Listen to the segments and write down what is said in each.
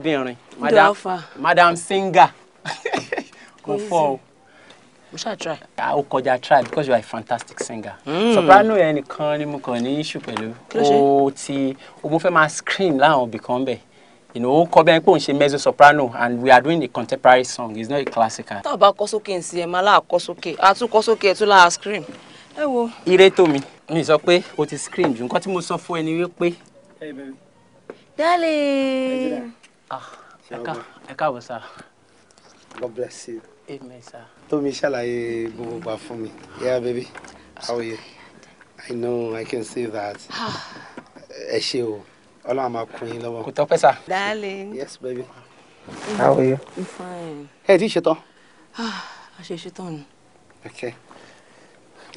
arábìnrin madam singer kò fọ o mo ṣáà try. o kọjá try because you are a fantastic singer. Hmm. soprano yẹn nìkan ni mo kàn ní issue pẹ̀lú. o ti o mo fẹ́ máa scream láwọn ibì kan bẹ̀ you know kọ bẹ́ẹ̀ pé òun ṣe mezzo soprano and we are doing a contemporary song it's not a classical. tá a bá kọ sókè ń sin ẹ̀ máa láà kọ sókè a tún kọ sókè ẹ̀ tún láà scream. ẹ wo. ire tó mi mi sọ pé o ti scream jù nǹkan tí mo sọ fún ẹ ni wípé. dálẹ̀. Ah, ẹ káàbọ̀ sá. God bless you. Amen, sir. Tómi ṣàlàyé gbogbo gbà fún mi. Yeah, baby. How are you? I know, I can see that. Ẹ ṣé o. Ọlọ́run máa kún yín lọ́wọ́. Kò tọ́pẹ́ sá. Darling. Yes, baby. How are you? I'm fine. Ẹ ti ṣetán. A ṣe ṣetán ni. Okay.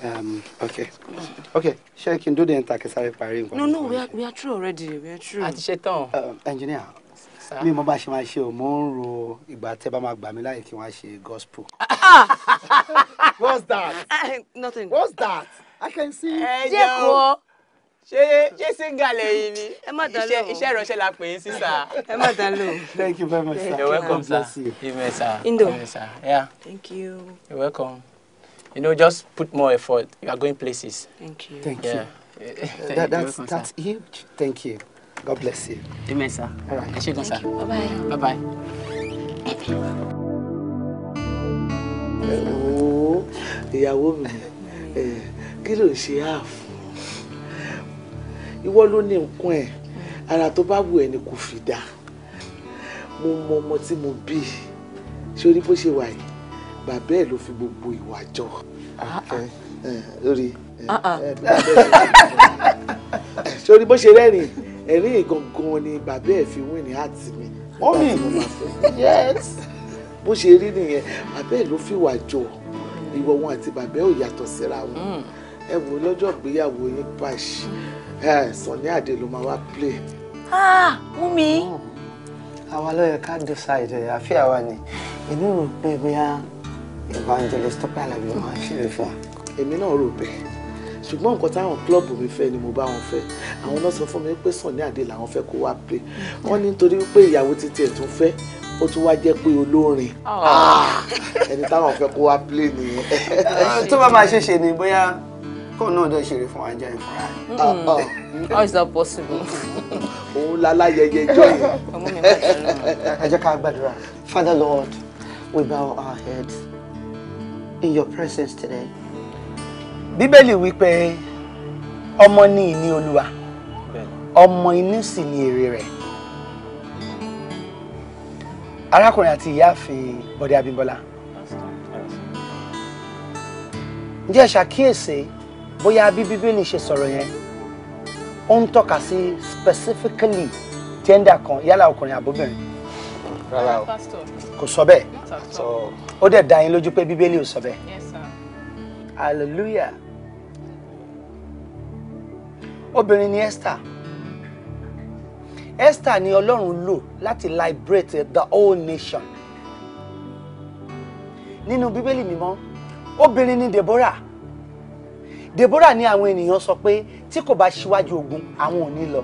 Um, okay. Okay, ṣé kí n dúró de ń ta kí sáré parí nǹkan? No, no, we are, we are true already. We are true. A ti ṣetán. Um, engineer, mi mo bá ṣe máa ṣe o mo ń ro ìgbà tẹ bá máa gbà mí láyè kí wọn ṣe gospel. what's that? Eh, eh, nothing. what's that? i can see. ẹ jẹ́ o ṣe ṣe singa lẹ́yìn ni iṣẹ́ iṣẹ́ ìránṣẹ́ la pè é sísà. ẹ má dá lò. thank you very much sir. you're welcome sir. amen sir. indo amen sir. yeah. thank you. you're welcome. you know just put more effort you are going places. thank you. thank yeah. you. that, that's that's huge. thank you. God bless you. Amen, sir. All right. Thank you. sir. Bye-bye. Bye-bye. Hello, ìyàwó mi, eh, kí ló ṣe á fún? Ìwọ ló ní nǹkan ẹ̀, ara tó bá wù ẹ́ ni kò fi dá. Mo mọ ọmọ tí mo bí, ṣé orí bó ṣe wà yìí? Bàbá ẹ̀ ló fi gbogbo ìwà jọ. Lórí. Ah, ah. eh, eh, Sori ah, bó ṣe rẹ́rìn-ín ẹ̀rín ìgangan ni bàbá ẹ̀ fi wí ní àtì mi mọ́mì yes bó ṣe rí nìyẹn bàbá ẹ̀ ló fìwà jọ ìwọ wọn àti bàbá ẹ̀ ò yàtọ̀ síra wọn hmm. ẹ wò lọ́jọ́ ìgbéyàwó yín pàṣẹ ẹ Sunny Adé ló máa wá play. ah mọ́mì. àwa ló ká decide ẹ̀ àfi àwa ni èmi rò pé bóyá evangelist Tọ́pẹ́ Àlàbí máa ṣe é fún wa. èmi náà rò bẹ́ẹ̀ ṣùgbọ́n nǹkan táwọn club mi fẹ́ ni mo bá wọn fẹ́ àwọn náà sọ fún mi pé Sunny Adé làwọn fẹ́ kó wá play wọ́n ní nítorí pé ìyàwó títí ẹ̀ tún fẹ́ ó tún wá jẹ́ pé olórin ẹni táwọn fẹ́ kó wá play nìyẹn. tó bá máa ṣe ṣe ni bóyá kó náà dẹ̀ ṣeré fún ajá ìfura. Ah, ah. mm-hmm. how is that possible. òun lálàyẹyẹ jọ yẹn. ẹ jẹ́ ká gbàdúrà Father Lord, we bow our heads in your presence today bíbélì wípé ọmọ ni ìní olúwa ọmọ inú sì ni èrè rẹ̀ arákùnrin àti ìyáàfin bọ̀dé abímbọ́lá ǹjẹ́ ẹ ṣàkíyèsí bóyá bí bíbélì ṣe sọ̀rọ̀ yẹn ó ń tọ́ka sí specifically tender kan yálà ọkùnrin àbóbìnrin rárá o kò sọ bẹ́ẹ̀ ó dẹ̀ dá yín lójú pé bíbélì ò sọ bẹ́ẹ̀ hallelujah obìnrin ni Esther Esther ni Ọlọ́run lò láti liberate the whole nation nínú Bíbélì mímọ́ obìnrin ni Deborah Deborah ni àwọn ènìyàn sọ pé tí kò bá ṣíwájú ogun àwọn ò ní lọ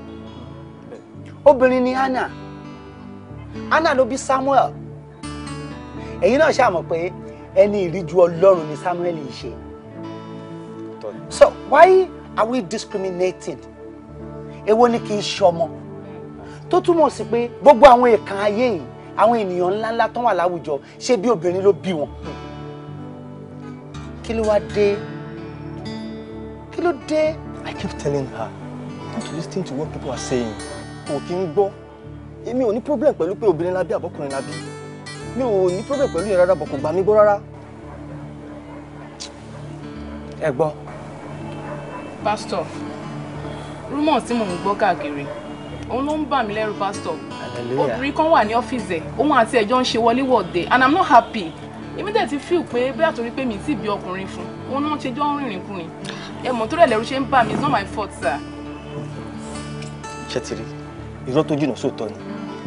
obìnrin ni Hannah Hannah ló bí Samuel ẹ̀yin náà ṣàmọ̀ pé ẹni ìríjú Ọlọ́run ni Samuel yìí ṣe so why are we discriminated èwo ni kì í ṣọmọ tó túmọ̀ sí pé gbogbo àwọn èèkàn ayé yìí àwọn ènìyàn ńláńlá tó wà láwùjọ ṣé bí obìnrin ló bí wọn kí ló wá dé kí ló dé. I keep telling her not to listen to what people are saying kò kí ń gbọ́ èmi ò ní problem pẹ̀lú pé obìnrin la bí àbọ̀kùnrin la mi ò ní problem pẹ̀lú yẹn rárá bọ̀ kò gbà mí gbọ́ rárá. ẹ gbọ́. Pastor, rúmọ̀ tí mò ń gbọ́ káàkiri òun ló ń bà mí lẹ́rù pásítọ̀ obìnrin kan wà ní ọ́fíìsì ẹ̀ òun àti ẹ̀jọ́ ń ṣe wọléwọ̀de and i'm not happy èmi dẹ̀ ti feel pé bóyá torí pé mi ti bí ọkùnrin fún òun náà ṣe jọ ń rìnrìn kùnrin ẹ mọ̀ tó rẹ̀ lẹ́rù ṣe ń bà mí it's not my fault sir. ṣé ti rí irọ́ tó jìnnà sóòótọ́ ni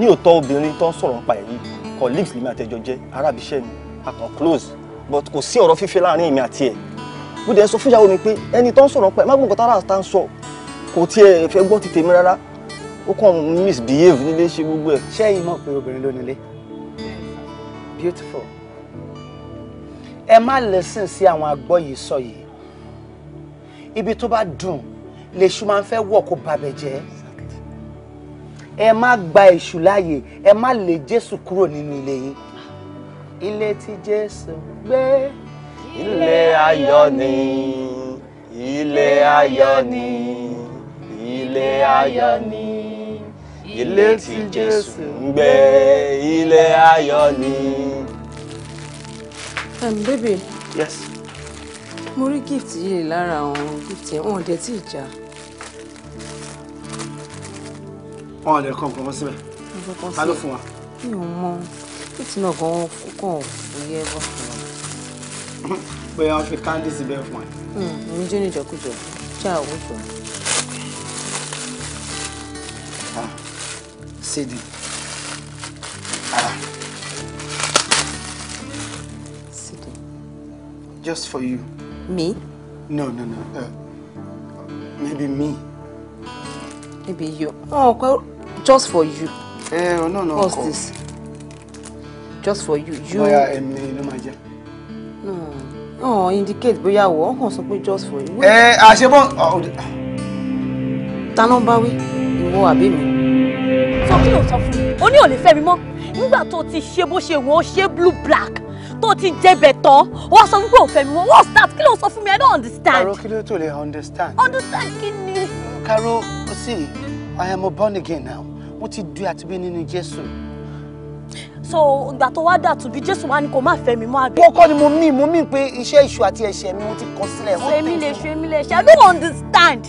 ní òótọ́ obìnrin tó ń sọ̀rọ̀ nípa èyí colleagues lèmi àtẹjọ jẹ́ arábìṣẹ́ mi a kàn close but kò sí ọ̀rọ̀ fífẹ́ láàrin èmi àti ẹ̀ mo dẹ̀ sọ fún ìyàwó pé ẹni tó ń sọ̀rọ̀ pẹ́ má gbọ́n kọ́tà tá ń sọ kò tiẹ̀ fẹ́ gbọ́ ti tèmi rárá ó kàn misbehave nílé ṣe gbogbo ẹ̀. ṣé ẹ̀yin mọ̀ pé obìnrin ló nílé beautiful ẹ má listen sí àwọn agbọ́ yìí sọ yìí ibi tó bá dùn lèṣù máa ń fẹ́ wọ̀ kó babẹ̀ jẹ́ ẹ má gba èṣù láàyè ẹ má lé jésù kúrò nínú ilé yín ilé tí jésù gbé ilé ayọ̀ ni ilé ayọ̀ ni ilé ayọ̀ ni ilé tí Jésù ń gbé ilé ayọ̀ ni. Um, baby. Yes. Mo rí gift yìí lára àwọn gift yẹn, wọn ò dẹ̀ tí ì jà. Wọn ò lè kọ́ nǹkan kan síbẹ̀. Ta ló fún wa? Mi ò mọ. Gift náà gan-an kúkọ̀ kò yẹ bọ́ bóyá wọ́n fi káńdì síbẹ̀ fún ẹ. mi jó ní ìjọkújọ ṣá òun jọ. sídi sídi just for you. me. no no no uh, maybe me. maybe you. oh well just for you. Eh, oh, no no. what's this. just for you. you. bóyá ẹ̀mí ló máa jẹ́. Oh, indicate bóyá wọ ọkàn sọ pé just for you. ẹ eh, àṣebọ. Oh. ta ló ń bá wí ìwọ àbí mi. sọ kí ló sọ fún mi o ní ò lè fẹ́ mi mọ́ nígbà tó ti ṣe bó ṣe wọ́n ṣe blue black tó ti jẹbẹ tán wọ́n sọ wípé òfẹ́ mi wọ́n what's that kí ló sọ fún mi i don't understand. Karo, kí ló tó lè understand. understand kí ni. Karo, see i am a born again now mo ti di àtibí nínú Jésù so ìgbà tó wá dà tùbí jésù wá ní kó má fẹ́ mi mọ́ àgbẹ̀. kókó ni mo mí mo mí pé iṣẹ́ ìṣù àti ẹ̀ṣẹ̀ mi mo ti kọ sílẹ̀. èmi lè ṣe èmi lè ṣe i don't understand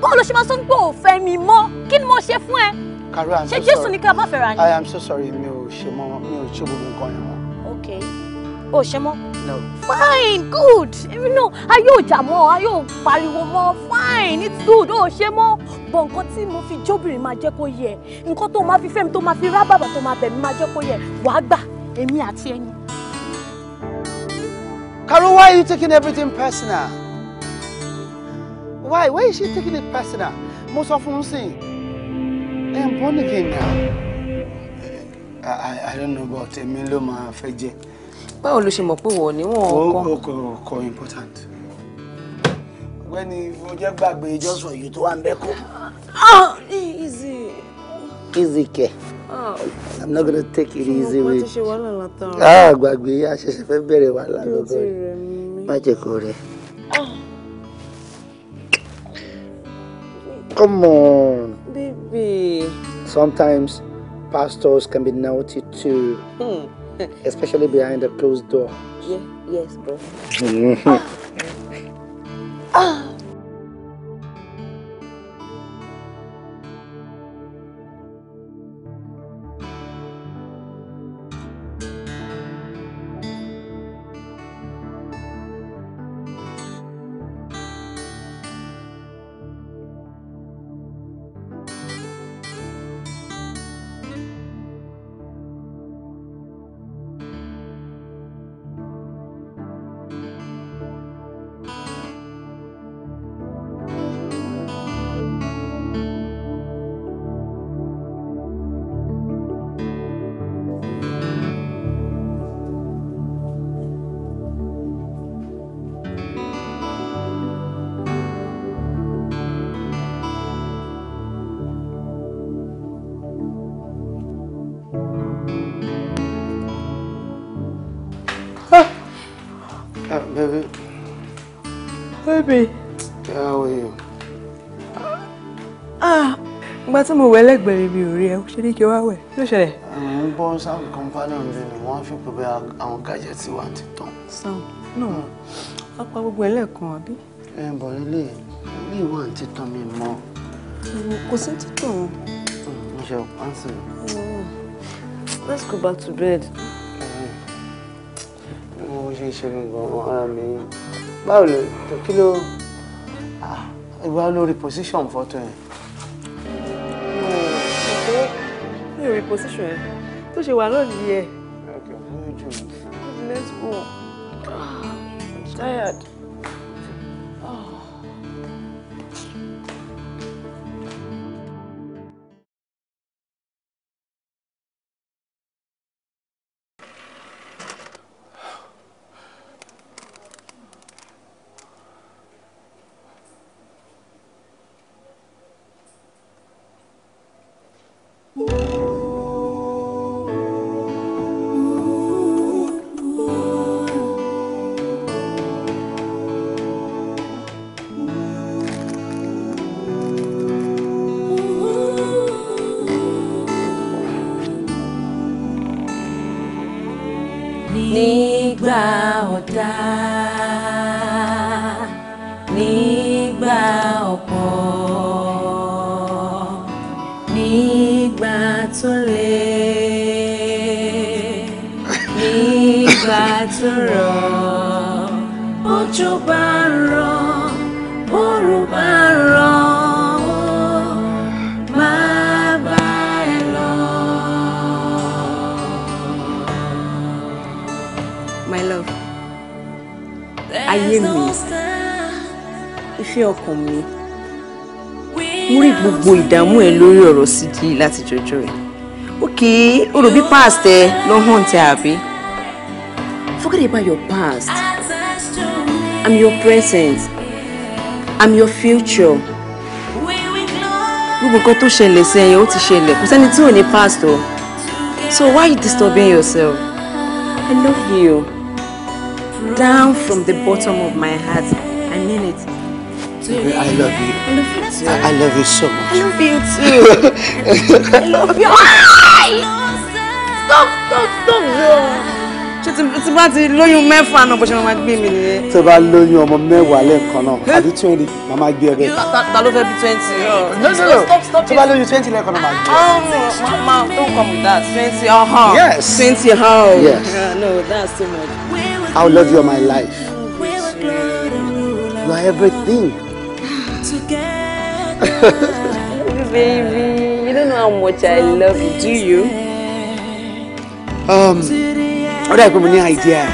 báwo ló ṣe máa sọ pé ò fẹ́ mi mọ́ kí ni mo ṣe fún ẹ. kàrí i'm so sorry ṣé jésù ní ká má fẹ́ra ni. i am so sorry mi ò ṣe mọ́ mi ò ṣe gbogbo nǹkan yẹn mọ́. okay o ṣe mọ́. no. fine good èmi náà a yóò jà mọ́ a yóò pariwo mọ́ fine it's good o ṣe mọ́ bọ̀ nǹkan tí mo fi jóbìnrin máa jẹ́ kó yẹ nǹkan tó máa fi fẹ́ mi tó fi rá bàbà tó máa bẹ̀ mi máa jẹ́ kó yẹ wàá gbà èmi àti ẹni. Carol, why are you taking everything personal? Why? Why is she taking it personal? Most of them saying, I am born again now. I, I, I don't know about Emilio Mafeje báwo ló ṣe mọ̀ pé wọ̀ ni wọ́n kọ́. ó important. ọ̀gbẹ́ni mo jẹ́ gbàgbé johnson yìí tó wà ń bẹ́ kó. easy. easy kẹ. Ah. i'm not gonna take it easy way. mo ti ah gbàgbé a ṣẹ̀ṣẹ̀ fẹ́ bẹ̀rẹ̀ wàhálà lọ́gọ́ rẹ̀ má jẹ́ kó rẹ̀. Ah. Come on. Baby. Sometimes pastors can be naughty too. Hmm. Especially behind a closed door. Yeah, yes, bro. Mm-hmm. ah. ah. ìgbà tí mo wẹ̀ lẹ́gbẹ̀rẹ̀ mi ò rí ẹ ṣe ní kí wá wẹ̀ ló ṣẹlẹ̀. ń bọ́ sound company ọ̀dẹ ni wọ́n fi pè àwọn gadgets wà ti tán. sound náà wọ́n gbogbo ẹlẹ́ẹ̀kan àbí. ẹ bọ̀ nílé mi wà ti tán mi mọ́. kò sí títàn. mo ṣe pàǹsì. let's go back to bed. mo ṣe ìṣeré gan ara mi báwo ló kí ló ah, ìwà lórí position fọ́tò yẹn. lórí position ẹ tó ṣe wà Okay, let's go. Ah, I'm tired. ìdààmú ẹ lórí ọ̀rọ̀ sídi láti jọjọ́ ẹ̀ ok olùbí past ẹ ló hàn tẹ àbí forget about your past i'm your present i'm your future gbogbo nǹkan tó ṣẹlẹ̀ sẹ́yìn ó ti ṣẹlẹ̀ kò sẹ́ni tí ò ní past o so why you disturbing yourself i love you down from the bottom of my heart i mean it. i love you. I, love you so much. I love you too. I love you. Stop, stop, stop. Ṣé tí bá ti lóyún mẹ́fà náà bó ṣe máa gbé mi nìyẹn? Tó bá lóyún ọmọ mẹ́wàá lẹ́ẹ̀kan náà, àbí twenty, màá máa gbé ẹgbẹ́. Ta ló fẹ́ bí twenty? No, no, no. Stop, stop. Tó bá lóyún twenty lẹ́ẹ̀kan náà, màá gbé. Oh, mama, don't come with that. Twenty, uh-huh. Yes. Twenty, uh-huh. Yes. Yeah, no, that's too much. I love you all my life. You are everything. Baby, you don't know how much I love you, do you? Um, what do I come any idea?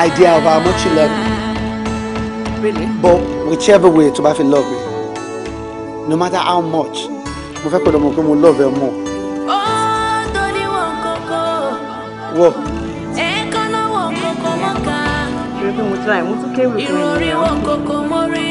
Idea of how much you love me. Really? But whichever way tó bá fi love me, no matter how much, mo fẹ́ kọ́ ọmọ pé mo love you more. Whoa. Ẹ̀ẹ́kan náà wọ̀ kókó mọ́ka. Ìròyìn wọn kókó mọ́ rí.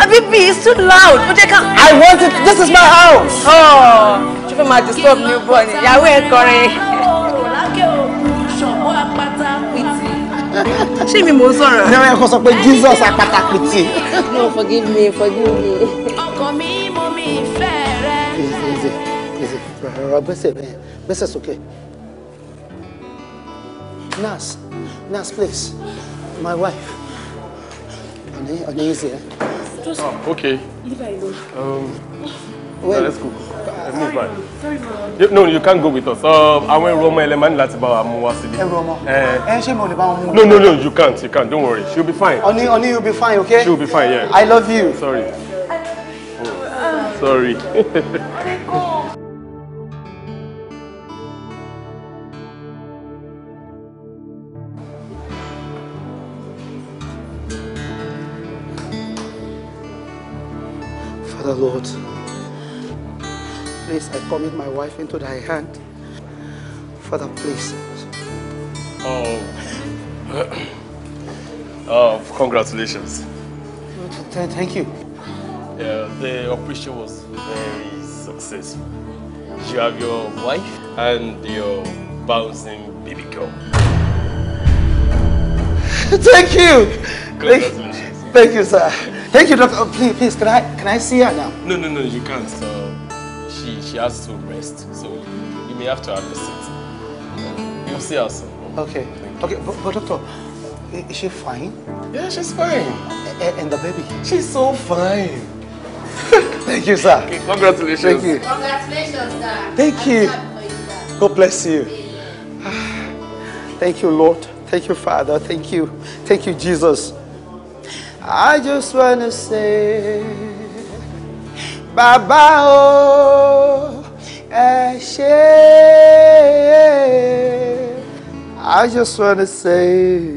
Abibi, it's too loud. But I can't. I want it. This is my house. Oh, ṣé fẹ́ máa disturb newborn. Ìyàwó ẹ̀ kọrin. Ṣé mi mò ń sọ̀rọ̀? Ìyàwó ẹ̀ kò sọ pé Jesus apatapiti. No, forgive me, forgive me. Ọkọ mi mọ mi ìfẹ́ rẹ̀. Ǹzẹ̀ ǹzẹ̀ rárá gbẹ́sẹ̀ bẹ́ẹ̀ gbẹ́sẹ̀ sókè. Nas, Nas please, my wife. Ọ̀nà yìí ọ̀nà yìí sì Just oh, ah, okay. Leave her alone. Um, well, let's go. Uh, move back. Sorry, you, no, you can't go with us. Uh, àwọn ẹrù ọmọ ẹlẹ́mà ní láti bá wa mú wá síbí. Ẹrù ọmọ? Ẹ eh. eh, ṣé mo lè No, no, no, you can't, you can't, don't worry. She'll be fine. Oni, Oni, you'll be fine, okay? She'll be fine, yeah. I love you. Sorry. Oh, sorry. the Lord. Please, I commit my wife into thy hand. Father, please. Oh. oh, congratulations. Thank you. Yeah, the operation was very successful. You have your wife and your bouncing baby girl. Thank you. Congratulations. Thank you. Thank you, sir. Thank you, doctor. Oh, please, please, can I can I see her now? No, no, no, you can't. So she she has to rest. So you may have to have a seat. You'll see her soon. Okay. Okay, but, but doctor, is she fine? Yeah, she's fine. A and the baby? She's so fine. Thank you, sir. Okay, congratulations. Thank you. Congratulations, sir. Thank you. you God bless you. Thank you, Lord. Thank you, Father. Thank you. Thank you, Jesus. I just wanna say, bye bye oh, ṣé. I just wanna say,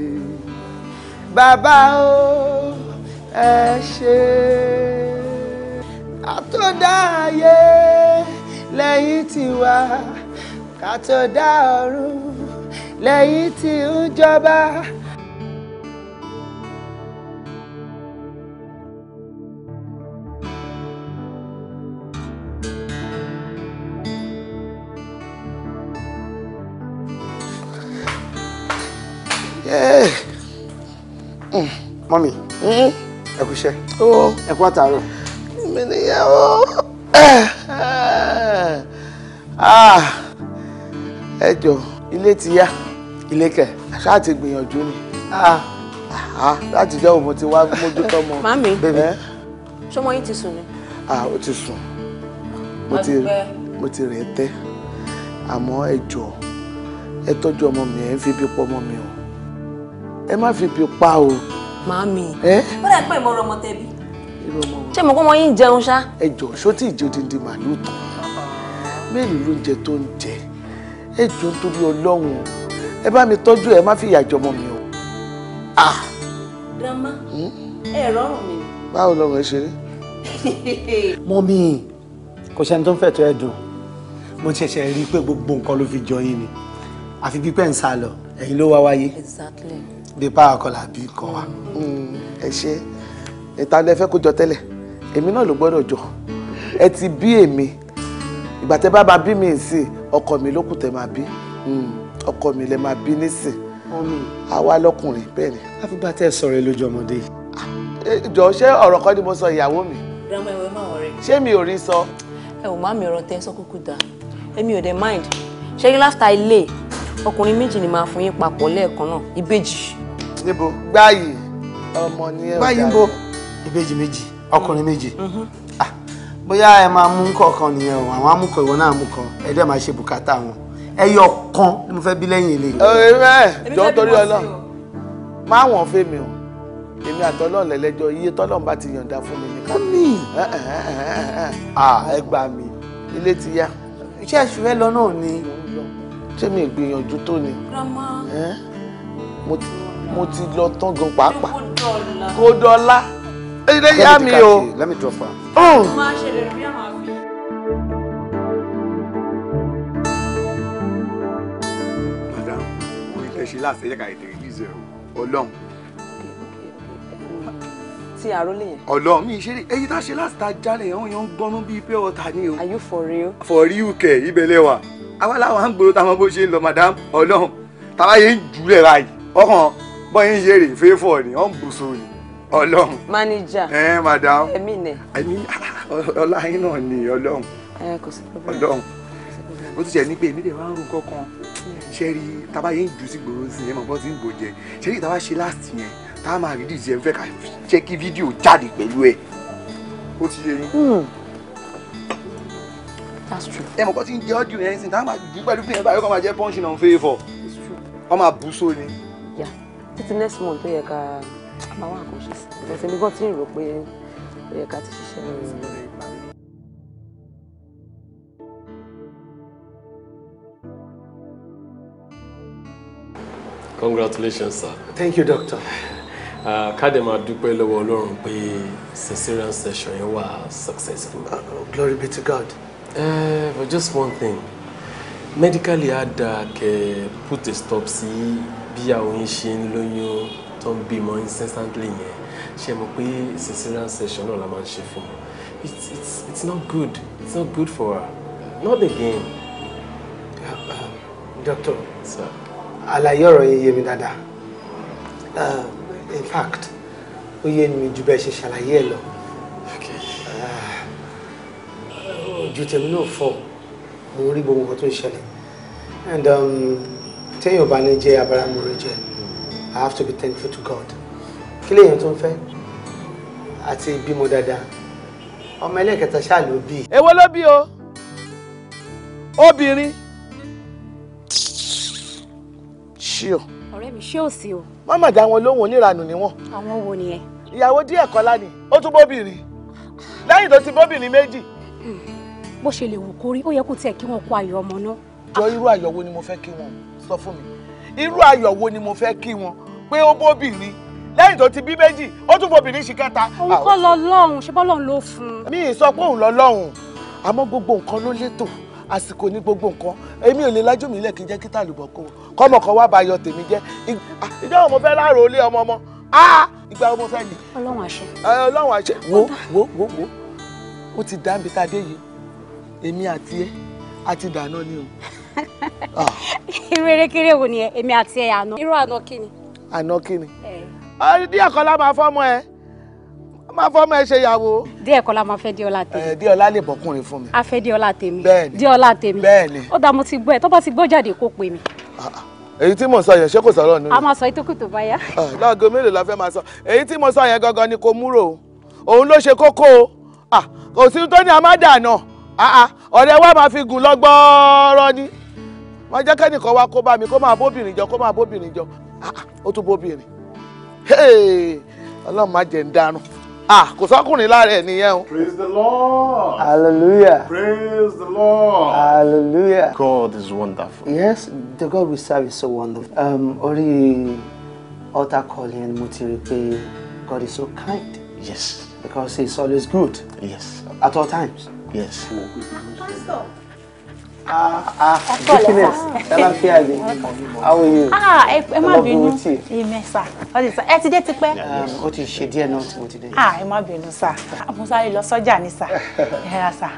Baba o, ẹ ṣé. Àtọ̀dá ayé lẹ́yìn tiwa, kàtọ̀dá ọ̀run lẹ́yìn tí ń jọba. mọ́mì mm-hmm. ẹ kú iṣẹ́ ẹ kú àtàárọ̀. mi nìyàwó ah. ah. ẹ jọ ilé ti yá ilé kẹ ṣáà ti gbìyànjú ni ah. láti jẹ́ òun ti wá mójútó mọ́. mami eh? ṣọmọ yín ti sùn ni. ó ti sùn mo ti rẹ̀ tẹ́ àmọ́ ẹ jọ ẹ tọ́jú ọmọ mi ẹ ń fi bí pọ́ ọmọ mi o ẹ má fi bí pa o. Màámi. Ẹ́. Ó dà pé ìmọ̀ràn ọmọ tẹ̀bí. Ìrọ̀mọ̀. Ṣé mo kọ́ mọ yín jẹun ṣá? Ẹ jọ ṣó tí ìjẹ odindi màlúù tán. Mélòó ló ń jẹ tó ń jẹ? Ẹ torí Ọlọ́run. Ẹ bá mi tọ́jú ẹ má fi ìyà jọmọ mi o. Grandma, hmm? ẹ rọrùn mi. Báwo lọ́rọ̀ ẹ ṣe rí? Mọ́mí, kò sẹ́ni tó ń fẹ̀tọ́ ẹ̀ dùn. Mo ṣẹ̀ṣẹ̀ rí i pé gbogbo nǹkan ló fi jọ yín ni. Àfi bí pẹ́ lọ, ẹ̀yin ló wá wáyé. Exactly bíi power kọlà bíi nǹkan wa. Mm, ẹ ṣe ìta lẹ fẹ́ kó jọ tẹ́lẹ̀ èmi náà ló gbọ́dọ̀ jọ ẹ ti bí èmi ìgbà tẹ́ bá máa bí mi ìsìn ọkọ mi ló kù tẹ́ máa bí mm, ọkọ mi lẹ máa bí nísìn àwa lọkùnrin bẹ́ẹ̀ ni. àfìgbà tẹ́ sọ̀rọ̀ ẹ lójú ọmọdé. Ah, jọ ṣé ọ̀rọ̀ kan ni mo sọ ìyàwó mi. grandma ìwé máa wọ̀rẹ́. ṣé mi ò rí sọ. ẹ ò má mi ọ̀rọ̀ tẹ́ sọ kúkú dáa èmi ò dé mind ṣé láfta ilé ọkùnrin méjì ni màá fún yín papọ̀ lẹ́ẹ̀kan náà ìbejì. níbo gbáyì ọmọ ni ẹ ọ̀gá gbáyì níbo ìbejì méjì ọkùnrin méjì bóyá ẹ máa mú kọ̀ọ̀kan nìyẹn o àwọn amúkọ̀ ìwọ náà mú kan ẹ dẹ́ máa ṣe bùkátà wọn ẹyọ kan ni mo fẹ́ bí lẹ́yìn eléyìí. ẹ jọ torí Ọlọ́run máa wọn fẹ́ mi o èmi àtọlọ́run lẹ́lẹ́jọ́ iye tọ́lọ́run bá ti yọ̀ǹda fún mi nìkan. mami ẹ gbà mí ilé ti yá. iṣẹ́ ìṣúfẹ́ lọ náà ni ṣé mi gbìyànjú tó ni. mo ti lọ tán gan pàápàá kó dọ́là ilé yá mi o. let me drop am. ó máa ṣe láti èyí tá a ṣe láti ta jálẹ̀ ẹ̀hún yẹn ń gbọ́nú bíi pé ọ̀tá ni o. are you for real. for real kẹ̀ ibẹ̀ lẹ́wà àwa làwọn à ń gbòòrò táwọn bó ṣe ń lọ madam ọlọ́run táwa yẹn ń jùlẹ̀ báyìí ọkàn bọ́yìn yé rè fẹ́fọ̀ ni ọ̀ ń bùsọ̀ ni ọlọ́run. manager ẹ madam ẹ̀mí nẹ̀. ẹ̀mí ọlá yín náà ni ọlọ́run ọlọ́run ó ti jẹ́ ní pé èmi lè wá ń ro kankan ṣe rí táwa yẹn ń jù sí gbòòrò sí yẹn mọ̀ bọ́ sí ń gbòjẹ ṣe táwa ṣe last yẹn táwa máa rí dìjẹ́ fẹ́ ká jẹ́ kí fídíò jáde pẹ̀lú ẹ̀ ó ti yẹ yín. Hmm that's true. ẹ mọ̀ kọ́ tí ń jẹ́ ọ́dìrì ẹ̀sìn táwọn máa dì í pẹ̀lú fún yẹn báyìí kọ́ máa jẹ́ punch in on favour. it's true. wọ́n máa bú só ni. yà títí next month tó yẹ ká máa wá àkànṣe sí i because èmi gan ti ń rò pé ó yẹ ká ti ṣiṣẹ́ lórí rẹ̀. congratulations sir. thank you doctor. Uh, káde máa dúpẹ́ lọ́wọ́ ọlọ́run pé cesarean session yẹn wà successful. Uh, glory be to God. Uh, but just one thing medically a dáa kẹ́ put a stop sí bí àwọn yín ṣe ń lóyún tó ń bímọ incessantly yẹn ṣe mọ̀ pé cesarean section náà la máa ń ṣe it's it's it's not good it's not good for her not again. Uh, doctor sir àlàyé ọ̀rọ̀ yẹn yé mi dáadáa ah, in fact ó yé mi ju bẹ́ẹ̀ ṣe ṣàlàyé ẹ̀ ju tèmi náà fọ mo rí gbogbo nǹkan tó ń ṣẹlẹ̀ and um, téèyàn bá ní jẹ́ abara mi rẹ jẹ́ I have to be thankful to God kí lèèyàn tó ń fẹ́ àti ìbímọ dáadáa ọmọ ẹlẹ́kẹta ṣáà ló bí. èwo ló bí o obìnrin ṣíò. ọ̀rẹ́ mi ṣé ò sí o. má mà dá wọn lóhùn oníranù ni wọn. àwọn wo nìyẹn. ìyàwó díẹ̀ kọ́lá ni ó tún bóbìnrin lẹ́yìn tó ti bóbìnrin méjì hmm bó ṣe lè wù kó rí ó yẹ kó tiẹ̀ kí wọ́n kó ayọ̀ ọmọ náà. jọ irú ayọ̀ wo ni mo fẹ́ kí wọn sọ fún mi irú ayọ̀ wo ni mo fẹ́ kí wọn pé ó bóbìnrin lẹ́yìn tó ti bí méjì ó tún fòbìnrin ṣì kẹta. òun kọ́ lọ lọ́hùn ṣe bọ́lọ̀ ló fún un. mi ì sọ pé òun lọ lọ́hùn àmọ́ gbogbo nǹkan ló létò àsìkò ní gbogbo nǹkan èmi ò lè lájú mi lẹ́ẹ̀kí jẹ́ kí tàlùbọ̀ kó kọ́mọ kan wá báyọ̀ tèmi jẹ́ ìjọ ọmọ fẹ́ láàrò ilé ọmọ ọmọ ìgbà ọmọ fẹ́ ni. ọlọ́run àṣẹ. ọlọ́run àṣẹ wo wo wo wo ó ti dá mi tá a dé yìí èmi àti ẹ àti dáná ni o. Ah. irú erékeré wo ni ẹ èmi àti ẹ àná irú àná kí ni. àná kí ni. díẹ̀ kọ́lá máa fọ́mọ ẹ máa fọ́mọ ẹ ṣe ìyàwó. díẹ̀ kọ́lá máa fẹ́ díọ̀lá tèmi. díọ̀lá lè bọ́kùnrin fún mi. a fẹ́ díọ̀lá tèmi. bẹ́ẹ̀ni díọ̀lá tèmi. bẹ́ẹ̀ni. ó dàá mo ti gbọ́ ẹ tó bá ti gbọ́ jáde kó pè mí ah, ah. èyí tí mò ń sọ yẹn ṣé kò sọ̀rọ̀ nínú. a máa sọ ìtókù tó bá yá. láago mélòó la fẹ́ máa sọ èyí tí mo sọ yẹn gangan ni kò múrò òun ló ṣe kókó o kò sí tó ní a má dà náà Ah, ah, ọ̀rẹ́ wa máa fi gùn lọ gbọ́ọ́rọ́ ni má jẹ́ kẹ́nìkan wá kó bá mi kó máa bóbìnrin jọ kó máa bóbìnrin jọ ah, ó tún bóbìnrin ọlọ́run má jẹ́ ń dànù kò sọ́kùnrin lára ẹ̀ nìyẹn o. praise the lord. hallelujah. praise the lord. hallelujah. God is wonderful. yes the God we serve is so wonderful. Um, orí altar call yẹn mo ti rí pé God is so kind. yes. because he is always good. yes. at all times. Yes. Ah, ah, goodness. Àlàáfíà ni. How are you? Ah, ẹ má bínú. Amen, sir. Ó ti sir. Ẹ ti dé ti pẹ́. Um, ó ti ṣe díẹ̀ náà tí mo ti dé. Ah, ẹ má bínú, sir. Mo sáré lọ sọ́jà ni, sir. Ẹ ra,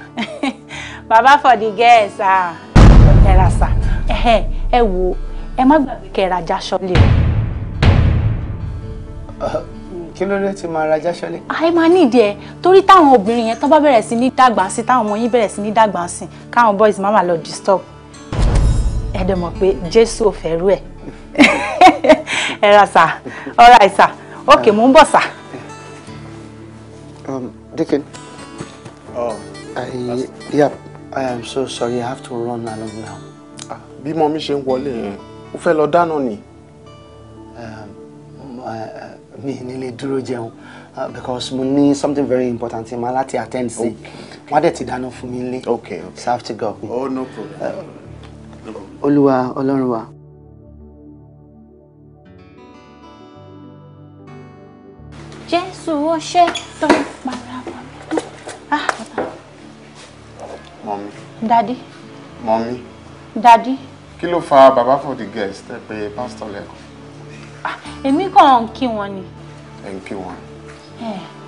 Baba for the girl, sir. Ẹ ra, sir. Ẹ ẹ wo, ẹ má gbàgbé kẹ́ ra aṣọ lé o kí ló dé tí máa rajá ṣọlé. àì máa nídìí ẹ torí táwọn obìnrin yẹn tó bá bẹ̀rẹ̀ sí ní dàgbà sí táwọn ọmọ yín bẹ̀rẹ̀ sí ní dàgbà sí káwọn boys má máa lọ disturb ẹ dẹ̀ mọ̀ pé jésù ò fẹ́ rú ẹ̀ ẹ ra sà ọ̀rá ẹ̀ sà ókè mò ń bọ̀ sà. Um, Deacon, oh, I, yeah, I am so sorry. I have to run along now. Ah, bí mọ́mí ṣe ń wọlé yẹn ó fẹ́ lọ dáná ni. Um, uh, mi nílé dúró jẹun uh, because mo ní something very important tí ma láti attend sí wọ́n á dẹ̀ ti dáná fún mi nílé so I have to go. oh no problem. Uh, olúwa ọlọ́run wa. jésù ó ṣe tó ń para wọn. mọ́mí. dadi. mọ́mí. dadi. kí ló fa baba for the guest ẹ pé pásítọ̀ lẹ́kọ̀ọ́ èmi kàn ń kí wọn ni. ẹ ń kí wọn.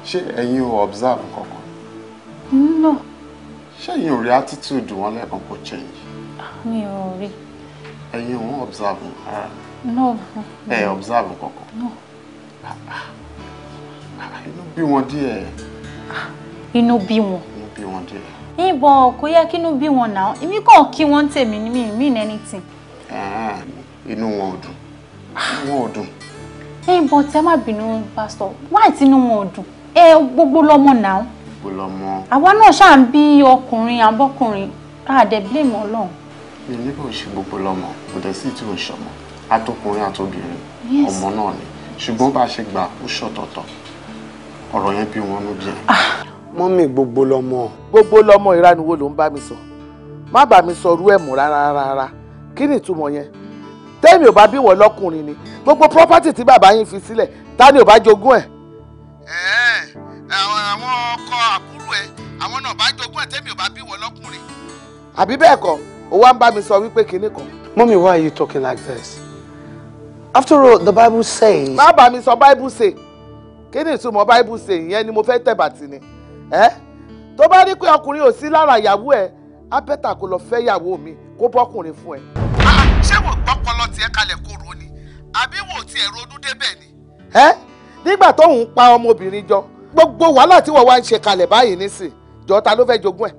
ṣé ẹ̀yin ò observe kankan. no. ṣé ẹ̀yin ò rí attitude wọn lẹ́ẹ̀kan kò change. mi ò rí. ẹ̀yin ò ń observe rárá. no. ẹ observe kankan. no. inú bí wọn díẹ̀. inú bí wọn. inú bí wọn díẹ̀. ìbọn kò yẹ kínú bí wọn náà èmi kàn kí wọn tèmi ní mi mean anything. inú wọn ò dùn àwọn ọ̀dùn. ẹ ń bọ tẹ má bínú pásítọ̀ wáì tínú wọn ò dùn ẹ gbogbo lọmọ náà. gbogbo lọmọ. àwa náà ṣáà be your ọkùnrin àbọkùnrin àdẹ blame Ọlọ́run. mi ò ní kò ṣe gbogbo lọmọ kò dẹ̀ sí tí ò ń ṣọmọ àtọkùnrin àtobìnrin ọmọ náà ni ṣùgbọ́n bá a ṣe gbà back, ṣọ̀tọ̀ọ̀tọ̀ ọ̀rọ̀ yẹn bí wọn ló jẹ. Ah. mọ́mì gbogbo lọmọ. gbogbo lọmọ ìranu wo ló ń bá mi sọ má bá mi sọ rú ẹ̀ mọ́ rárá rárá kí ni ìtumọ̀ yẹn tẹ́mi ò bá bí wọ́n lọ́kùnrin ni gbogbo property tí bàbá yín fi sílẹ̀ ta ni ò bá jogún ẹ̀. àwọn ọkọ àbúrò ẹ àwọn náà bá jogún ẹ tẹ́mi ò bá bí wọ́n lọ́kùnrin. àbí bẹ́ẹ̀ kọ́ ó wá ń bá mi sọ wípé kinní kan. mummy why are you talking like this? after all the bible says. má bá mi sọ bible say kí ni ìtumọ̀ bible say ìyẹn ni mo fẹ́ tẹ̀ bàtì ni tó bá rí pé ọkùnrin ò sí lára ìyàwó ẹ á bẹ́tà kó lọ fẹ́ ìyàwó mi kó bọ́kùnrin fún ẹ kalẹ̀ kó ro ni àbí wò tí ẹ̀rọ ọdún débẹ̀ ni. ẹ nígbà tóun pa ọmọbìnrin jọ gbogbo wàhálà tí wọ́n wá ń ṣe kalẹ̀ báyìí nísìn jọ ta ló fẹ́ jogún ẹ̀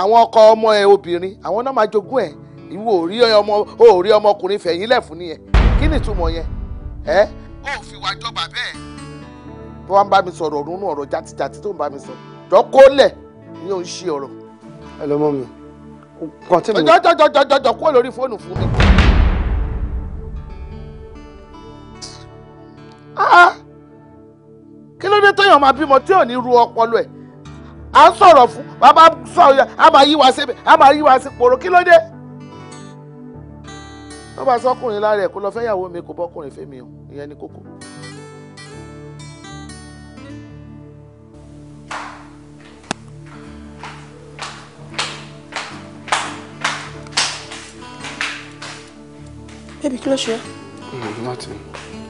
àwọn ọkọ ọmọ ẹ obìnrin àwọn náà máa jogún ẹ̀ ìwọ ò rí ọmọ ò rí ọmọkùnrin fẹ̀yìn lẹ̀ fún nìyẹn kí ni ìtumọ̀ yẹn ẹ. ó fi wá jọba bẹ́ẹ̀. bí wọ́n bá mi sọ̀rọ̀ ọ̀run nù ọ̀rọ̀ jàtijàti tó ń bá mi sọ dọ́kọ́lẹ̀ ni ò ń ṣe ọ̀rọ̀. ẹ lọ mọ mi. ọjọ́ jọjọ jọjọ kúrò lórí fóònù fún mi. Ah. kí ló dé téèyàn máa bímọ tí ò ní ru ọpọlọ ẹ̀ à ń sọ̀rọ̀ fún bàbá sọ̀rọ̀ a máa yí wa síbi a máa yí wa sí poro kí ló dé. wọ́n bá sọ́kùnrin lára ẹ̀ kó lọ fẹ́yàwó mi kò bọ́kùnrin fẹ́mi o ìyẹn ni kókó. Baby, close your. Mm, nothing.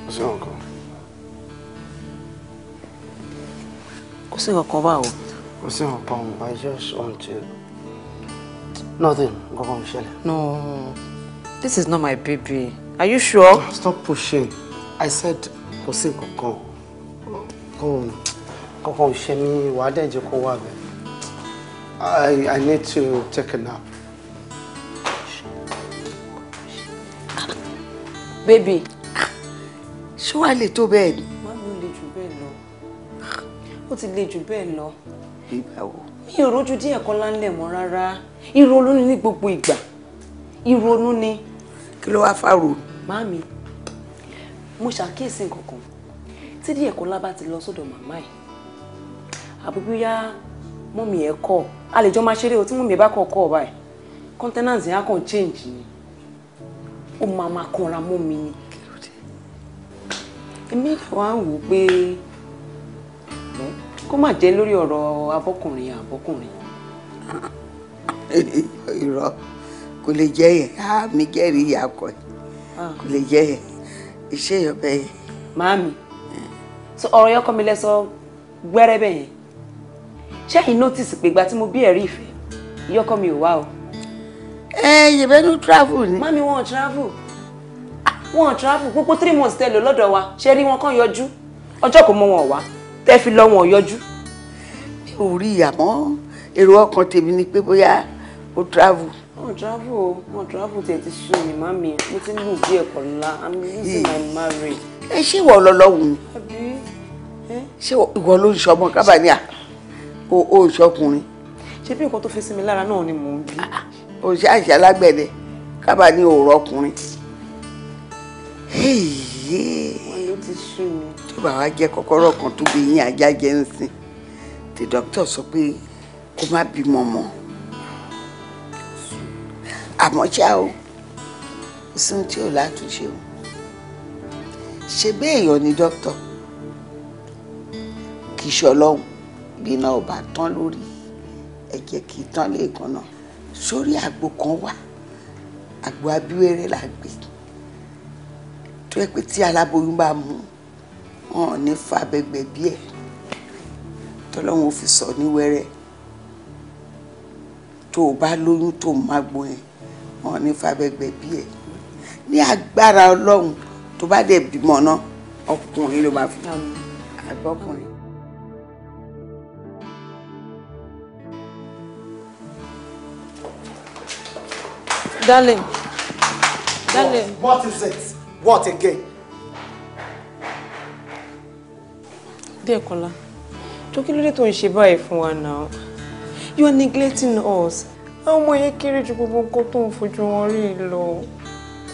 It's all gone. kò sí nǹkan kan báwo. kò sí nǹkan kan I just want to nothing gbọ́dọ̀ ń ṣẹlẹ̀. no this is not my baby are you sure. stop pushing I said kò sí nǹkan kan kò kankan ò ṣe mí wàá dẹ̀ kó wà bẹ́ẹ̀ I I need to take a nap. baby ṣé wàá lè tó bẹ́ẹ̀ ni ó ti le jù bẹ́ẹ̀ lọ. ìgbà wo. mi ò rójú díẹ̀ kan láńlẹ̀ mọ́ rárá ìrònú ni ní gbogbo ìgbà ìrònú ni. kí ló wáá fàrò. màámi mo ṣàkíyèsí nǹkan kan tí díẹ̀ kan lábá ti lọ sọ́dọ̀ màmá ẹ̀ àbúgbóyá mọ́mì ẹ̀ kọ́ a lè jọ máa ṣeré o tí mọ́mì ẹ̀ bá kọ̀ kọ́ ọ̀ báyìí kọ́ńtẹ́nàǹsì yẹn á kàn change ni ó máa máa kanra mọ́ mi ni. èmi wá wò ó pé kó má jẹ́ lórí ọ̀rọ̀ abọ́kùnrin àbọ́kùnrin. irọ́ kò lè jẹ́ yẹn àmì jẹ́rìí ìyá ọkọ yìí ah. kò lè jẹ́ yẹn iṣẹ́ ìyọ̀bẹ yẹn. màámi so ọ̀rọ̀ yẹn kọ́ mi lẹ́sọ gbẹ́rẹ́ bẹ́ẹ̀ yẹn ṣé ẹ̀yin notice pé ìgbà tí mo bí ẹ̀rí ìfẹ́ ìyọ́kọ́ mi ò wá o. ẹ yẹ̀bẹ́ nu travel ni. màámi wọn travel ah, wọn travel gbogbo three months tẹ lò lọ́dọ̀ wa ṣe rí wọn kàn yọjú ọjọ́ kò mọ wọn wá tẹ́ fi lọ́ wọn yọjú. mi ò rí àmọ́ èrò ọkàn tèmi ni pé bóyá ó travel. mo travel o mo travel tẹ̀ ti sùn ní má mi mo ti lù bí ẹ̀kọ́ ńlá i'm losing my marriage. ẹ ṣé ìwọ lọlọ́wùn ṣé ìwọ ló ń ṣọmọ kábàánìyà o ò ṣọkùnrin. ṣé bí nǹkan tó fi sí mi lára náà ni mò ń bí. Ah, ah. o ṣe àṣà alágbẹ̀dẹ kábàánì òòrọ̀ ọkùnrin. wọ́n ló ti sùn mí bàbá jẹ́ kọ́kọ́rọ́ kan tó bí yín ajá jẹ́ ń sìn tí dókítà sọ pé kó má bímọ mọ́ àmọ́ ṣá o ó sì ń tí ò látúnṣe o ṣe béèyàn ni dókítà kì í ṣe ọlọ́run bí iná ọba tán lórí ẹ̀jẹ̀ kì í tán lẹ́ẹ̀kan náà sórí àgbo kan wà àgbo abíwèrè là gbé tó yẹ pé tí aláboyún bá mú un wọn ò ní fa abẹgbẹ̀bí ẹ̀ tọ́lọ́run ò fi sọ ní wẹ́rẹ́ tó o bá lóyún tó o má gbọ́n wọn ò ní fa abẹgbẹ̀bí ẹ̀ ní agbára ọlọ́run tó bá dẹ̀ bímọ náà ọkùnrin ló máa fi àgbọ́kùnrin. Darling. Darling. What, what is it? What again? Dekola, jọ kí ló dé tó ń ṣe báyìí fún wa náà? You are neglecting us. Àwọn ọmọ yẹn kéré ju gbogbo nǹkan tó ń fojú wọn rí lọ.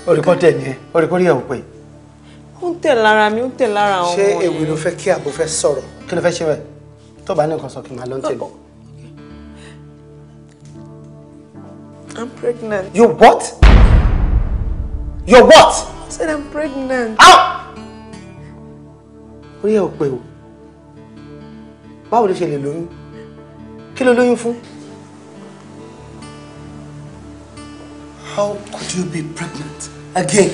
Ọ̀rẹ́kọ́ tẹ̀ ni ẹ, ọ̀rẹ́kọ́ rí ẹ̀wọ̀n pé. Ó ń tẹ̀ lára mi, ó ń tẹ̀ lára àwọn ọmọ yẹn. Ṣé èwe ló fẹ́ kí àbò fẹ́ sọ̀rọ̀? Kí ló fẹ́ ṣe bẹ́ẹ̀? Tó bá ní nǹkan sọ kí n I'm pregnant. You what? You what? I said I'm pregnant. Orí ẹ̀ ò pé o báwo ló ṣe lè lóyún kí ló lóyún fún. How could you be pregnant again?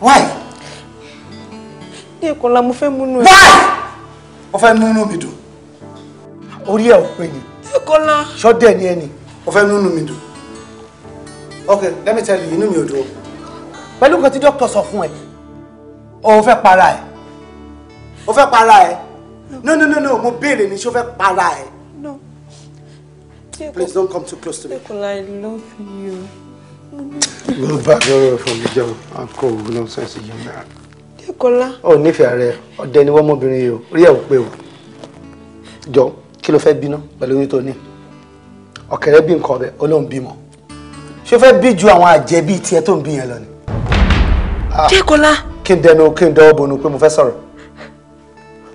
Why? Ní ẹ̀kọ́ la mo fẹ́ múnú ẹ̀. Why? Mo fẹ́ múnú mi dùn. Orí ẹ̀ ò pé ni. Kọ́lá. Ṣọ́dẹ̀ ni ẹni. Mo fẹ́ múnú mi dùn. Okay, let me tell you, inú mi ò dùn. Pẹ̀lú nǹkan tí dókítà sọ fún ẹ, o fẹ́ para ẹ̀. O fẹ́ para ẹ̀ no no no no mo béèrè ni ṣó fẹ́ para no please don't come too close to me. I love you. mo bá lọ́rọ̀ fún mi jẹun àkọ́ òògùn náà sẹ́sì yẹn náà. Dekola. ọ nífẹ̀ẹ́ rẹ ọdẹ ni wọ́n mọ́bìnrin yìí o rí ẹ̀ ò pé o jọ kí ló fẹ́ bínú pẹ̀lú oyún tó ní ọ̀kẹ́rẹ́ bí nǹkan ọbẹ̀ olóhùn bímọ ṣé fẹ́ bí ju àwọn àjẹbí tiẹ̀ tó ń bí yẹn lọ ni. Dekola. Ah. kí n dẹnu kí n dọwọ́ bọnu pé mo fẹ́ sọ̀rọ̀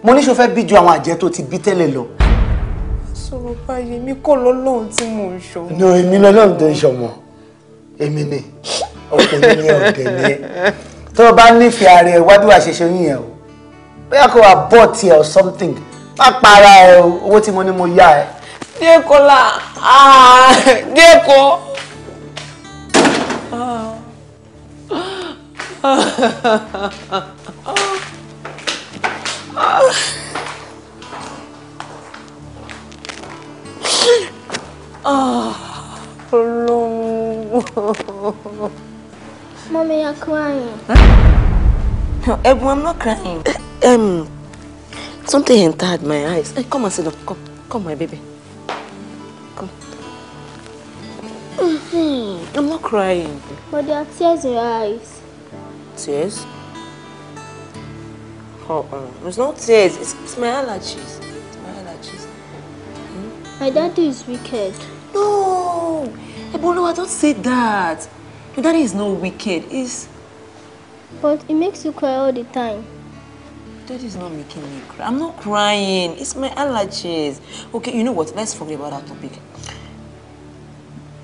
mo ní ṣo fẹ́ bí ju àwọn àjẹ́ tó ti bí tẹ́lẹ̀ lọ. sọ̀rọ̀ báyìí èmi kò lọ́lọ́run tí mò ń ṣọmọ. ní èmi lọ́lọ́run tó ń ṣọmọ èmi ni ọkùnrin yẹn ọ̀dẹ̀ ni tó o bá nífẹ̀ẹ́ ara ẹ wájú àṣeṣe yìnyẹn o bóyá kò wá bọ̀ tiẹ̀ or something má para ẹ o owó tí mo ní mo yá ẹ. díẹ̀kọ́ la ah, díẹ̀kọ́. Ha ah. ah. ha ha ha ha. No, Edwin, I'm not crying. Um, something entered my eyes. Hey, eh, come and sit down. Come, come, my baby. Come. Mm-hmm. I'm not crying. But there are tears in your eyes. Tears? Oh, uh, it's not tears. It's, it's my allergies. allergies. Hmm? My daddy is wicked. No, Ebolo, I don't say that. Your daddy is not wicked. He's But it makes you cry all the time. That is not making me cry. I'm not crying. It's my allergies. Okay, you know what? Let's forget about that topic.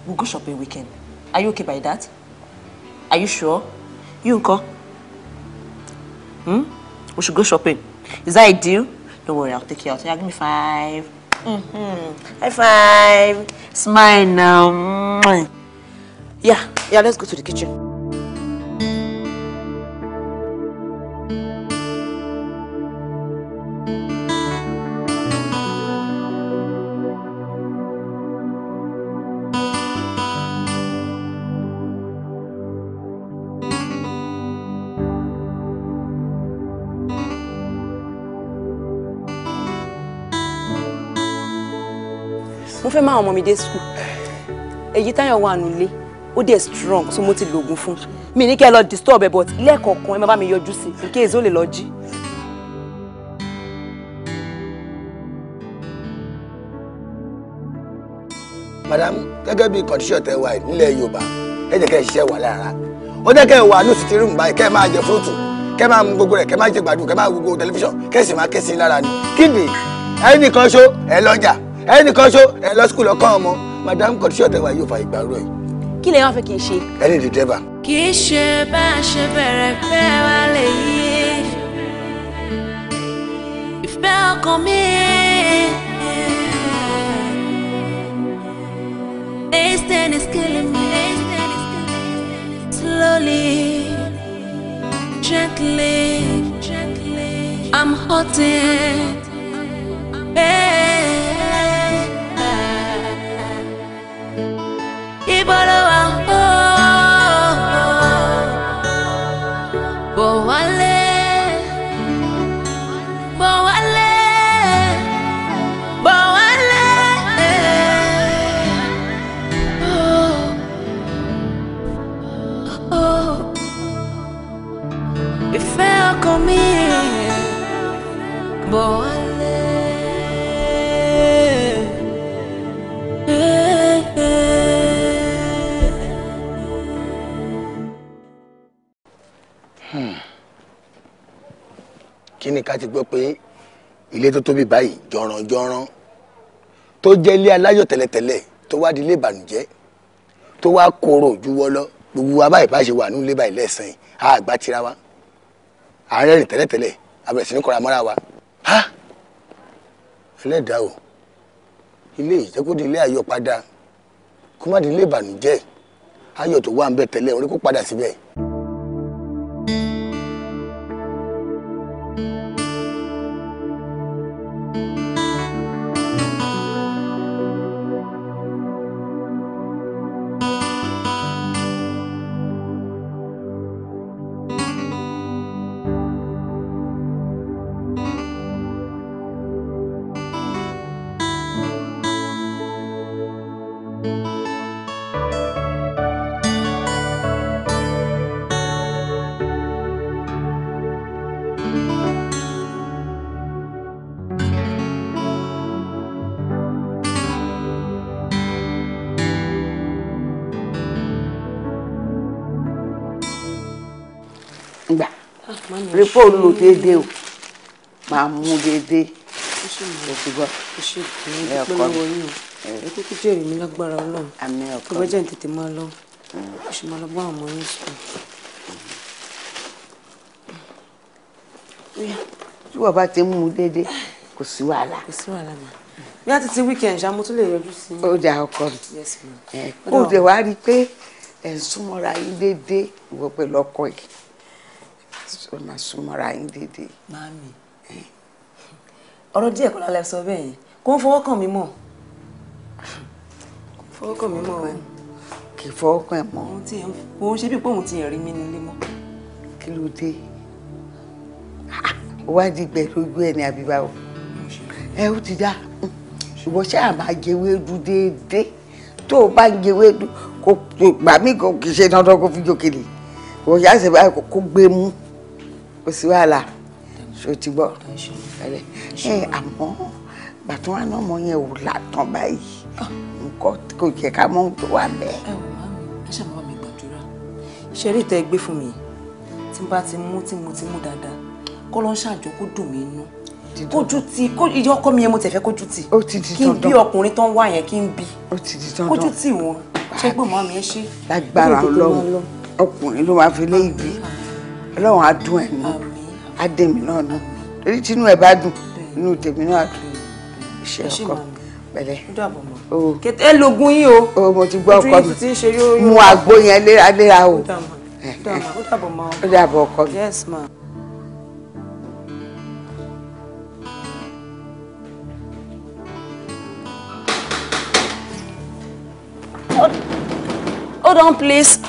We'll go shopping weekend. Are you okay by that? Are you sure? You go. Hmm? We should go shopping. Is that a deal? Don't worry, I'll take you out. Yeah, give me five. Mm-hmm. High five. Smile now. Yeah, yeah, let's go to the kitchen. àwọn ọmọ mi dé school èyí táyọ̀ wà nulẹ̀ ó dẹ̀ strong so mo ti lògùn fún mi ní kẹ́ ẹ lọ disturb ẹ but lẹ́ẹ̀kọ̀ọ̀kan ẹ má bá mi yọjú sí in case ó lè lọ jí. madam gẹ́gẹ́ bí condition tẹ wà nílẹ̀ yorùbá ẹ jẹ́ kẹ́ ẹ ṣiṣẹ́ wà lára ó jẹ́ kẹ́ ẹ wà ní sitirum báyìí kẹ́ ẹ máa jẹ fúrúùtù kẹ́ ẹ máa mu gbogbo rẹ̀ kẹ́ ẹ máa jẹ gbàdúrà kẹ́ ẹ máa wo tẹlifíṣàn kẹ́ ẹ sì máa kẹ́sìn lára ni kíndìn ẹnì kan ṣó ẹ lọ́jà ẹnìkan ṣó ẹ lọ skul ọkàn ọmọ madam kọtíṣọ tẹwà yóò fa ìgbà rọ yìí. kí lè wá fẹ́ kí n ṣe. ẹ di dẹ́bà. kì í ṣe bá a ṣe bẹ̀rẹ̀ pé wá lè yí ìfẹ́ ọkàn mi. Listen is killing me. Slowly, gently, I'm hurting. Hey. kí ni ká ti gbọ́ pé ilé tó tóbi báyìí jọ̀rànjọ̀ràn tó jẹ́ ilé aláyọ̀ tẹ́lẹ̀tẹ́lẹ̀ tó wá di ilé ìbànújẹ́ tó wá korò juwọ́ lọ gbogbo wa bá ṣe wà ní ilé báyìí lẹ́sìn á tira wa àárẹ̀ rìn tẹ́lẹ̀tẹ́lẹ̀ abẹ̀rẹ̀ sí ní kọ́ra mọ́ra wa ha ẹlẹ́dàá o ilé yìí jẹ́ kó di ilé ayọ̀ padà kó má di ilé ìbànújẹ́ ayọ̀ tó wà ń bẹ tẹ́lẹ̀ orí kó padà síbẹ̀. fóònù lò déédé o máa mú déédé òṣùgbọ́ ẹ̀kọ́ ẹ kúkú jèrè mi lágbára Ọlọ́run àmì ọkọ tó bá jẹ́ ní tètè máa lọ oṣù máa lọ bá àwọn ọmọ yín sùn. tí wọ́n bá ti ń mú déédé kò sí wàhálà. kò sí wàhálà mà bí a ti ti weekend ṣá mo tún lè yọjú sí ó dà ọkọ mi kó o dẹ̀ wá rí i pé ẹ̀ ń súnmọ́ra yín déédé ìwọ pẹ̀lú ọkọ yìí ó máa súnmọ́ra yín déédéé. Màámi, ọ̀rọ̀ díẹ̀ kọ́ lálẹ́ sọ bẹ́ẹ̀ yẹn, kò ń fọwọ́ kàn mí mọ̀. Fọwọ́ kàn mí mọ̀ o. Kì í fọwọ́ kàn ẹ̀ mọ́. Òun ṣe bí o òun ti rí mi nílé mọ́. Kí ló dé? Wá dìgbẹ́ lójú ẹ̀ ní àbíbá o. Ẹ ó ti dá. Ṣùgbọ́n ṣáà máa jẹ́wé dú déédéé tó o bá ń jẹwé kó gbà mí kò kì í ṣe dandan kó fi jókèlè kò yá ṣe báyìí kó gbé mú kò sí wàhálà ṣó ti gbọ́ àmọ́ gbàtún wà náà mọ yẹn ò látàn báyìí ah. nǹkan kò jẹ́ ká mọ̀ tó wà bẹ́ẹ̀. ẹ wò má mi ẹ ṣàmọ́ mi gbàdúrà ṣe eré ìtẹ́ gbé fún mi tí n bá ti mú tí mo ti mú dáadáa kọ́ ló ń ṣàjọ kó dùn mí nú kójú ti ìyá ọkọ mi yẹn mo tẹ̀ fẹ́ kójú ti kí n bí ọkùnrin tó ń yẹn kí n bí kójú ti wọn ṣé gbọ́n mọ́ mi ẹ ṣe. lágbára ọlọ́run ọkùnrin ló máa fi lé ìbí ọlọ́run á dùn ẹ̀ nù á náà nù torí tínú ẹ̀ bá dùn inú tèmi náà dùn ṣe ọkọ pẹ̀lẹ́ ẹ lògùn yín o o mo ti gbọ́ ọkọ mi mu àgbo yẹn léraléra o ó dàbọ̀ ọkọ mi. Hold on, please.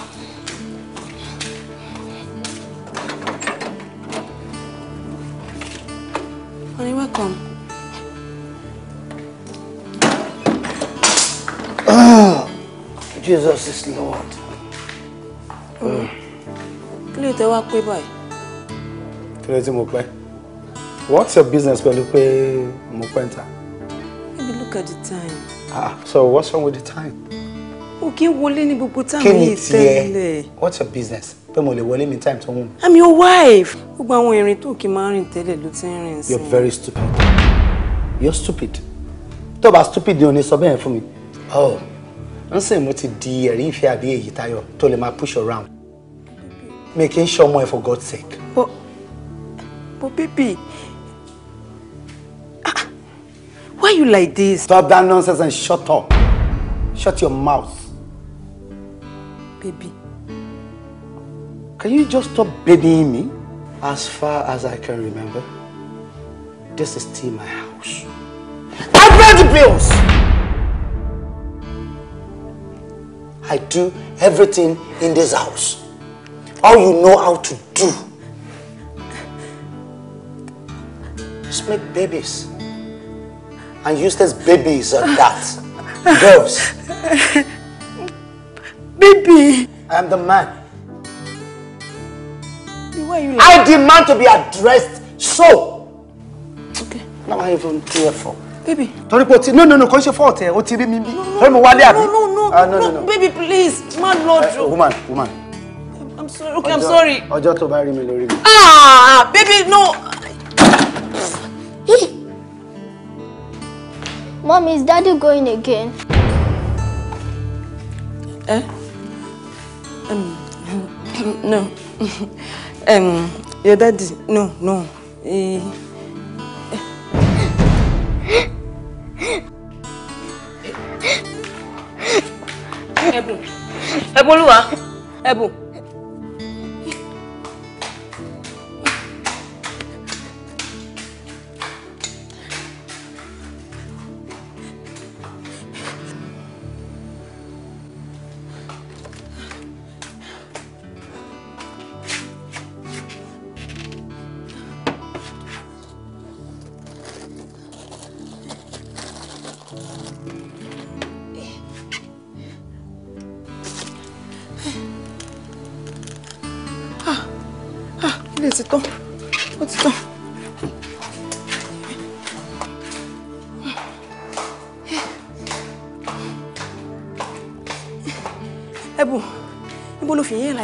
Jesus is Lord. kí ló tẹ́ wá pé báyìí. kí ló tí mo pẹ́ what's your business pẹ̀lú pé mo pẹ́ ń maybe look at the time. ah so what's wrong with the time. o kì í wọlé ní gbogbo táwọn yìí tẹ́lẹ̀. what's your business pé mo lè wọlé mi time tó wù i'm your wife. gbogbo àwọn ìrìn tó kì í máa rìn tẹ́lẹ̀ ti ń rìn you're very stupid you're stupid tó bá stupid ni o ní sọ bẹ́ẹ̀ fún mi. oh ń sìn mo ti di ẹ̀rí ìfẹ́ àbí èyí tayọ tó lè máa push around mi kì í ṣe ọmọ ẹ for God's sake. but but baby ah why you like this. stop that nonsense and shut up shut your mouth. baby. Can you just stop babying me? As far as I can remember, this is still my house. I pay the bills! I do everything in this house. All you know how to do is make babies. And use useless babies are that. Girls. Baby. I am the man. Why are you like I demand to be addressed so. Okay. Now I even care for. Baby. Torí pé no no no kò ń fault ẹ o ti rí mi No no Ah, no, no, no, no, baby, please, man, lọ Uh, woman, woman. I'm sorry, okay, I'm sorry. Ọjọ́ tó bá rí mi lórí mi. Ah, baby, no. Mom, is daddy going again? Eh? Um, no. um, your daddy, no, no. He... Eh, ẹ̀bùn ẹ̀bùn olúwa ẹ̀bùn.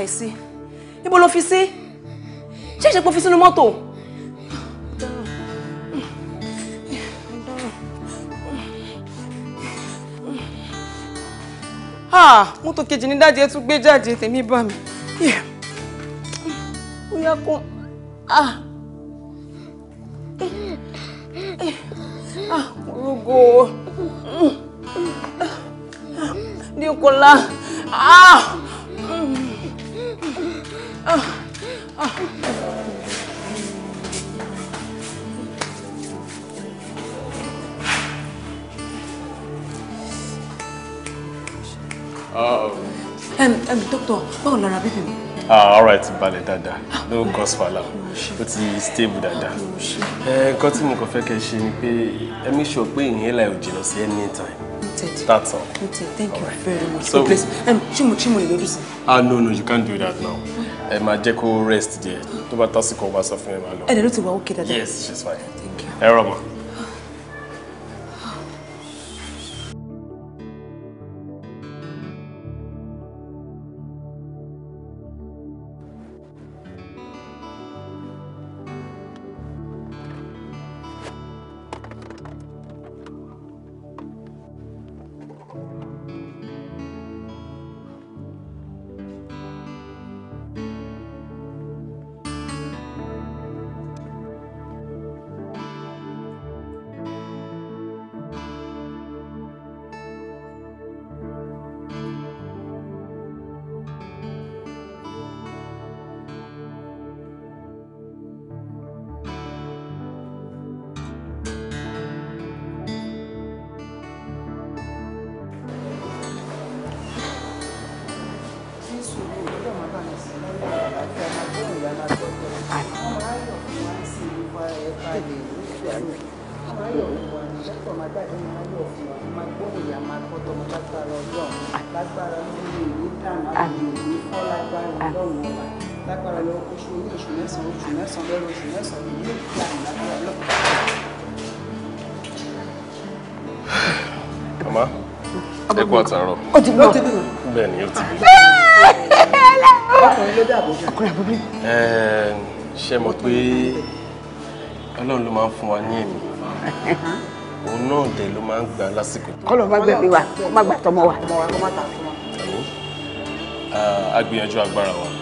ẹ̀ sí ibo ló fi sí ṣé ìṣẹ́pọ̀ fi sínú mọ́tò. mọ́tò kejì ní dájú ẹ tún gbé jáde tèmi bá mi ó yá kó. Ah! báwo oh, lára bíbí mi. ah all right balẹ̀ dáadáa no cause for alarm ó ti stable dáadáa eh, nǹkan tí mo kàn fẹ́ kẹ́ ṣe ni pé ẹ make sure pé inhaler ò jìnnà sí any time that's all thank you very much so please um, chimu chimu le lójú sí. ah no no you can't do that now ẹ máa jẹ́ kó rest there. tó bá tásìkò wá sọ fún ẹ máa lọ. ẹ lè ló ti wá òkè dáadáa. yes she's fine ẹ rọ mọ. mẹ́sàn-án oṣù mẹ́sàn-án lẹ́nu oṣù mẹ́sàn-án yìí yóò fi àmì lábẹ́ ọlọ́pàá. màmá ẹ kú àtàárọ̀. ó ti bímọ bẹ́ẹ̀ ni ó ti bímọ. ọkùnrin ló dé àbújá. ọkùnrin àbújá. ẹ ṣe mọ̀ pé ọlọ́run ló máa ń fún wa ní ẹ̀mí òun náà dẹ̀ ló máa ń gbà lásìkò. kọ́lọ̀ má gbẹ̀mí wa má gbà tọmọ wa. a gbìyànjú agbára wa.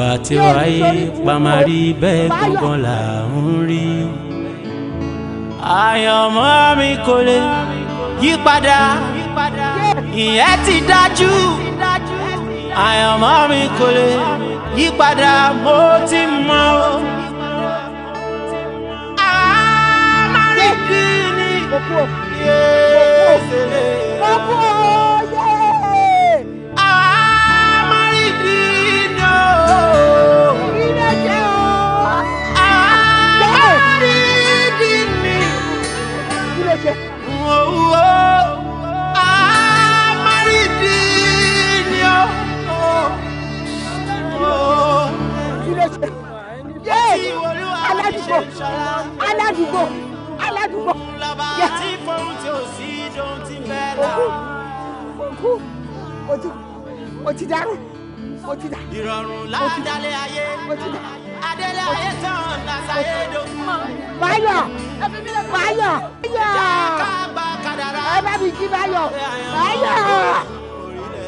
bá ti wáyé pamari bẹ́ẹ̀ gbọ̀ngàn là ń rí. àyànmọ́ mi kò lè yí ìyẹn ti dájú àyànmọ́ mi kò lè yí mo ti mọ̀ ọ́. àmàlẹ́kì ni yéé ṣẹlẹ̀. aládùúgbò aládùúgbò aládùúgbò. lọ́ba tí fọ́nrún tí ò sí dóhun ti fẹ́ là. òkú òkú o ti dàrú o ti dà. ìrọ̀rùn ládàlẹ̀ ayé adélé ayé tán làṣàyé dògún. báyọ̀ báyọ̀ báyọ̀ ẹ bá mi jí báyọ̀ báyọ̀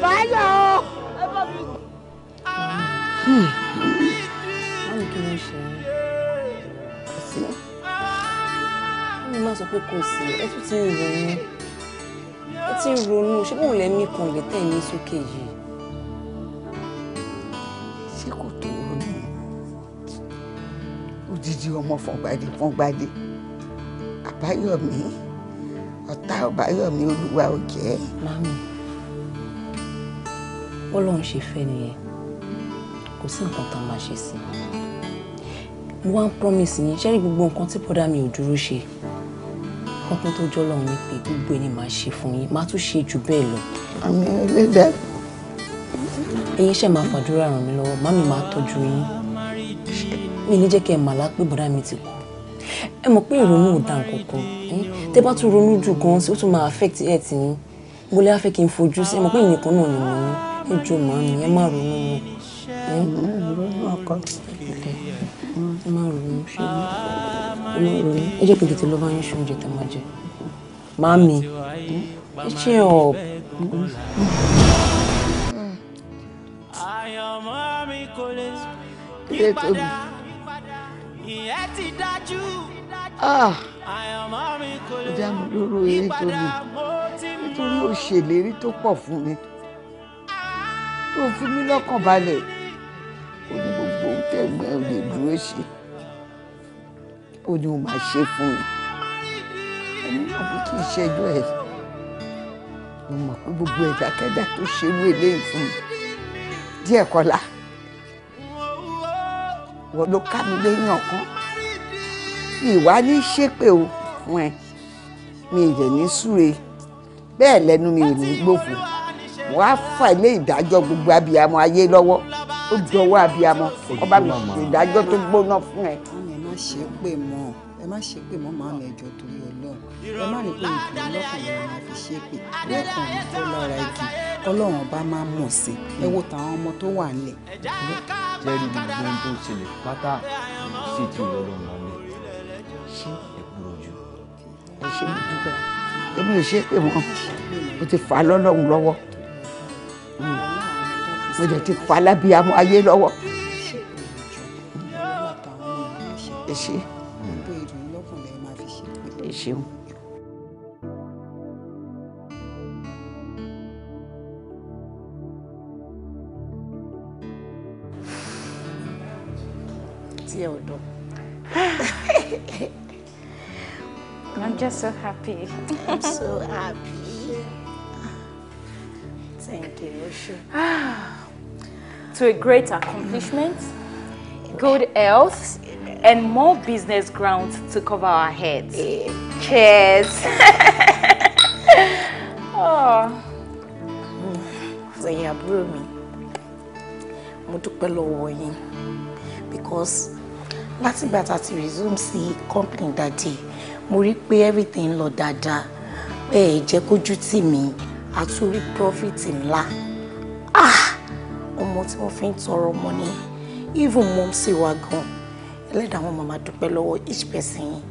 báyọ̀ ẹ bá mi. báwo kí ló ń ṣe é. má sọ pé kò sí ẹ tún ti ronú ẹ ti ronú ṣé bóun lẹ́mí kan lè tẹ̀ ní sókè yìí. ṣé kò tó ronú odidi ọmọ fọgbàdé fọgbàdé àbáyọmí ọ̀tá ọ̀báyọmí olúwa òjẹ́. mami bọ́lọ́run ṣe fẹ́ nìyẹn kò sí nǹkan tá a máa ṣe sí i mo wá ń promise yín ṣẹ́rí gbogbo nǹkan tí bọ́dá mi ò dúró ṣe nǹkan tó tó jọlọ ni pé gbogbo ẹni máa ṣe fún yín máa tún ṣe jù bẹ́ẹ̀ lọ. àmì ẹlẹ́dàá. eyín ṣe máa fàdúrà ràn mí lọ́wọ́ màmí máa tọ́jú yín mi ní jẹ́ kẹ́ ẹ mà lá pé bọ̀dá mi ti kú ẹ mọ̀ pé ìrònú ò dá nǹkan kan tẹ́ bá tún ronú jù gan ó tún máa affect ẹ̀ tì yín gbọ́lé á fẹ́ kí n fojú sí ẹ mọ̀ pé ìyẹn náà ni ẹ jọ màmí ẹ má ronú mọ́ ẹ má ronú ṣùgbọ́n ẹ má ronú ẹ jẹ́ kí n tètè lọ tóbi. nítorí ó tó pọ̀ fún mi tó fi mí lọ́kàn balẹ̀ onígbò gbogbo tẹ̀gbọ́n ò lè dúró ṣe ó ní o máa ṣe fún mi ẹni náà bí kì í ṣẹjọ́ ẹ̀ mo mọ̀ pé gbogbo ẹ̀dákẹ́dá tó ṣerú eléyìí fún mi díẹ̀ kọ́lá wọ́n ló ká mi lẹ́yìn ọ̀kan ìwà ní ṣépè o fún ẹ mi ìrẹ̀ ní súre bẹ́ẹ̀ lẹ́nu mi ò ní gbòfò wọ́n á fà ilé ìdájọ́ gbogbo abiyamọ ayé lọ́wọ́ ó jọ̀wọ́ abiyamọ ọba mi ṣèdájọ́ tó gbóná fún ẹ. ẹ má ṣe é pè mọ́ ẹ má ṣe é pè mọ́ màá mẹ́jọ torí Ọlọ́run ẹ má ní pé ìdùnnú lọ́kùnrin ọmọ fi ṣe pé lẹ́kùnrin tó lára igi Ọlọ́run ọba máa mọ̀ sí ẹ wo tàwọn ọmọ tó wà nílẹ̀. jẹ́rìí gbogbo ohun tó ṣẹlẹ̀ pátá sí ti Ọlọ́run náà lè ṣe ẹ̀kúrò jù. ẹ ṣe mi dúpẹ́ ẹ mi ò ṣe é pè mo ti fà á lọ́lọ́run lọ́wọ́ mo dẹ̀ ti fà lábíàmọ ayé lọ́wọ́. I'm just so happy. I'm so happy. Thank you, Osho. to a great accomplishment, good health, and more business grounds to cover our heads. Yeah. Cheers! oh. so àbúrò mi mo dúpẹ́ lọ́wọ́ because nothing better to resume see company dáadé mo rí pé everything lọ dáadáa ẹ jẹ́ kójú tì mí àtúrí profit ńlá ọmọ tí wọ́n fi ń tọrọ ọmọ ni even mom sì wá gan ẹlẹ́dàá wọn màmá dúpẹ́ lọ́wọ́ each person yìí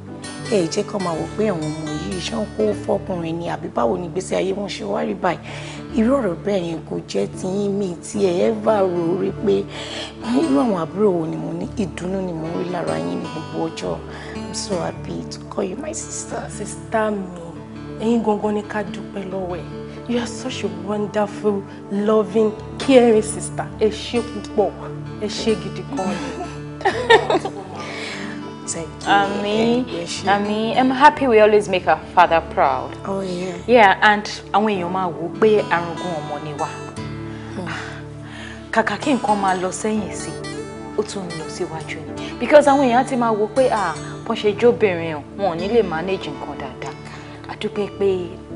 ẹ jẹ́ kó máa wò pé àwọn ọmọ yìí ṣé ń kó fọkùnrin ni àbí báwo ni ìgbésí ayé wọn ṣe wá rí báyìí irú ọ̀rọ̀ bẹ́ẹ̀ yẹn kò jẹ́ tiyín mi tí ẹ ẹ́fà rò rí pé hmm, irú àwọn àbúrò wo ni mo ní ìdùnnú ni mo rí lára yín ní gbogbo ọjọ́ i'm so happy to call you my sister. sister mi ẹ̀yin gangan ni ká dúpẹ́ lọ́wọ́ ẹ̀ you are such a wonderful loving caring sister ẹ ṣé A ẹ ṣé gidi gan Ami, Ami, I'm happy we always make our father proud. Oh yeah. Yeah, and àwọn èèyàn máa wò pé arúgbó ọmọ ni wá. Hmm. Ah, kàkà kí nǹkan máa lọ sẹ́yìn sí, ó tún lọ síwájú ni. Because àwọn èèyàn ti máa wò pé ah, bọ́n ṣe jóbìnrin wọn ò ní lè manage nǹkan dáadáa. A dúpẹ́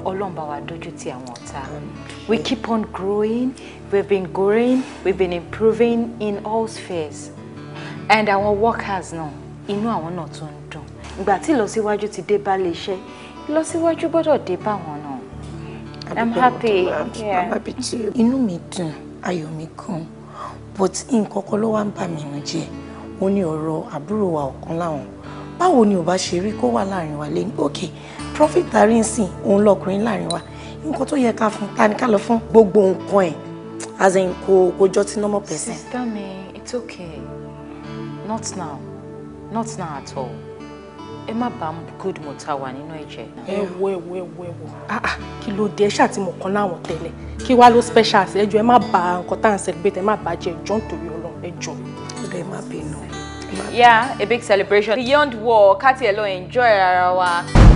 Ọlọ́run wa dojú ti àwọn ọ̀tá. We keep on growing, we've been growing, we've been improving in all spheres. And our workers náà, inú àwọn náà tún ń dùn. Ìgbà tí ìlọsíwájú ti dé bá lè ṣe, ìlọsíwájú gbọ́dọ̀ dé bá wọn náà. I'm happy. Yeah. I'm happy too. Inú mi dùn, ayọ̀ mi kún. But nǹkan kan ló wá ń bà mí nù jẹ́. Ó ní ọ̀rọ̀ àbúrò wa ọ̀kan láwọn báwo ni ò bá ṣe rí kó wà láàrin wa lẹ́yìn òkè profit tari ń sìn òun lọkùnrin láàrin wa nǹkan tó yẹ ká fún ta ni ká lọ fún gbogbo nǹkan ẹ̀ as in kò kò jọ ti normal person. sista mi it's okay not now not now at all ẹ má bá good mo ta wà nínú ẹ̀jẹ̀. ẹ wo ẹ wo ah. wo ẹ wo kí ló dé ṣáà tí mo kàn láwọn tẹ́lẹ̀ kí wàá ló special ẹjọ́ ẹ má bà nǹkan tá à ń celebrate ẹ má bàjẹ́ ẹjọ́ nítorí Ọlọ́run ẹjọ́. ó dẹ̀ má bínú man. Yeah, a big celebration. Beyond war, ká tiẹ̀ enjoy our.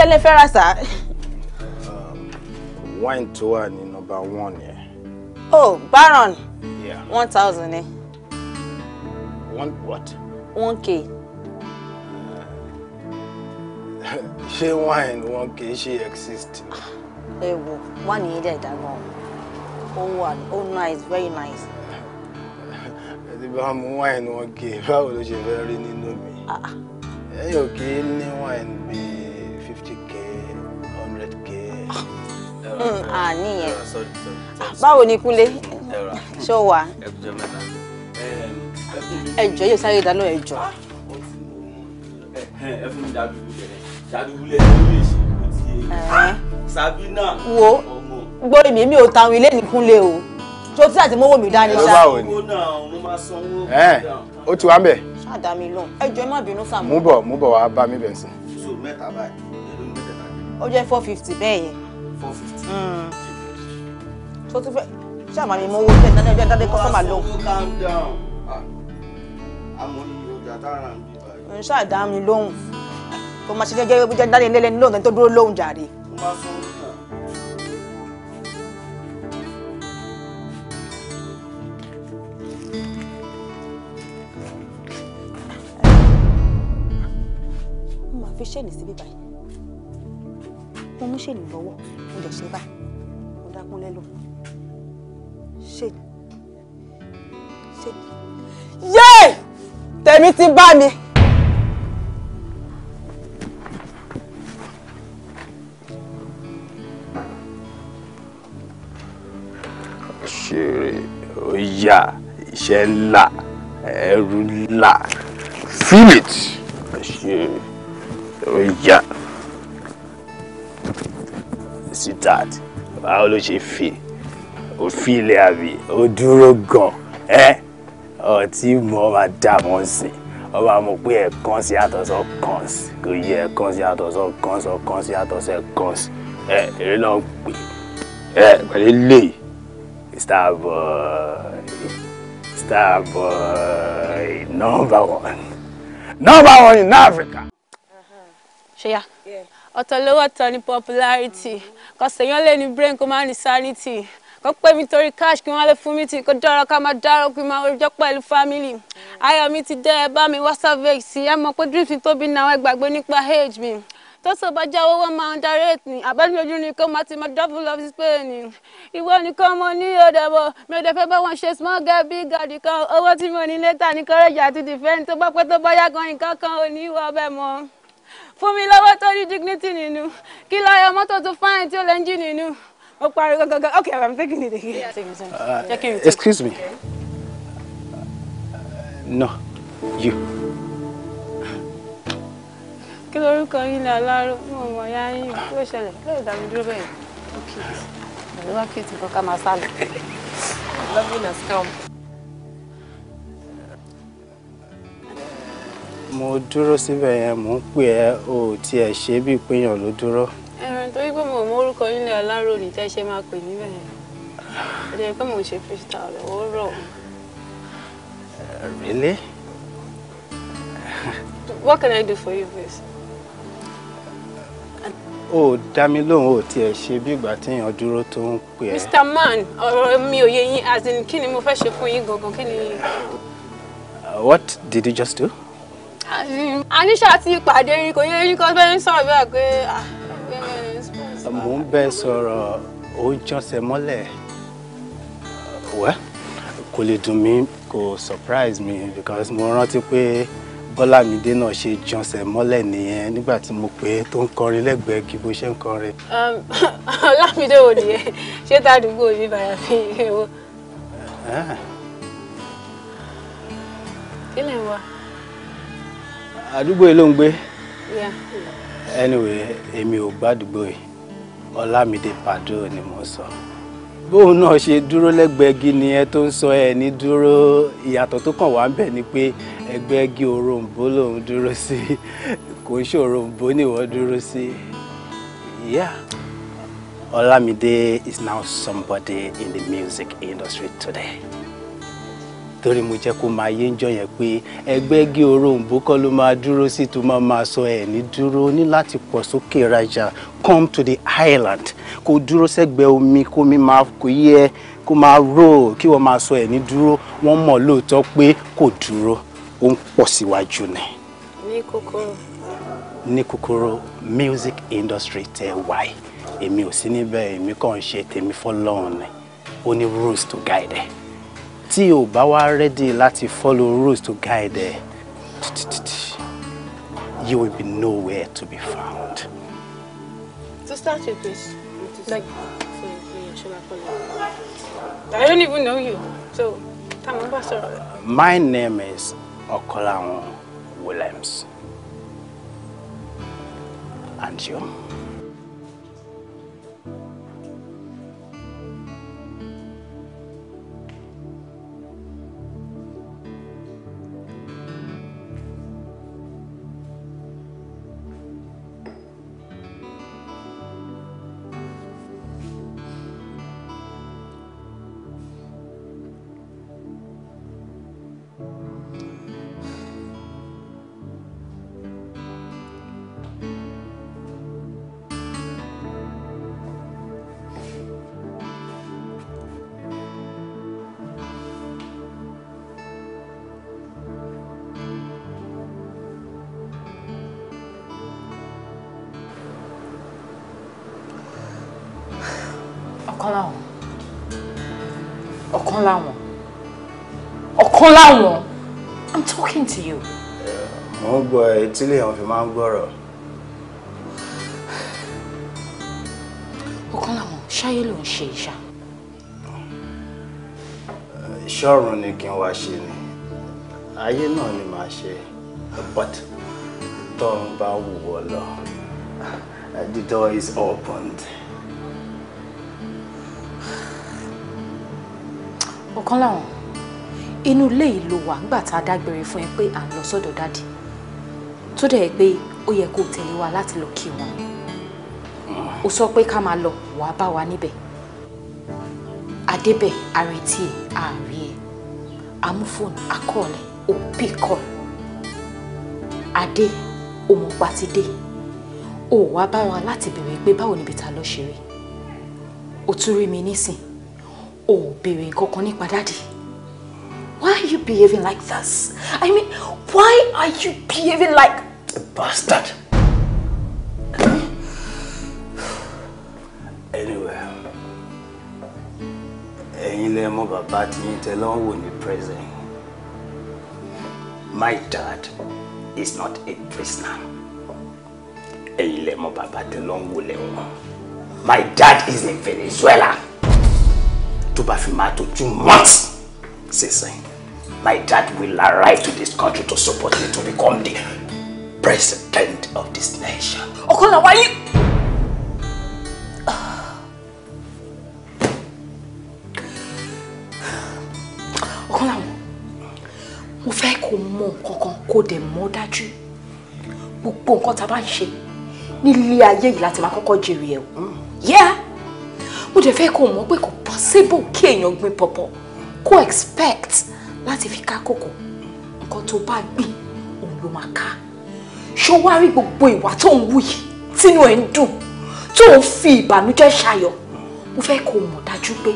lẹ́lẹ́ fẹ́ rà sá. Um, wine tó wà ní nọ́mbà one yẹn. oh baron yeah. one thousand ni. one what. one k. ṣé wine one K. í ṣe exist. ẹ wo wine yìí dẹ̀ dàgbọ́n ó wà ó nice very nice. ẹ ti bá mu wine one K. í báwo ló ṣe fẹ́ rí nínú mi. Ah, ah. ẹ̀yin ò kì ní wine bíi. àníyàn mm, ah, ah, báwo ni kúnlé ṣó wà ẹjọ yóò sáré dáná ẹjọ. ẹ fún mi dàdúgbò lẹ dàdúgbò lẹ ló lè ṣe kó tiẹ̀ wo gbọ́ èmi mi ò tàwọn ilé nìkúnlé o tó tí àti mọ́wọ́ mi dání sá. ẹ ó ti wá ń bẹ̀. ṣáàdá mi lọ ẹjọ ẹ má bínú sàmú. mú bọ̀ mú bọ̀ wá bá mi bẹ̀ sí. ó jẹ́ four fifty bẹ́ẹ̀ yẹn. four fifty tó tún fẹ́ ṣé àmàmì mọ owó fẹ́ dáadáa dáadáa kọ́sọ́mà lóhùn. n ṣáà dá mi lóhùn kó máa ṣe jẹ́jẹ́ bí jẹ́ dáadé lélẹ́ni lóhùn tó dúró lóhùn jàre. fi ṣẹ́ni síbí báyìí mo mú ṣèlú lọ́wọ́ mo dẹ̀ ṣe báyìí mo dá Kúnlé ṣèlú ṣèlú. yéè tèmi ti bá mi. ṣeré ó yá iṣẹ́ ńlá ẹrù ńlá feel it ṣeré ó yá. Yeah sí dad báwo ló ṣe fi ó fi ilé àbí ó dúró gan ẹ ọtí mọ máa dà mọ sí ọba mọ pé ẹ̀kan sí àtọ̀sọ́ kan sí kò yẹ ẹ̀kan sí àtọ̀sọ́ kan sí ọ̀kan sí àtọ̀sọ́ kan sí ẹ èrè náà ń pè ẹ pẹ̀lú lè starboy starboy number one number one in Africa. ṣé yá. Uh -huh ọ̀tọ̀ lówó ọ̀tọ̀ ní popularity kọ̀sẹ̀ yán lè ní brain kó má ní sanity kọ́ pé mi torí cash kí wọ́n lè fún mi tì kó dọ́rọ̀ ká máa dárọ̀ kí máa rojọ́ pẹ̀lú family ayọ̀ mi ti dẹ́ ẹ bá mi wá savage sí ẹ mọ̀ pé dreams mi tóbi náà ẹ gbàgbé nípa age mi tó sọ bá jáwọ́ wọn máa ń darí ètò àbájọ́jú ni kó máa ti máa double of spain ìwọ nìkan mo ní ọ̀dàbọ̀ mi ò dẹ̀ fẹ́ bá wọn ṣe small guy big guy kan owó tí mo ní létà ní courage àti defend tó bá pẹ́ tó bá yá gan nǹkan kan ò ní wọ́ ọbẹ̀ mọ́ fún mi lọ́wọ́ tó ní dignity nínú kí lọ́ọ́ yọ mọ́tò tó fáìn tí ó lẹ́ ń jì nínú ó parí gangan okay i'm taking it again. Uh, excuse me uh, no you. kí lorúkọ yín lè aláró fún ọmọ ìyá yín kí ló ṣẹlẹ̀ kí ló dá dúró bẹ́ẹ̀. ok ìwà ká máa sálọ. love you na mo dúró síbẹ̀ yẹn mò ń pè ẹ́ o ò tiẹ̀ ṣe bíi péyàn ló dúró. ẹran torí pé mo mọ orúkọ nílẹ̀ aláró ní tẹ́ ṣe máa pè mí bẹ́ẹ̀ ẹ pé mò ṣe freestyle ó rọ̀. Eh, really? what can I do for you please? ó dá mi lóhùn ó tiẹ̀ ṣe bí ìgbà téèyàn dúró tó ń pè ẹ́. Mr. Man ọ̀rọ̀ mi ò yé yín as in kí ni mo fẹ́ ṣe fún yín gangan kí ni. What did you just do? aníṣà ti pàdé yín kò yẹ yín kọ́ bẹ́ẹ̀ ń sọ̀rọ̀ bẹ́ẹ̀ pé mò ń bẹ sọ̀rọ̀ ó jọ́sẹ̀ mọ́lẹ̀ wẹ́ kò lè dùn mí kò surprise me because mo rántí pé bọ́lámídé náà ṣe jọ́sẹ̀ mọ́lẹ̀ nìyẹn nígbà tí mo pè é tó ń kọrin lẹ́gbẹ̀ẹ́ kí bó ṣe ń kọrin. Um, ọlámídé wo nìyẹn ṣé tàdúgbò mi bàyà fi ìwé wo. kílẹ̀ wa àdúgbò yìí ló ń gbé. anyway èmi ò gbàdúgbò yìí ọlámídé pàdó ni mo sọ bóun náà ṣe dúró lẹ́gbẹ̀ẹ́ igi nìyẹn tó ń sọ ẹ̀ ní dúró ìyàtọ̀ tó kàn wá ń bẹ̀ ni pé ẹgbẹ́ igi òrombó lòun dúró sí kò ń ṣòrombó nìwọ dúró sí yeah. Olamide is now somebody in the music industry today torí mo jẹ́ kó máa yé ń jọ pé ẹgbẹ́ gé òróǹbó kọ́ ló máa dúró sí tó máa máa sọ ẹ̀ dúró ní láti pọ̀ sókè rajà come to the island kó dúró sẹ́gbẹ̀ẹ́ omi kó mi máa kó yẹ kó máa rò kí wọ́n máa sọ ẹ̀ dúró wọ́n mọ̀ lóòótọ́ pé kò dúró ó ń pọ̀ síwájú ni. ní kúkúrú. ní kúkúrú music industry tẹ wáyé èmi ò sí níbẹ̀ èmi kàn ń ṣe tèmi fọlọ́run ni ó ní rules to guide ẹ̀ tí o bá wá ready láti follow rules to guide ẹ you will be nowhere to be found. to start with please like I don't even know you so tamu bá my name is Ọ̀kọ́láwọn Williams and you. ọ̀kan láwọn ọ̀kan láwọn ọ̀kan láwọn i'm talking to you. mo ń gbọ́ etí lèèyàn fi máa ń gbọ́rọ̀. ọ̀kan láwọn ṣáyé ló ń ṣe ìṣá. ṣọ́ọ̀rùn ni kí n wá ṣe ni ayé náà ni màá ṣe but tó ń bá wù ọ lọ the door is opened. kan láwọn inú ilé yìí ló wà nígbà tá a dágbére fún ẹ pé à ń lọ sọ́dọ̀ dáàdì tó dẹ̀ pé ó yẹ kó tẹ̀lé wa láti lọ kí wọn ó sọ pé ká máa lọ wà á bá wa níbẹ̀ adébẹ̀ àrètí a amúfóònù o òbí kọ adé òmùpátidé ó wá bá wa láti bèrè pé báwo níbi tá a lọ ṣeré ó tún rí mi nísìn Oh baby, béèrè nǹkan kan nípa Why are you behaving like this? I mean, why are you behaving like a bastard? anyway, ẹ̀yin lẹ mọ̀ bàbá tí yín tẹ lọ́n wò ní prison. My dad is not a prisoner. Ẹ̀yin lẹ mọ̀ bàbá tẹ lọ́n wò lẹ́wọ̀n. My dad is in Venezuela tó bá fi máa tó two months sísìn my dad will arrive to this country to support me to become the president of this nation. Ọ̀kọ́láwáyé. Ọ̀kọ́láwọ̀ mo fẹ́ kó mọ nǹkan kan kó dẹ̀ mọ́ dájú gbogbo nǹkan tá a bá ń ṣe nílé ayé yìí láti máa kọ́kọ́ jèrè ẹ̀ o. Yeah mo dẹ̀ fẹ́ kó mọ̀ pé kò possible kí èèyàn gbin pọ̀pọ̀ kó expect láti fi ká kòkó nǹkan tó bá gbìn òun ló máa ká ṣó wá rí gbogbo ìwà tó ń wù yìí tínú ẹ̀ ń fi ìbànújẹ́ ṣayọ̀ mo fẹ́ kó mọ̀ dájú pé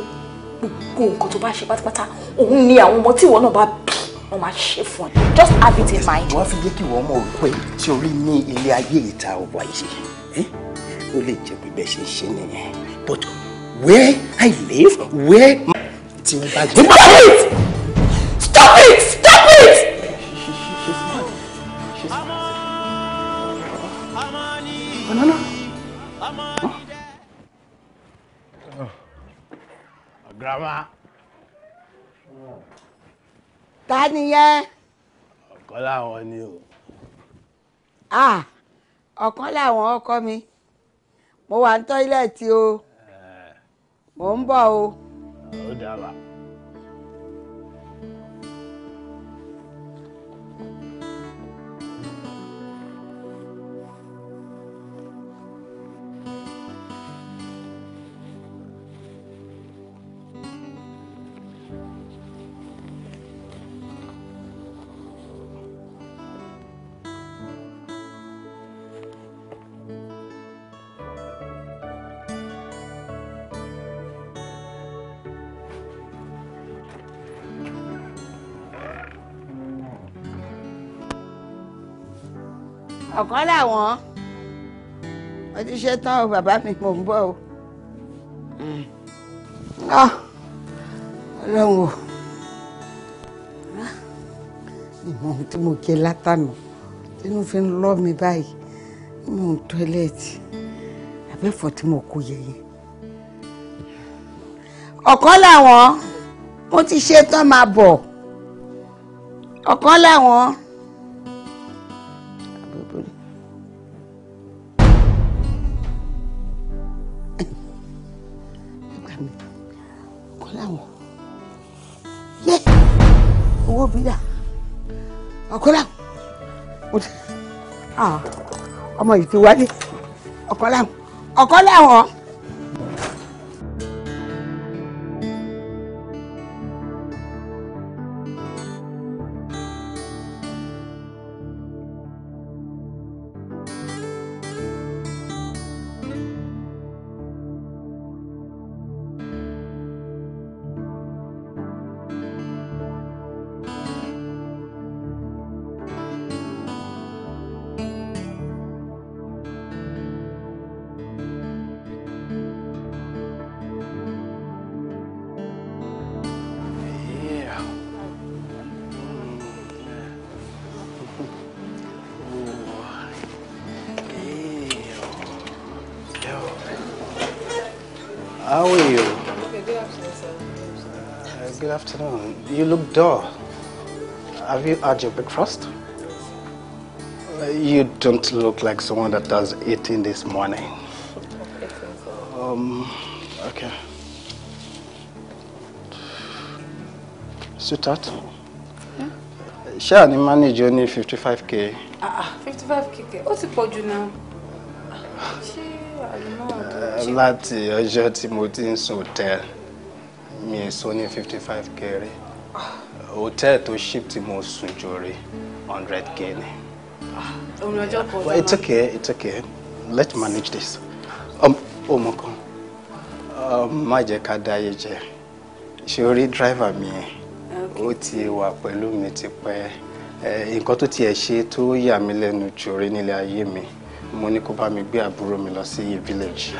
gbogbo nǹkan tó bá ṣe pátápátá òun ni àwọn ọmọ tí ìwọ náà bá bí wọn máa ṣe fún just have it in mind. wọ́n fi jẹ́ kí wọ́n mọ̀ pé tí orí ní ilé ayé ìta ọ̀wà yìí ó lè jẹ́ pé bẹ́ẹ̀ ṣe ń ṣe nìyẹn but where I live, where my. Stop it! Stop it! Stop it! Banana. Grandma. Ta call out on you. ni o. Ah, ọ̀kan láwọn ọkọ mi. Mo wà ní tọ́ílẹ̀tì o mò ń bọ̀ o. ó dára. ọ̀kan làwọn mo ti ṣe tán o bàbá mi mò ń bọ̀ o. Ah. Ah, ọlọ́run o ìmọ̀ tí mo jẹ látànà tínú fi ń lọ́ mi báyìí nínú tọ́ílẹ̀tì abẹ́fọ́ tí mo kó yẹyẹ. ọ̀kan làwọn mo ti ṣe tán máa bọ̀ ọ̀kan làwọn. ọmọ yìí ti wálé ọkọ láwọn ọkọ láwọn you had your breakfast? You don't look like someone that does eating this morning. Um, okay. Sweetheart? Yeah? Share ni manage ó ní 55k? Ah, 55k ah, What's ó ti pọ̀ jù náà. Ṣé àlùmọ́ọ̀dù? Eh, láti ọjọ́ tí mo ti ń sùn Me mi ì sọ ní 55k hotel tó ship tí mo sùn jòrè hundred k ni. Ah. orin ọjọ́ kan ọjọ́ náà. it's okay it's okay let's manage this. ọmọ um, oh, kan um, má jẹ́ ká dáyé jẹ́ ṣé orí dírìvà mi yẹn ó ti wà pẹ̀lú mi ti pẹ́ nǹkan tó tiẹ̀ ṣe tó yà mí lẹ́nu jòrè nílé ayé mi mo ní kó bá mi gbé àbúrò mi lọ sí village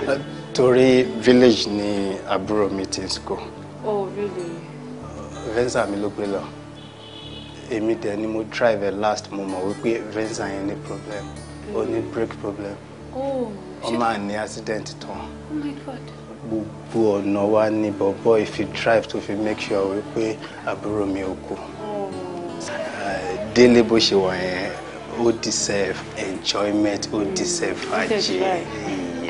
torí village ni àbúrò mi ti ń sùkò. oh really. venza mi ló gbé lọ èmi dẹ̀ ni mo drive ẹ̀ last mo mọ̀ wípé venza yẹn ní problem ó ní brake problem ó oh, máa ní accident tán oh gbogbo ọ̀nà wa ni bọ̀bọ̀ ìfi drive to fi make sure wípé àbúrò mi ò kú oh. délé bó ṣe wà yẹn ó deserve enjoyment ó deserve fàájì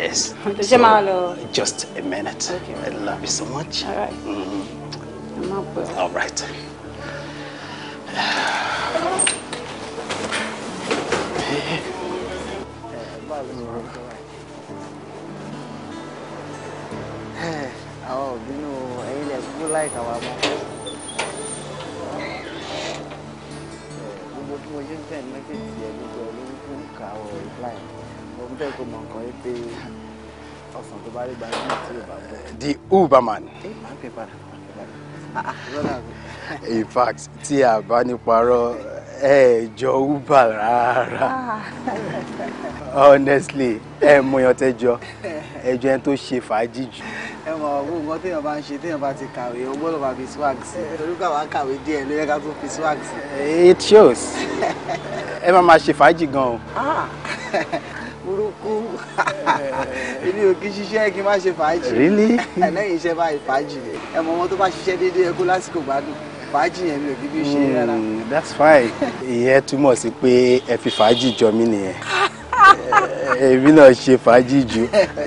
yes so just a minute okay. I love you so much. All right. mm. All right. Oh, you know, I like kúkú láìka wa mọ gbogbo tí mo ṣe ń tẹ̀ ní mẹ́sẹ̀jì ẹ̀ reply mo ń bẹ́ẹ̀ kó mọ̀ nǹkan yìí the uberman. ẹ máa ń in fact tí a bá ní parọ́ ẹ jọ uber rárá honestly ẹ mọ èèyàn tẹjọ ẹjọ ẹni tó ṣe fàájì jù. ẹ mọ owó nǹkan téèyàn bá ń ṣe téèyàn bá ti kàwé o gbọ́dọ̀ máa fi swag sí i torí káwa kàwé ló yẹ ká tó fi swag sí it shows ẹ máa máa ṣe fàájì gan o. Ah burúkú èmi ò kí ṣiṣẹ́ kí n má ṣe fàájì lẹ́yìn iṣẹ́ báyìí fàájì rẹ̀ ẹ mọ wọn tó bá ṣiṣẹ́ déédéé ẹkú lásìkò gbádùn fàájì yẹn mi ò kí bí ṣe hmm, rárá. that's fine ìyẹn túmọ̀ sí pé ẹ fi fàájì jọ mí nìyẹn èmi náà ṣe fàájì jù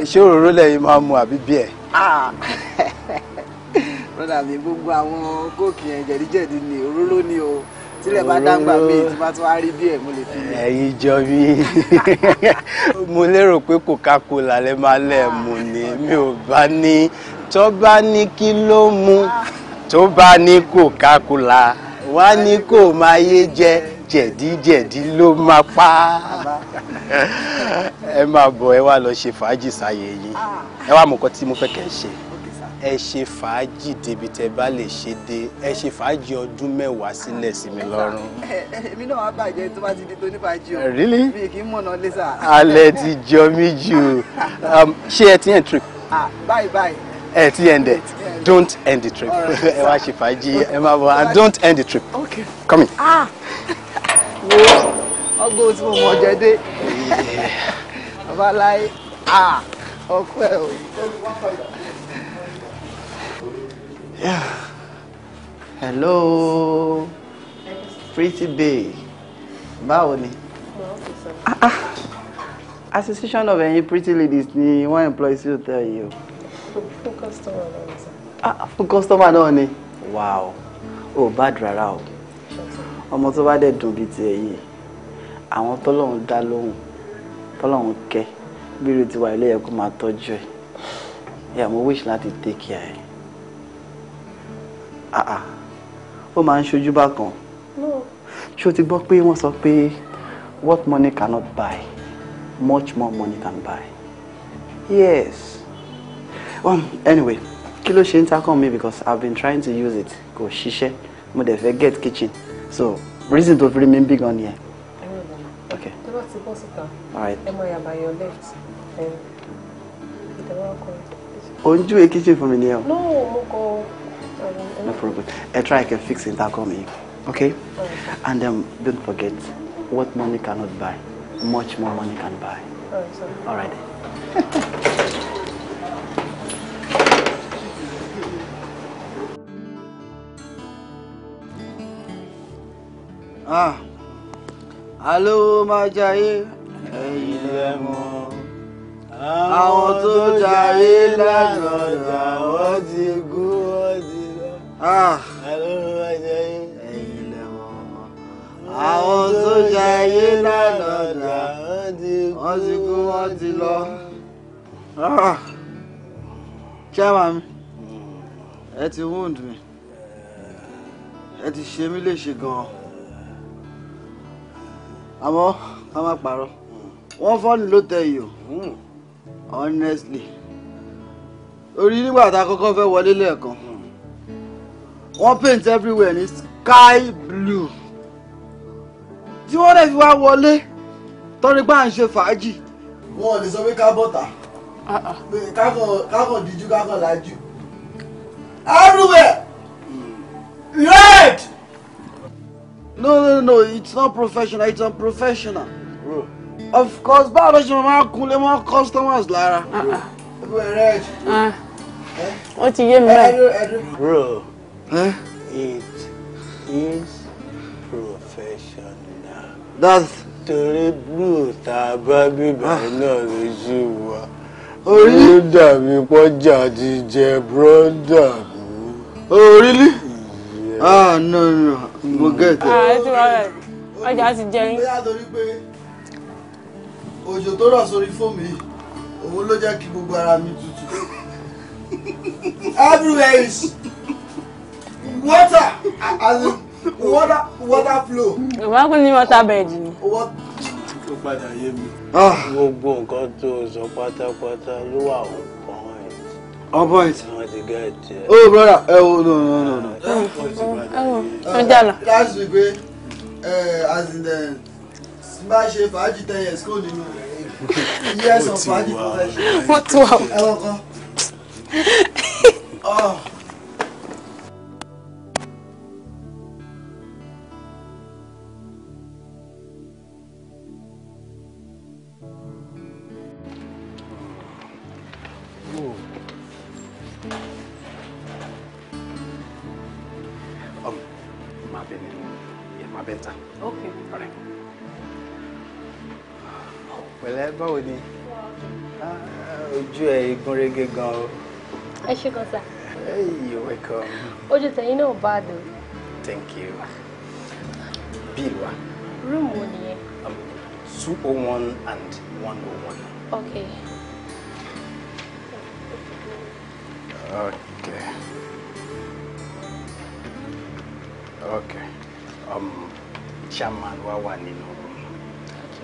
ṣé òróró lẹ́yìn máa mu àbí bíẹ̀. brother mi gbogbo àwọn kóòkì yẹn jẹ̀díjẹ̀dí ni òróró ni o tílẹ̀ bá dáńgbà bíi tí bá tún wá rí díẹ̀ mo lè fi. ẹ̀yin jọ bí mo lérò pé coca-cola lẹ máa lẹ̀ mu ni mi ò bá ní tó bá ní kí ló mu tó bá ní coca-cola wá ní kó máa yé jẹ jẹ̀díjẹ̀dí ló máa pa ẹ máa bọ̀ ẹ wá lọ ṣe fàájì sáyé yìí ah. ẹ wá mọ̀ nǹkan tí mo fẹ́ kẹ́ ṣe ẹ ṣe fàájì débi tẹ bá lè ṣe dé ẹ ṣe fàájì ọdún mẹ́wàá sílẹ̀ sí mi lọ́rùn. èmi náà wá bàjẹ́ tó bá ti di tó ní fàájì really mi kì í mọ̀nà lé sà. alẹ́ ti jọ mí jù um, ṣé ẹ ti ẹ̀ trip. báyìí báyìí. ẹ ti ẹ̀ ń don't end the trip ẹ wá ṣe fàájì ẹ máa bọ̀ don't end the trip okay. come in. Ah! ọgbọ́n tí mo mọ̀ jẹ́ dé babaláyé ah! ọpẹ́ o. Yeah. Hello. Pretty babe. Báwo ni? Ah, ah. Association of any pretty ladies ni one employee still tell you. o. customer náà Ah, fún customer náà ni. Wow. Oh, bad rárá o. Ọmọ tó bá dẹ̀ dùn bíi ti ẹ̀yìn. Àwọn tọ́lọ́run dá lóhùn. Tọ́lọ́run kẹ́. Bí irú tiwa ilé yẹ kó máa tọ́jú ẹ̀. Ìyá mo wish láti take care ẹ̀. Ah, ah. ó máa ń ṣojú bákan ṣé o ti gbọ́ pé wọ́n sọ pé what money cannot buy much more money can buy yes Well, um, anyway kí ló ṣe ń takàn mi because I've been trying to use it kò ṣiṣẹ́ mo dẹ̀ fẹ́ get kitchen so reason to fi me big on here. gan nìyẹn. okay. tó bá ti bọ́ síta ẹ mọ yàrá your left ìdáwọ́ ọkọ rẹ. ojú ekitchen fún mi nìyẹn o. no mo kọ. No problem. I try I can fix intercom here. Okay? And um, don't forget, what money cannot buy, much more money can buy. All right. ah. Hello, my jayé. Ẹ̀yin lẹ mọ̀. Àwọn tó jayé lánàá làwọn ti kú ẹ̀yin lẹ mọ̀ àwọn tó jẹ ayé lánàá dà wọ́n ti kú wọ́n ti lọ. Ah. chairman mi ẹ ti wound mi ẹ ti ṣe mí léṣe gan-an àmọ́ ká má parọ́ wọ́n fọ́ọ̀nù ló tẹ yìí o hmm. honestly orí nígbà tá a kọ́kọ́ fẹ́ wọlé lẹ́ẹ̀kan wọ́n paint everywhere ní sky blue tí wọ́n dẹ̀ fi wá wọlé torí pé à ń ṣe fàájì. wọn ò lè sọ pé ká bọ̀tà kákan díjú kákan lájú everywhere red. no no no it's not professional it's unprofessional. Bro. of course báwo ló ṣe máa kunlé mọ́ customers lára. everywhere red. Ah. Eh? ó ti yé mi báyìí. Huh? Eh? It is professional. That's. Torí blue tá a bá bíbá ah. náà lójú wa. Orí. Ó dàbí pọ́jà ti jẹ bírọ́dà mi. Oh, really? Yeah. Ah, no, no, mo get it. Ah, ẹ ti wá rẹ̀. Ọjà ti jẹ yín. Bóyá torí pé òjò tó rọ̀ sórí fóònù yìí, òun ló jẹ́ kí gbogbo ara mi tutù. Everywhere is water as in water water flow. ìwà kún ní water bed ni. ó padà yé mi. Ah. gbogbo nǹkan tó o sọ pátápátá ló wà ó on point. oh brother ẹ eh, wo oh, no no no no. ẹ wo ẹ jala. láti rí pé as in eh, bá ṣe fàájì ten years kò nínú years of fàájì tó fẹ́ ṣe. wọ́n ti wà. ẹ wọ́n kọ́. báwo ni ah, ojú ẹ egúnrégé gan o. ẹ ṣe kan sá. you're welcome. ojú tẹ̀yin náà bá a dùn. thank you. bill wa. Room wo nìyẹn. Um, two oh one and one oh one. okay. okay. okay. Um, chairman wa wà nínú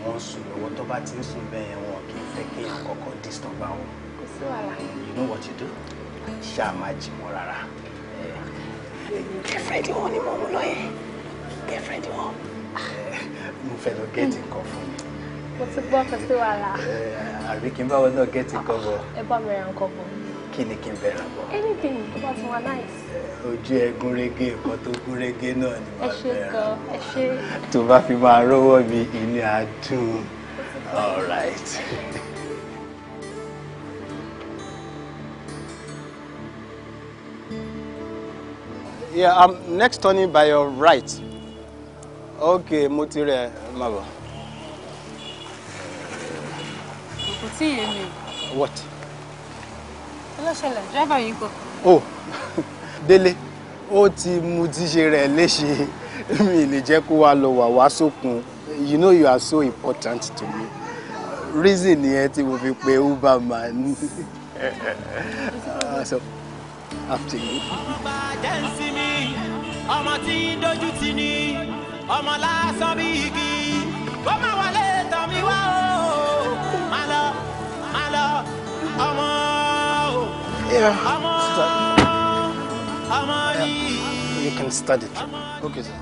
wọ́n sùn lọ́wọ́ tó bá ti ń sùn bẹ́ẹ̀ yẹn wọn kì í fẹ́ kéèyàn kọ́kọ́ disturb àwọn. kò sí wàhálà. you know what you do? ṣáà má jí wọn rárá. girlfriend wọn ni mo mú lọ yẹn girlfriend wọn. mo fẹ́ lọ gẹ́ẹ̀tì nǹkan fún mi. mo ti gbọ́ kò sí wàhálà. àbí kí n bá wọn náà gẹ́ẹ̀tì nǹkan bọ̀. ẹ bá mi ra nǹkan bọ̀. kí ni kí n bẹ̀rẹ̀ bọ̀. anything tó bá ti nice ojú ẹ gúnrégé nǹkan tó gúnrégé náà ni màá bẹ̀rẹ̀ tó bá fi máa rówó mi inú adùn all right. Yeah, I'm next turning by your right. Okay, mo ti rẹ̀ máa bọ̀. Kò tí ì yé mi. What? Kí ló ṣẹlẹ̀? Driver yìí kọ. Oh délé ó ti mutí ṣe rẹ̀ léṣe mi lè jẹ́ kó wa lọ wà wá sókun you know you are so important to me reason nìyẹn tí mo fi pe uber man so after you. ọba jẹ́ ń ọmọ tí ń dojú tì ní ọmọ lásán bí igi kó má wọlé tán mi wá o má lọ má lọ ọmọ o ọmọ o you can study. it. Okay, sir.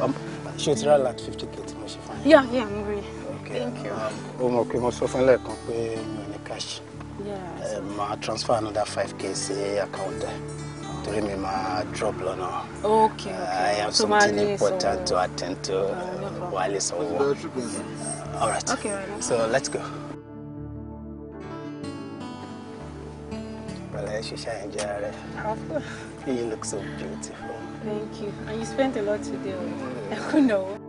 Um, ṣé o ti rà láti fifty plate yeah yeah I'm rí okay thank you. Um, oh, mọ̀ pé mo sọ fún lẹ́ẹ̀kan pé cash. yeah. máa um, transfer another five k sí account To torí mi máa drop lọ́nà. okay uh, okay I have so something important so... to attend to uh, wàhálẹ̀ sanwó. all right okay, right so let's go. Well, I should share and share. You look so beautiful. Thank you. And you spent a lot today. I do not know.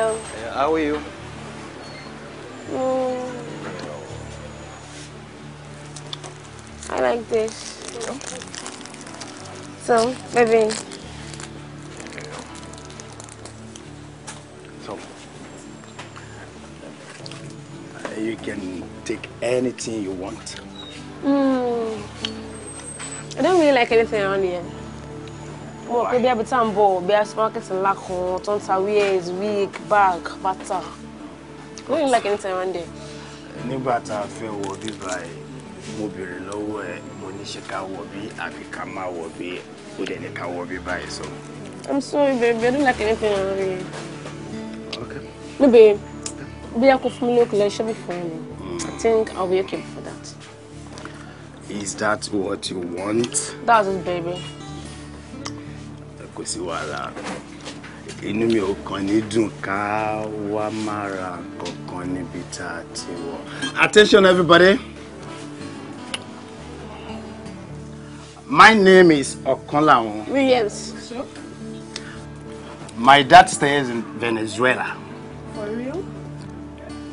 Hello. Yeah, how are you? Mm. I like this. Yeah. So, baby. So, you can take anything you want. Mm. I don't really like anything around here. mo pe bí abita ń bọ̀ a supermarket ńlá kan tó ń ta wears bag bàtà lórí ńlá kìíní tẹ̀ wọ́n dẹ̀. nígbà tá a fẹ́ wọ bíbá ẹ mo béèrè lọ́wọ́ ẹ mo ní ṣe ká wọ bí àbí ká má wọ bí ó dẹ̀ ní ká I'm sorry baby I don't like anything I really. Okay. No babe, bí a kò fún mi ní okùn lẹ́yìn ṣẹ́bí I hmm. think I'll be okay before that. Is that what you want? That's it baby kò sí wàhálà inú mi ò kàn ní dùn ká wá má ra kankan níbi tá a ti wọ. attention everybody my name is Okanlawon. Williams. My dad stays in Venezuela. For real?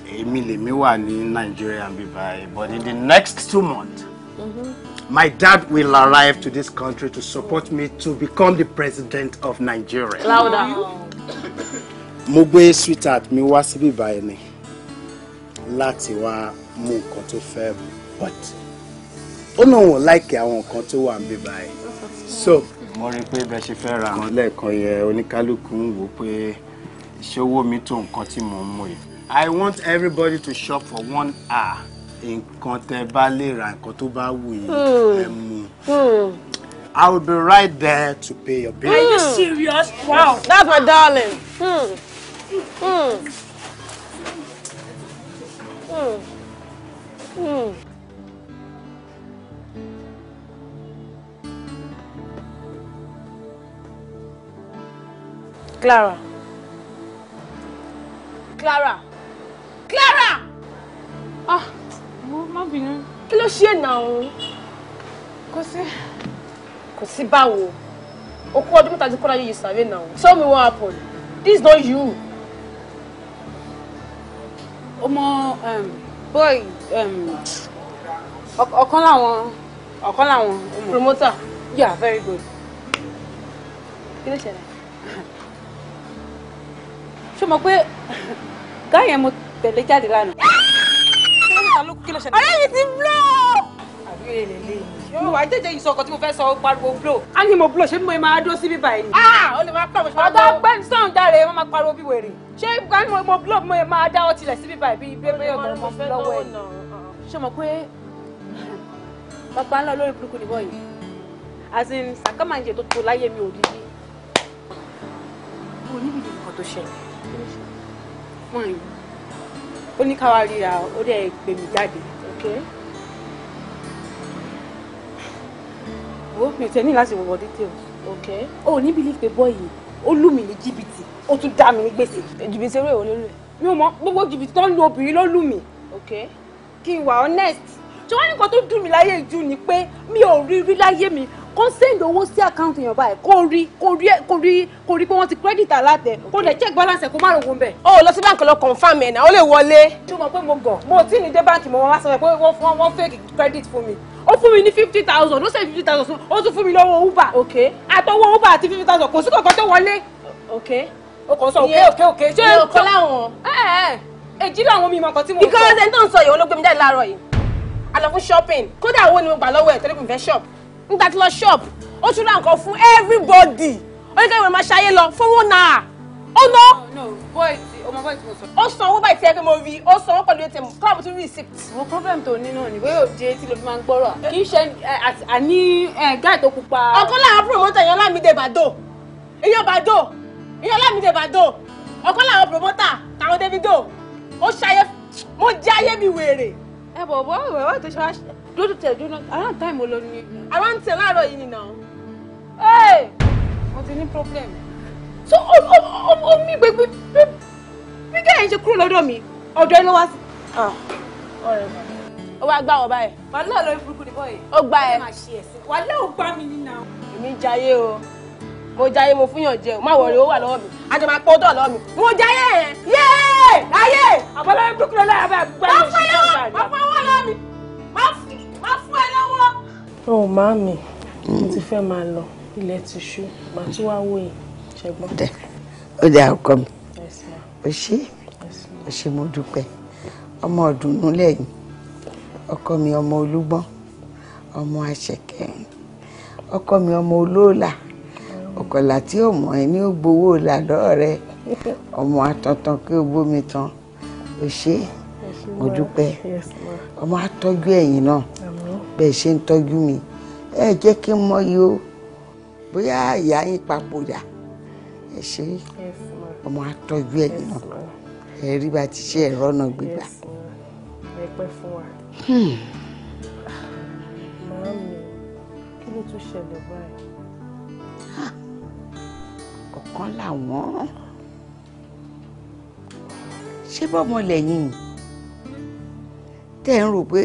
Èmi lèmi wà ní Nigeria bíbáyìí but in the next two months. Mm-hmm. My dad will arrive to this country to support me to become the president of Nigeria. Louder. Mo gbé sweetheart mi wá síbí báyìí ni láti wá mú nǹkan tó fẹ́ but ó náà wọ́n láìkí àwọn nǹkan tó wà níbí báyìí. So mo rí i pé bẹ́ẹ̀ ṣe fẹ́ ra àwọn lẹ́ẹ̀kan yẹn oníkálukú ń wò pé ìṣòwò mi tó nǹkan tí mò ń mú yìí. I want everybody to shop for one hour nǹkan tẹ́ bá lè ra nǹkan tó bá wù yín hmm. ẹ mú hmm. I will be right there to pay your bill. Are you serious? Wow. Hmm. That's my darling. Hmm. Hmm. Hmm. Hmm. Clara. Clara. Clara! Ah! má bínú. kí ló ṣe ènà òun. kò sí. kò sí báwo okú ọdún mẹ́ta ti kọ́ láyé yìí sàré náà tell me what happened this is not you. ọmọ um, boy um, ọ̀kan làwọn ọ̀kan làwọn. promoter. yeah very good. kí ló ṣẹlẹ̀. ṣé o mọ̀ pé gáà yẹn mo tẹ̀lé jáde lánàá ló ṣẹlẹ̀. ọ̀rẹ́ mi ti blow. àbí èrè lè lè yóò wá jẹjẹ yìí sọ ọkọ tí mo fẹ́ sọ ó pariwo blow. a ní mo blow ṣé mo máa dúró síbí báyìí. a ah! ò lè máa pàrọ̀ ṣùgbọ́n. ọ̀dọ́ pẹ́ẹ́n sọ̀n dáre wọ́n máa pariwo bí wèrè. ṣé mo blow mo máa dáwọ́ tilẹ̀ síbí báyìí bí bébé ọ̀gá mo fẹ́ lọ́wọ́ ẹ̀. ṣé mo pé bàbá ńlá olórí burúkú ni bọ́ọ̀yì as in sàkámàǹjẹ tó tó láyé mi ò dídí. mo níbi nǹkan tó ṣẹlẹ̀. mo rìn ó ní káwa ríra ó dẹ̀ gbé mi jáde wo mi ò tẹ́ ní láti wọ̀wọ̀ details o ò ní believe pé boy yìí ó lù mí ní jìbìtì ó tún dá mi ní gbèsè. jìbìtì eré òun ló lù. mi ò mọ gbogbo jìbìtì tó ń lu obìnrin ló lù mí. kí n wà honest ṣé wọ́n ní nǹkan tó dùn mí láyé jù ni pé mi ò rí rí láyé mi kó send owó sí àkáǹtì yẹn báyìí kó rí kó rí kó rí kó rí pé wọ́n ti credit aláàtẹ̀ kó lè check balance kó má rògbò ń bẹ̀. o lọ sí báńkì lọ confam ẹ̀ náà ó lè wọlé. tó mọ̀ pé mo gàn mo tí ní dé báńkì mo wá sọ pé wọ́n fún fake credit fún mi ó fún mi ní fifty thousand ó send fifty thousand ó tún fún mi lọ́wọ́ uber. ok àtọwọ́ uber àti fifty thousand kò sí kankan tó wọlé. ok o kò sọ òkè òkè òkè ṣé o kọ láwọn. èjì eh, eh, eh. làwọn mi mọ̀ kan tí mo sọ. because ẹni tó ń sọ yìí olóògbé mi jáde láàárọ̀ yìí shopping kódà owó ni mo gbà lọ́wọ́ ẹ̀ tẹ́lẹ̀ mi fẹ́ shop nígbà tí lọ shop ó tún ra nǹkan fún everybody oníkẹ́ ìwé máa ṣayé lọ fowó náà ó ná. ó san owó báyìí tí ẹ pé mo rí ó san owó pẹ̀lú atm club tún receipt. àwọn problem tó ní náà ni bóyá òjì etí ló fi máa ń gbọ́rọ̀ kì í ṣe àní gáì tó pupa. ọ̀kan láwọn promoter ìyẹn Ọlámídé Bàdó ìyẹn Bàdó ìyẹn Ọlámídé Bàdó ọ̀kan láwọn promoter táwọn Davido ó ṣayé mo jẹ́ ayé mi wèrè. ẹ bọ̀ bọ̀ wẹ̀ wá tó ṣe wá dúró tẹ̀ dúró around time wo ló ní. around ten láàárọ̀ yìí nìyẹn. ee mo ti ní problem. so ó ó ó ó mí gbégbé bí kẹ́hìn ṣe kúrò lọ́dọ̀ mi ọ̀dọ̀ ẹ ló wá sí. Ah, ó wá gbà wọ́n báyìí. wàhálà lórí burúkú ni bọ́ọ̀yì. ó gbà ẹ. wàhálà ò gbà mí nínú. èmi jayé o mo jayé mo fúnyàn jẹ o má wọrí ó wà lọ́wọ́ mi àjọ máa pọ́ ọdọ́ lọ́wọ́ mi mo jayé ẹ̀ yéé láyé. àbọ̀lọ́wọ́ brooklyn láyà bá gbá mi. wọ́n fọyọ́ wọ́n lọ́wọ́ mi wọ́n f má fún ẹ lọ́wọ́. ọ màámi mo ti fẹ́ máa lọ ilẹ̀ ti ṣú màá tún wá wòye ṣẹgbọn. ó dẹ àkọ mi ó ṣe ó ṣe mo dúpẹ́ ọmọ ọdùnnú lẹ́yìn ọkọ mi ọmọ olúgbọ́n ọmọ àṣẹkẹrin ọkọ mi ọmọ olóòlà ọkọlà tí ò mọ ẹ ní ó gbowó là lọrẹ ọmọ atantan kí o bómi tán ó ṣe mo dúpẹ́ ọmọ atọ́jú ẹ̀yìn náà bẹ́ẹ̀ ṣe ń tọ́jú mi ẹ jẹ́ kí n mọ yìí o bóyá ìyá yín papòdà ẹ ṣe ọmọ àtọ́jú ẹ̀ nìyàn ẹ rí bá ti ṣe ẹ̀rọ náà gbígbà. Hmm. Ah! ọ̀kan làwọn ṣé bọ́mọ lẹ́yìn tẹ́ ń rò pé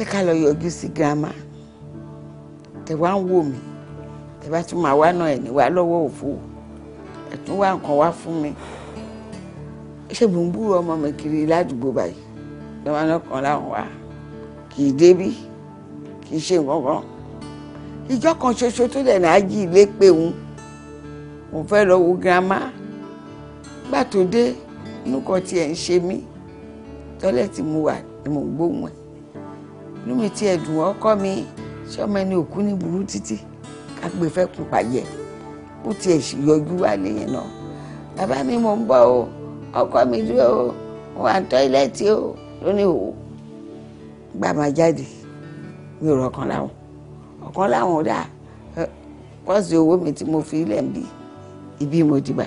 jẹ́ ká lọ yọjú sí girama tẹ̀ wá ń wò mí tẹ̀ bá tún máa wá náà ẹ̀ ní wá lọ́wọ́ òfò ẹ̀ tún wá nǹkan wá fún mi ṣé mò ń búrò ọmọ mi kiri ládùúgbò báyìí lọ́wọ́ náà kan láwọn wá kì í débí kì í ṣe nǹkan kan ìjọ kan ṣoṣo tó dẹ̀ náà jí ilé pé òun òun fẹ́ lọ wo girama gbà tó dé inú kan tiẹ̀ ń ṣe mí tọ́lẹ̀ tí mo wà ni mò ń gbóhùn ẹ̀ inú mi ti ẹ̀dùn ọkọ mi ṣé ọmọ ẹni òkú ní burú títí kágbé fẹ́ kú pàjẹ́ bó tiẹ̀ yọjú wá lẹ́yìn náà bàbá mi mò ń bọ̀ o ọkọ mi dúró o wà ń tọ́ílẹ̀tì o lónìí o gbà máa jáde mi ò rọkàn láwọn ọkàn láwọn ò dáa pọ́sì owó mi tí mo fi ilẹ̀ ń bí ibi mo ti bà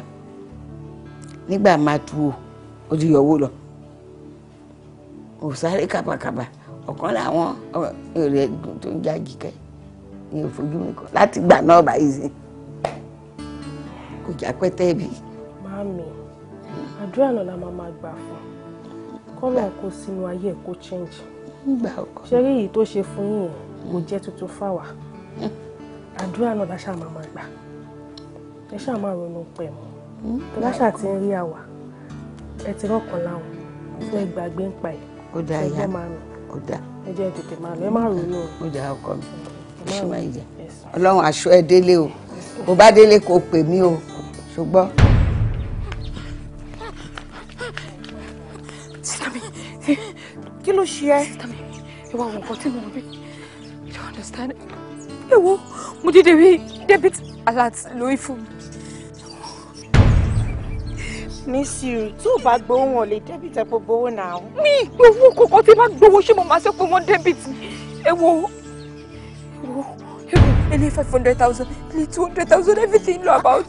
nígbà máa tu o ó ti yọ owó lọ mo sáré kàbàkàbà ọ̀kan làwọn èrè ẹ̀gùn tó ń jájì kẹ́ ní òfojú mi kan láti gbà náà báyìí sí kò já pẹ́tẹ́ bí. Màmí, àdúrà náà la máa máa gbà fún. Kọ́lọ̀ kó sínú ayé ẹ̀ kó change. Gbà ọkọ. Ṣé rí èyí tó ṣe fún yìí kò jẹ́ tuntun fáwa? Àdúrà náà la ṣáà máa máa gbà. Ẹ ṣáà máa ronú pẹ̀ mọ́. Tó bá ṣáà ti ń rí àwa, ẹ ti rọ́kàn láwọn. ẹ gbàgbé ń pa ẹ̀? Ó dáa yá. Ṣé ẹ máa rìn? ó dà. ẹ jẹ́ tètè máa lọ ẹ má ronú o. ó dà ọkọ mi ṣé máa yẹ ọlọ́run aṣọ ẹ délé o bó bá délé kó pè mí o ṣùgbọ́n. sísá mi kí ló ṣe ẹ. sísá mi ìwà àwọn nǹkan tí mo rí you understand. ewo mo ti dèbí debit alert lórí fún mi miss you tó o bá gbowó wọn lè debit ẹ kó gbowó náà. mi gbowó kọ̀ọ̀kan tí bá gbowó ṣé mo máa sọ pé wọ́n debit ẹ wo ẹ ní five hundred thousand ẹ ní two hundred thousand everything lọ about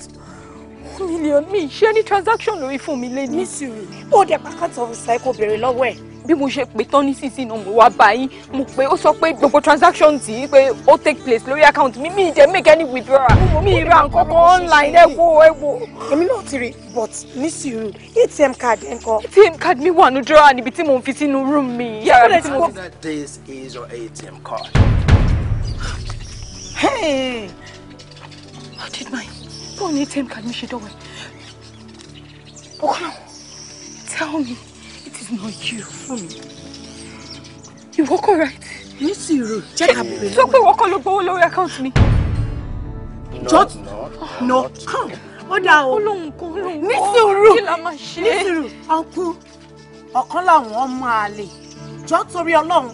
million mi ṣé ní transaction lórí fún mi lé ní. miss you ó dẹ̀ pàkàtọ̀ ṣáìkò béèrè lọ́wọ́ ẹ̀ bí mo ṣe pè tán nísinsìnyí náà mo wá bá yín mo pé ó sọ pé gbogbo transaction tí pé ó take place lórí account mi mi jẹ make any withdrawal mi ra nǹkan online ẹ wo ẹ wo. èmi náà ti rí but ní atm card ẹ ń atm card mi wà ní drawer níbi tí mo ń fi sínú room mi yàrá mi mo this is your atm card. hey how did my phone atm card mi ṣe dọ̀wẹ́. ọkọ náà tell me is not you fún You Ìwọ kò right. Ní sùúrù, jẹ́ ká bèrè. Sọ pé ìwọ kọ́ ló gbowó lórí àkáǹtì mi. not. nọ kàn. Ó dà o. Olóhùn kan olóhùn kan. Ní sùúrù. Kí la máa ṣe? Ní sùúrù. Ọ̀nkú ọ̀kan làwọn ọmọ àlè. Jọ́ torí Ọlọ́run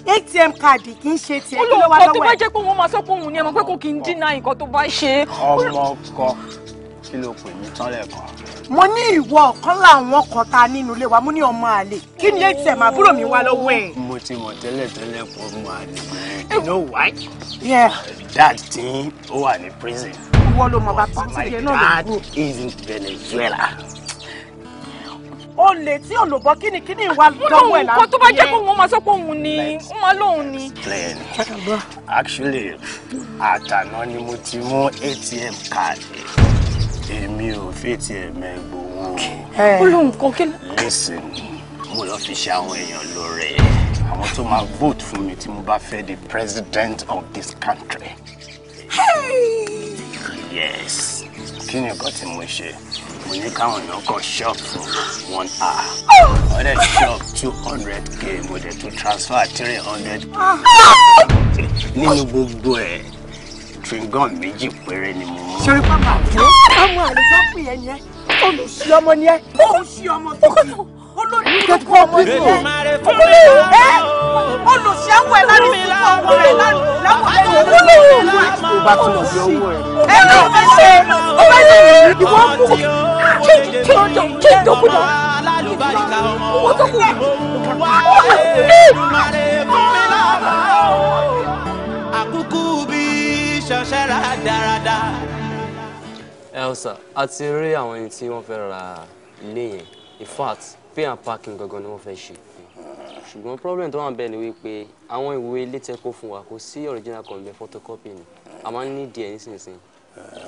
atm card kì í ṣe tiẹ̀ kí ló wá lọ́wọ́ ẹ̀. olùkọ́ tó bá jẹ́ pé mo ní ìwọ ọ̀kan láwọn kan ta nínú ilé wa mo ní ọmọ àlè kí ni eight m àbúrò mi wá lọ́wọ́ ẹ̀. mo ti mọ̀ tẹ́lẹ̀ tẹ́lẹ̀ pọ̀ mọ́ àlè eh. you know why. Yeah. that thing ó wà ní prison. ìwọ ló mọ bàbá tí ìyẹn náà lè kú. that isn't Venezuela olè tí olùbọ kínníkínní wa dánwò ẹ̀ láti yẹ. nǹkan tó bá jẹ́ kó wọ́n máa sọ pé òun ni wọ́n máa lóun ni. actually àtàná ni mo ti mú ATM card èmi ò fètì ẹ̀mẹ́ gbowó ó lóun kan kí ló. listen mo lọ fi ṣe àwọn èèyàn lóore àwọn tó máa vote fún mi tí mo bá fẹ́ the president of this country. Hey. yes kí ni nǹkan tí mo ṣe mo ní káwọn èèyàn kan shop for one hour ah! wọ́n dẹ̀ shop two hundred k mo dẹ̀ tún transfer three hundred k ah! nínú gbogbo ẹ̀ òfin gan méjì péré ni mo mú. sori pápá àjọ ọmọ àlùfáà pè é yẹn olùsí ọmọ ni ẹ. olùsí ọmọ tó kù olórí ìlú ọmọ ni ẹ olùsí awọ ẹ lánàá ìlú ọmọ rẹ lánàá ẹ olórí ìlú ẹ. o bá tún lọ sí owó rẹ. ẹ ló fẹ́ ṣe ó bá lè rí ìwọ kú kí kí o jọ kí o kú jọ owó tó kù ṣọṣẹ́ rádaràda. elsa a ti rí àwọn ẹni tí wọ́n fẹ́ ra ilé yẹn in fact pay and parking gangan ni wọ́n fẹ́ ṣe ṣùgbọ́n problem tó wà bẹ́ẹ̀ ni wípé àwọn ìwé ilé tẹ́ kó fún wa kò sí original copy photocopy ni a máa ń ní díẹ̀ nísinsìnyí.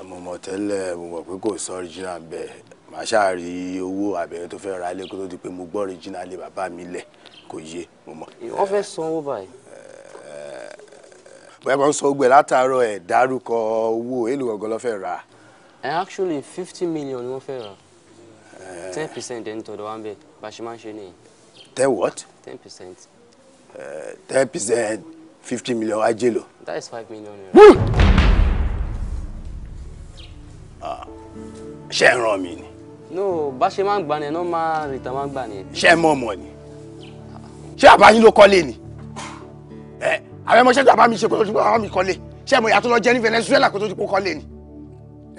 mo mọ̀ tẹ́lẹ̀ mo mọ̀ pé kò sí original bẹ́ẹ̀ màá ṣàárí owó àbẹ̀rẹ̀ tó fẹ́ ra ilé kó tó di pé mo gbọ́ original lé bàbá mi lẹ̀ kò yé mo mọ̀. wọ́n fẹ́ san owó báyìí bóyá mo ń sọ gbẹ látàárọ̀ ẹ̀ dárúkọ owó èlò gangan ló rà. actually fifty million ni wọ́n fẹ́ rà ten percent ẹni tọ̀dọ̀ wa ń bẹ̀ bá a ṣe máa ń ṣe nìyí. ten what. ten percent. ten percent fifty million ajé lò. that is five million naira. Ah, ṣé ń ràn mí ni. no bá ṣe máa ń gbani ẹ̀ náà máa rìtà máa ń gbani ẹ̀. ṣé ẹ mọ̀ ọmọ ni ṣé àbáyín ló kọ́lé ni. Eh àwọn ẹmọṣẹ́ tó bá mi ṣe kó tó ti pé bàbá mi kọ́lé ṣé ẹmọ ìyàtọ̀ lọ jẹ́ ní Venezuela kó tó ti pé kọ́lé ni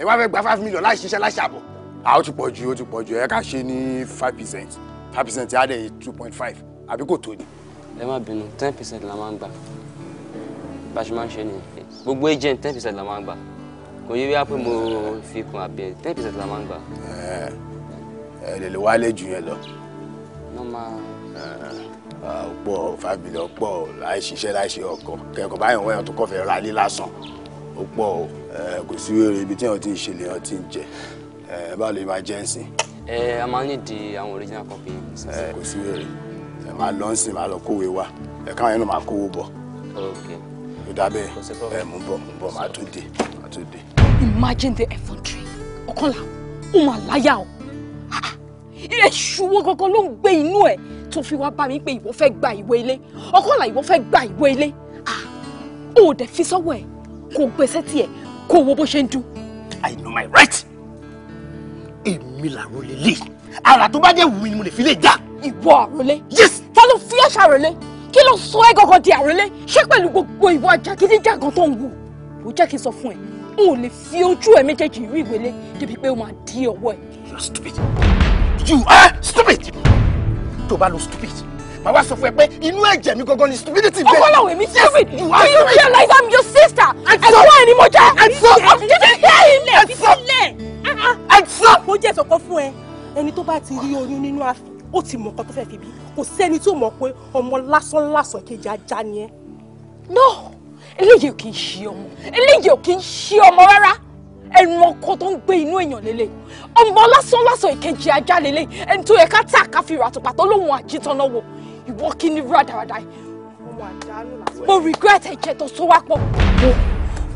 ẹ wá fẹ́ gba five million láì ṣiṣẹ́ láì ṣàbọ̀. a ó ti pọ̀ ju ó ti pọ̀ ju ẹ ká ṣe ní five percent five percent á dẹ̀ two point five àbí kò tó ni. ẹ má bínú ten percent la máa ń gbà bá a ṣe máa ń ṣe nìyẹn gbogbo agent ten percent la máa ń gbà kò yẹ wíwá pé mo fi kun àbẹ ten percent la máa ń gbà. ẹ ẹ lè lè wálé jù yẹn lọ. normal ọ̀pọ̀ fábìlì ọ̀pọ̀ láì ṣiṣẹ́ láì ṣe báyìí wọ́n yàn tó kọ́ fẹ́ ra lásán ó pọ̀ kò sí eré ibi tí wọ́n ti ń ṣe lèèyàn ti ń jẹ báwo lè máa jẹ́ ǹsìn. ẹ a máa ń nídi àwọn original copy. kò sí eré ẹ máa lọ ń sìn máa lọ kówé wa ẹ káwọn yẹn náà máa kówó bọ̀. ó dábẹ́ ẹ mú bọ̀ mú bọ̀ máa tún dé máa tún dé. imagine the infantry ọkànlá ó máa láyà o èṣù ah, wo kankan ló ń gbé inú ẹ̀ tó fi wá bá mi pé ìwọ fẹ́ gba ìwé ilé ọkọlà ìwọ fẹ́ gba ìwé ilé ah ó dẹ̀ fi sọ́wọ́ ẹ̀ kò gbèsè tiẹ̀ kò wo bó ṣe ń dún. I know my right èmi làró lélẹ̀ ara tó bá jẹ́ wù mí ni mo lè fi lè já. ìwọ àròlé. yes. ta ló fi ẹ̀ṣẹ̀ àròlé kí ló sọ ẹ́ gọ́gọ́ di àròlé ṣé pẹ̀lú gbogbo ìwà jàgídíjàgan tó ń wù ó jẹ́ kí n sọ fún ẹ n ò lè fi ojú ẹ méjèèjì rí ìwélé débi pé ó máa di ọwọ́ ẹ. you are stupid you are stupid tó bá lo stupid màá wá sọ fún ẹ pé inú ẹ̀jẹ̀ mi gangan ni stupidity bẹ́ẹ̀. ọkọ làwọn èmi stupid do you realize i'm your sister ẹ̀gbọ́n ẹni mo jẹ́ ẹ̀sọ́ ilẹ̀ ilẹ̀ ẹ̀sọ́. mo jẹ́ ìsọ̀kan fún ẹ ẹni tó bá ti rí oyún nínú àfi ó ti mọ̀ nǹkan tó fẹ́ fi bí kò sẹ́ni tó mọ̀ pé ọmọ lásán lásán kejì ajá ni ẹ. no eléyìí ò kì í ṣe ọmọ eléyìí ò kì í ṣe ọmọ rárá ẹranko tó ń gbé inú èèyàn lélẹ̀ ọmọ lásán lásán ìkejì ajá lélẹ̀ ẹni tó yẹ ká tà ká fi ràtùpà tó lóun àjítọ́nà wò ìwọ kí ni rádaràdà yìí mo regret ẹ̀jẹ̀ tó so wá pọ̀ wo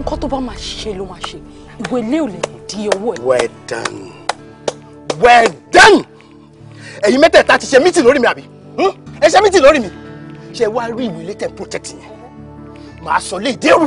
nǹkan tó bá máa ṣe ló máa ṣe ìwé ilé ò lè di owó ẹ̀. well done well done ẹ̀yin mẹ́tẹ̀ẹ̀ta ti ṣe mítì lórí mi àbí hmm? ẹ ṣe mítì lórí mi ṣe wá rí ìlú ilé tẹ̀ protect yẹn màá sọ lé ìdérù.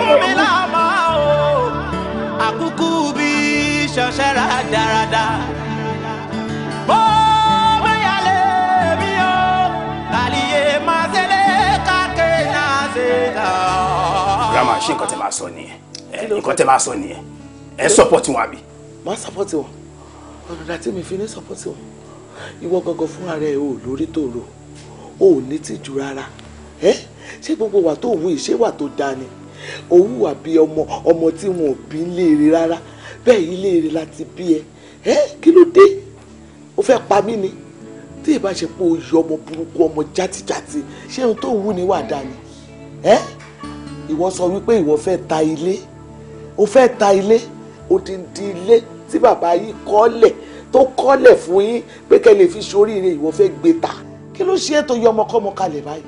ṣé nǹkan tẹ máa sọ nìyẹn nǹkan tẹ máa sọ nìyẹn ẹ support wọn Abi. má support wọn ọ̀nà tí mi fi ní support wọn ìwọ gangan fúnra rẹ ò Lori Toro, ò ní tìjú rárá ẹ ṣé gbogbo wà tó wù í ṣé wà tó dáa ni òun wà bí ọmọ ọmọ tí wọn ò bí léèrè rárá bẹ́ẹ̀ yìí léèrè láti bí ẹ ẹ kí ló dé o fẹ́ pa mí ni tí ìbá ṣe pé o yọ ọmọ burúkú ọmọ játijáti ṣé ohun tó wù ní wà dáa ni Eh? ìwọ sọ wípé ìwọ fẹ́ ta ilé o fẹ́ ta ilé o ti di ilé tí bàbá yìí kọ́lẹ̀ tó kọ́lẹ̀ fún yín pé kẹ́ lè fi ṣoríire ìwọ fẹ́ gbé ta kí ló ṣe é tó yọ ọmọkọ́mọ kalẹ̀ báyìí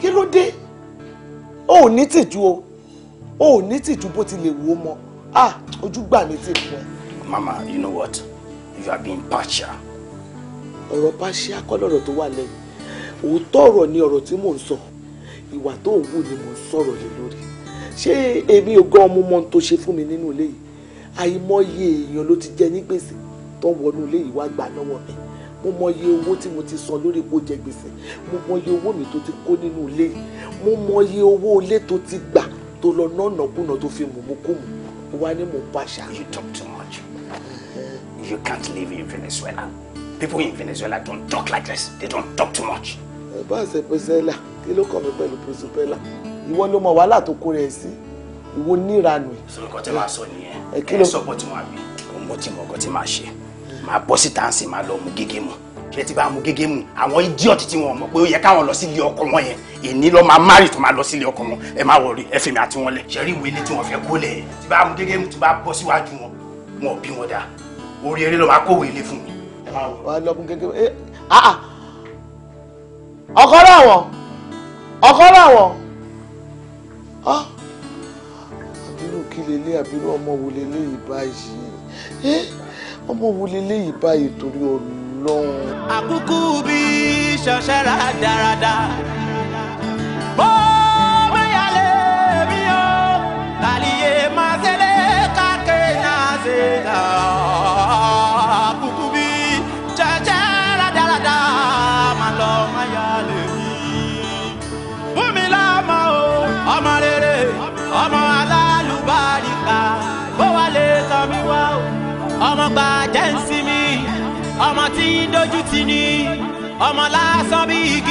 kí ló dé o ò ní tìjú o o ò ní tìjú bó ti lè wò ó mọ ah ojú gbà mí tì fún ẹ. mama you know what you are being partial. ọ̀rọ̀ partial kọ́ lọ́rọ̀ tó wà lẹ́yìn òótọ́ ọ̀rọ̀ ni ọ̀rọ̀ tí mò ń sọ ìwà tó ń wù ni mò ń sọ̀rọ̀ lè lórí ṣé èmi ò gan ọmọ mọ́ tó ṣe fún mi nínú ilé yìí àìmọye èèyàn ló ti jẹ ní gbèsè tó wọnú ilé yìí wá gbà lọ́wọ́ mi mo mọye owó tí mo ti san lórí epo jẹ gbèsè mo mọye owó mi tó ti kó nínú ilé yìí mo mọye owó ilé tó ti gbà tó lọ nọ́ọ̀nàkúnà tó fi mùmúkùmù wá ní mo bá ṣá. you talk too much you can't live in Venezuela people in Venezuela don't talk like this they don't talk too much. ẹ bá ṣe pèsè ẹlà kí ló kàn mí pẹ̀lú pèsè pẹ̀lá ìwọ ló mọ wàhálà tó kó rẹ̀ sí ìwọ níranù. sọ̀rọ̀ kan tẹ́ máa sọ nìyẹn ẹ sọ́pọ̀ tí wọ́n á bí mo ti mọ nǹkan tí máa ṣe máa bọ́ síta ń sìn máa lọ mú gégé mu ṣé ti bá mú gégé mu àwọn idiot tí wọn mọ̀ pé ó yẹ káwọn lọ sílé ọkọ wọn yẹn èní lọ máa márì tó máa lọ sílé ọkọ wọn ẹ má wọrí ẹ fèmí àti wọn lẹ ṣe ìwé ilé tí wọn fẹ́ kó lẹ ti bá mú gégé mu ti bá bọ́ síwájú wọn wọn ò bí wọn dá orí eré lọ máa kówó ilé fún mi eh, ah, ah. ọkọ náà wọ ọkọ náà wọ àbírú kí lélẹ́ àbírú ọmọ wo lélẹ́ yìí báyìí ọmọ wo lélẹ́ yìí báyìí torí ọlọ́run. àkúkú bí ṣọṣẹ́ dáradá bó ọmọ gba jẹ́ ń sinmi ọmọ tí ń dojú ti ni ọmọ lásán bíi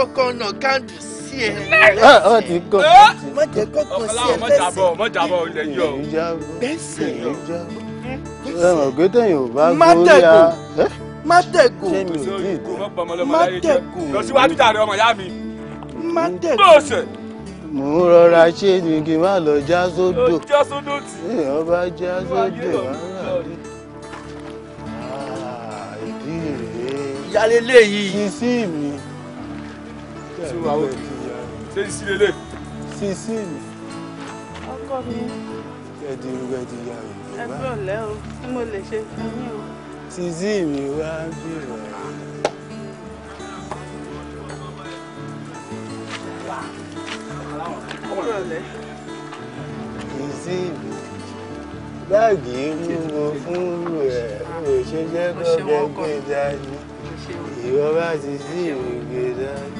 kọ́kọ́ náà káàdù sí ẹ. Ah, ọ ti kọ́ ah! má jẹ́ kọ́kọ́ sí ẹ bẹ́sẹ̀. ọ̀kọ́láwọ̀ mọ̀ jàbọ̀ ilẹ̀ yọ. bẹ́sẹ̀ yọ. ẹ̀rọ gẹ́tẹ̀yìn ò bá gbórí a. má tẹ̀gùn má tẹ̀gùn lọ síwájú jàre ọmọ ìyá mi. má bọ́ọ̀sẹ̀. Hmm? mò ń rọra ṣé ni kí n má lọ já sódò. lọ já sódò tì. ẹ ọba já sódò wàhálà ìyálé léyìí. sísí mi. Ah, tí wàá òkè ṣé ìsí lélẹ̀. sí sí mi. ọkọ mi. ẹ irú ẹ ìyá rẹ. ẹ gbọ́ o tí mo lè ṣe fún yín o. sí sí mi wá bí rẹ. sí mi báàgì mú mo fún rẹ òṣèjẹ́ kọ́ gẹ́gẹ́ dání ìwọ ti sí ìrìngbè dání.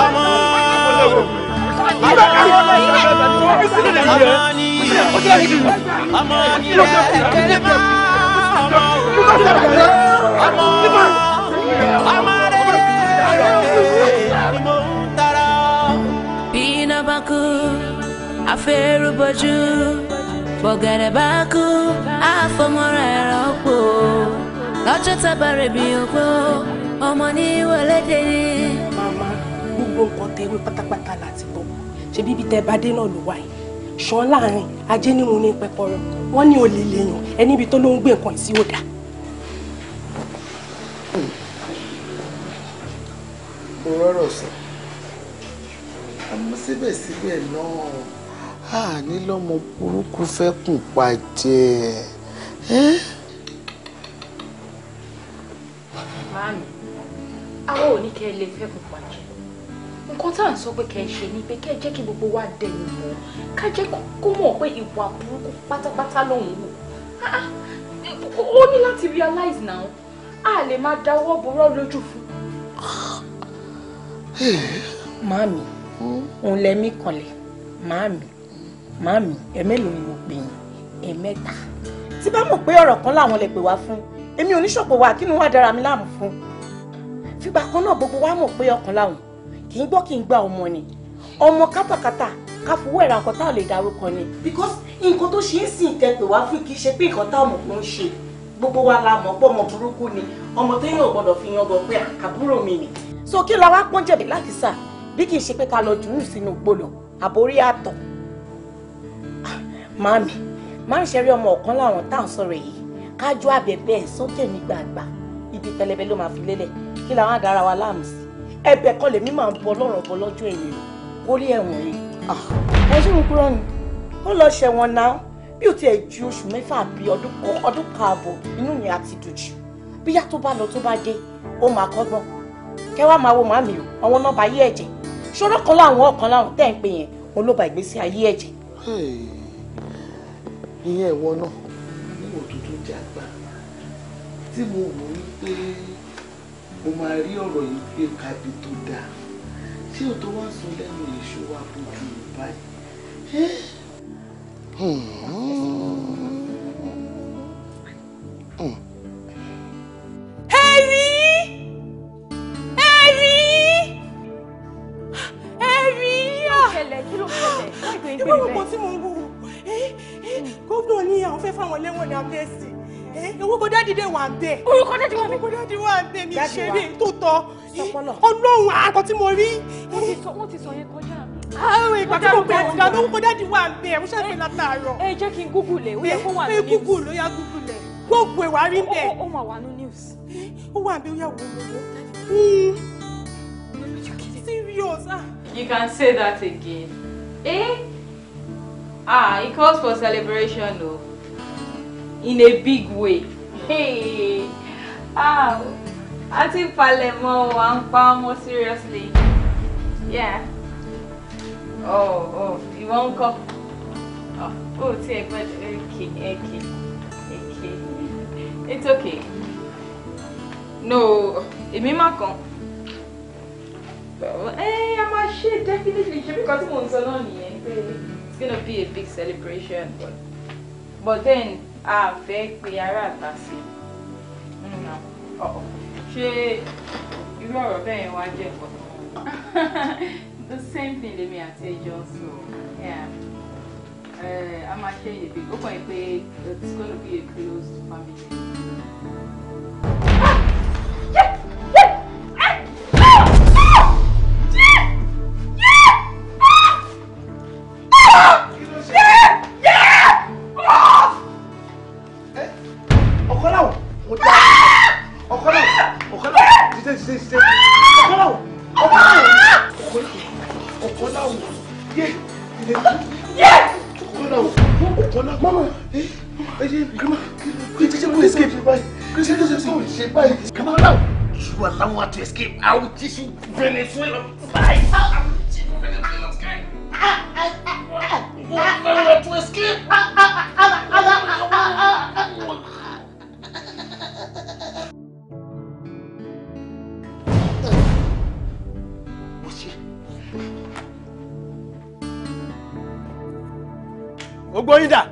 ọmọ ọmọ ni ọmọ ni ẹgbẹrẹ máa ọmọ ọmọ ọmọ rẹ ni mo ń tara. bí iná bá kú afẹ́rù bọ́jú bọ̀gẹ̀dẹ̀ bá kú àfọmọ́ra ẹ̀rọ pò lọ́jọ́ tábàrẹ̀ bí òpó ọmọ ní wọlé dé ní gbogbo nǹkan tẹ̀wé pátápátá láti bọ̀ ṣe bíbi tẹ́ bá dé náà ló ṣan láàrin ajé ní mo ní pẹpọrọ wọn ní olè lèèyàn ẹni ibi tó ló ń gbé nǹkan sí òdà. mo rọrọ sọ àmọ́ síbẹ̀síbẹ̀ náà a ní lọ́mọ burúkú fẹ́ kùn pàjẹ́ ẹ́. màámi àwọn ò ní kẹ́ ẹ lè fẹ́ kùn nǹkan tá à ń sọ pé kẹ́ ẹ ṣe ni pé kẹ́ ẹ jẹ́ kí gbogbo wa dẹ̀yìn bò ó ká jẹ́ kó mọ̀ pé ìwà burúkú pátápátá lòun wò ah, ah, ó ní láti realize now a lè máa dáwọ́ borọ́ lójú fún. màámi òun lẹ́mí kanlẹ̀ màámi màámi ẹ̀mẹ́lòó mo pè yín ẹ̀mẹ́ta tí bá mọ̀ pé ọ̀rọ̀ kan làwọn lè pè wá fún èmi oníṣọ̀pọ̀ wa kí ni wọ́n á dára mi láàmú fún fìgbà kan náà gbogbo wa mọ̀ pé ọkàn làwọn kì í gbọ́ kì í gba ọmọ ni ọmọ kátàkátà ká fowó ẹ̀rà nǹkan tá lè dárúkọ ni. because nǹkan tó ṣe é sìn tẹ̀pẹ̀ wá fún kì í ṣe pé nǹkan tá ọmọ kan ń ṣe gbogbo wa la mọ̀ pé ọmọ burúkú ni ọmọ téèyàn ò gbọ́dọ̀ fi yan gan pé àkàbúrò mi ni. so kí la wá pọ́n jẹ̀bi láti sà bí kì í ṣe pé ká lọ dùrù sínú gbòòlò àbórí àtọ̀. Ah, màmí má ń ṣeré ọmọ ọ̀kan láwọn tá à ń sọ̀rọ̀ yìí ká jó àbẹ̀bẹ̀ sókè nígbàgbà ibi pẹlẹbẹ ló máa fi lélẹ̀ kí làwọn àdára wa láàmú ẹ̀bẹ̀ kan lèmi máa ń bọ lọ́rùn ọ̀bọ lọ́jọ́ èrè orí ẹ̀wọ̀n rẹ̀ mo sì ń kúrò ní ó lọ ṣẹ̀wọ̀n náà bí ó tiẹ̀ ju oṣù mẹ́fà àbí ọdún kààbọ̀ inú mi àti dùjù bíyá tó bá lọ tó bá dé ó máa kọ́gbọ́n kẹwàá máa wo màmí o àwọn náà bá yé ẹ̀jẹ̀ ṣọ́rọ́ kan láwọn ọ̀kan láwọn tẹ̀ ń pè yẹn òun ló ba ìgbésí ayé ẹ̀jẹ̀. ìyẹn ìwọ náà ní òtútù jàgbá tí mo wò ó pé mo máa rí ọ̀rọ̀ yìí gbé kabi tó dáa tí ò tó wá sọ lẹ́nu lè ṣòwò àbójú mi báyìí. gómìnà ní àwọn fẹ́ fáwọn lẹ́wọ̀n ní abẹ́sì orúkọ dáàdì dé wà ń bẹ. orúkọ dáàdì wà ń bẹ. orúkọ dáàdì wà ń bẹ mi ṣeré tó tọ ọlọ́run àkọ tí mo rí. wọ́n ti sọ yẹn kọjá mi. àwọn ìgbà tí mo pè é ìgbà orúkọ dáàdì wà ń bẹ mo ṣàpè látàárọ̀. ẹ jẹ́ kí n google ẹ̀ ó yẹ kó wà ní news. ẹ google ó yá google ẹ̀ gbogbo ẹ̀ wà rí bẹ́ẹ̀. ó mà wà ní news. ó wà bí ó yà wò ó. serious ah. you can say that again. Eh? ah it calls for celebration o. No? in a big way. Hey, ah, I think Palermo and Palmo seriously. Yeah. Oh, oh, you won't come. Oh, oh, take, but okay, okay, okay. It's okay. No, èmi máa kàn. Eh, a máa definitely because mo ń sọ náà it's gonna be a big celebration but but then a fẹ́ pe ará àta sí ṣé irú ọ̀rọ̀ bẹ́ẹ̀ wá jẹ́ nǹkan tó the same thing lèmi àti ẹjọ́ sọ eh, a máa ṣe èyí bí ó kàn uh, it's gonna be a closed family. Ah! I will teach you Venezuela. I will teach you Venezuela. What? won't learn how to escape. Gbogbo yín dà,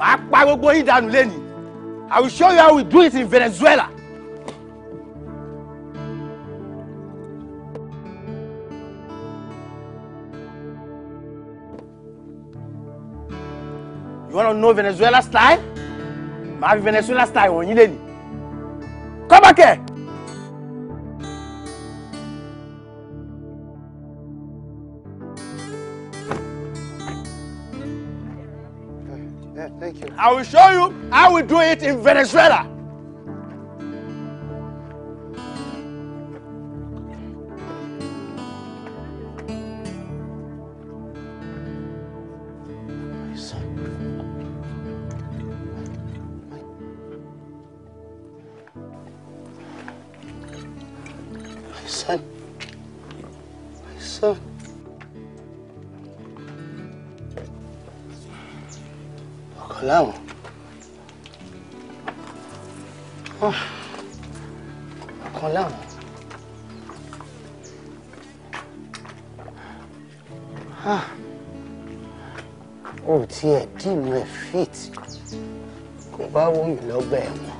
màá pa gbogbo yín dànù lẹ́nu. I will show you how we do it in Venezuela. wanna know Venezuela style màá fi Venezuela style wọ̀nyí lé ní. kọ́bákẹ́. Thank you. I will show you how we do it in Venezuela. láwọn. ọ̀kan láwọn. o tiẹ̀ dìmú ẹ̀ fit kò bá wò mí lọ́gbà ẹ̀wọ̀n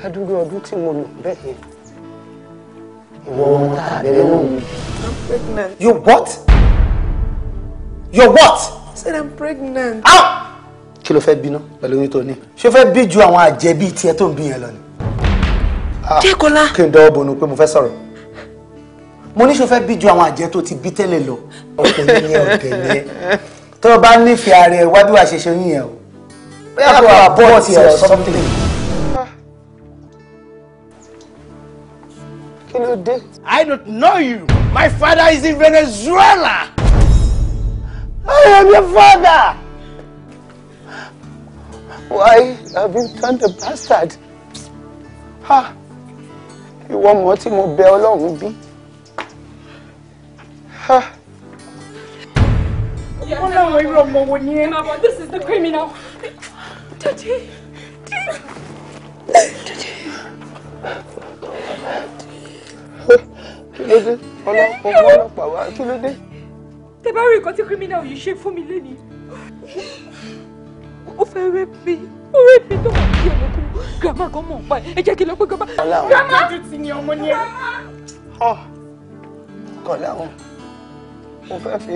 ládùúgbò ọdún tí mo lò bẹ́ẹ̀ yẹn ìwọ ohun tá a bẹ̀rẹ̀ lóhùn. You what? You what? I said I'm pregnant. Kí ló fẹ́ bínú pẹ̀lú oyún tó ní? Ṣé o fẹ́ bí ju àwọn àjẹbí tiẹ̀ tó ń bí yẹn lọ ni? Ah, Jẹ́kọ̀lá. Kí n dọ́wọ́ bonu pé mo fẹ́ sọ̀rọ̀. Mo ní ṣé o fẹ́ bí ju àwọn àjẹ tó ti bí tẹ́lẹ̀ lọ. Ọkùnrin yẹn ọ̀dẹ̀ yẹn. Tó o bá nífẹ̀ẹ́ ara ẹ̀ wá bí wàá ṣe ṣe oyún yẹn o. Bẹ́ẹ̀ kò abort ẹ̀ or something. Kí ló dé? I don't know you. My father is in Venezuela. I am your father. Why have you turned a bastard? Ha! Ìwọ mọ̀ tí mo bẹ Ọlọ́run bí. Ha! Ó láwọn irú ọmọ wo ni ẹ? Mama, this is the criminal. Daddy! Daddy! Kí ló dé? Ọlọ́pàá wá, kí ló dé? tẹ bá rí nǹkan tí criminal yìí ṣe fún mi lẹ́ni ó fẹ́ rẹ́ mi ó rẹ́ mi tó wà ní ọ̀nà kú grandma kan mọ̀ pa ẹ jẹ́ kí n lọ pé grandma. grandma ojú ti ni ọmọ ni ẹ. Ah! kọ̀lá wọn mo fẹ́ fi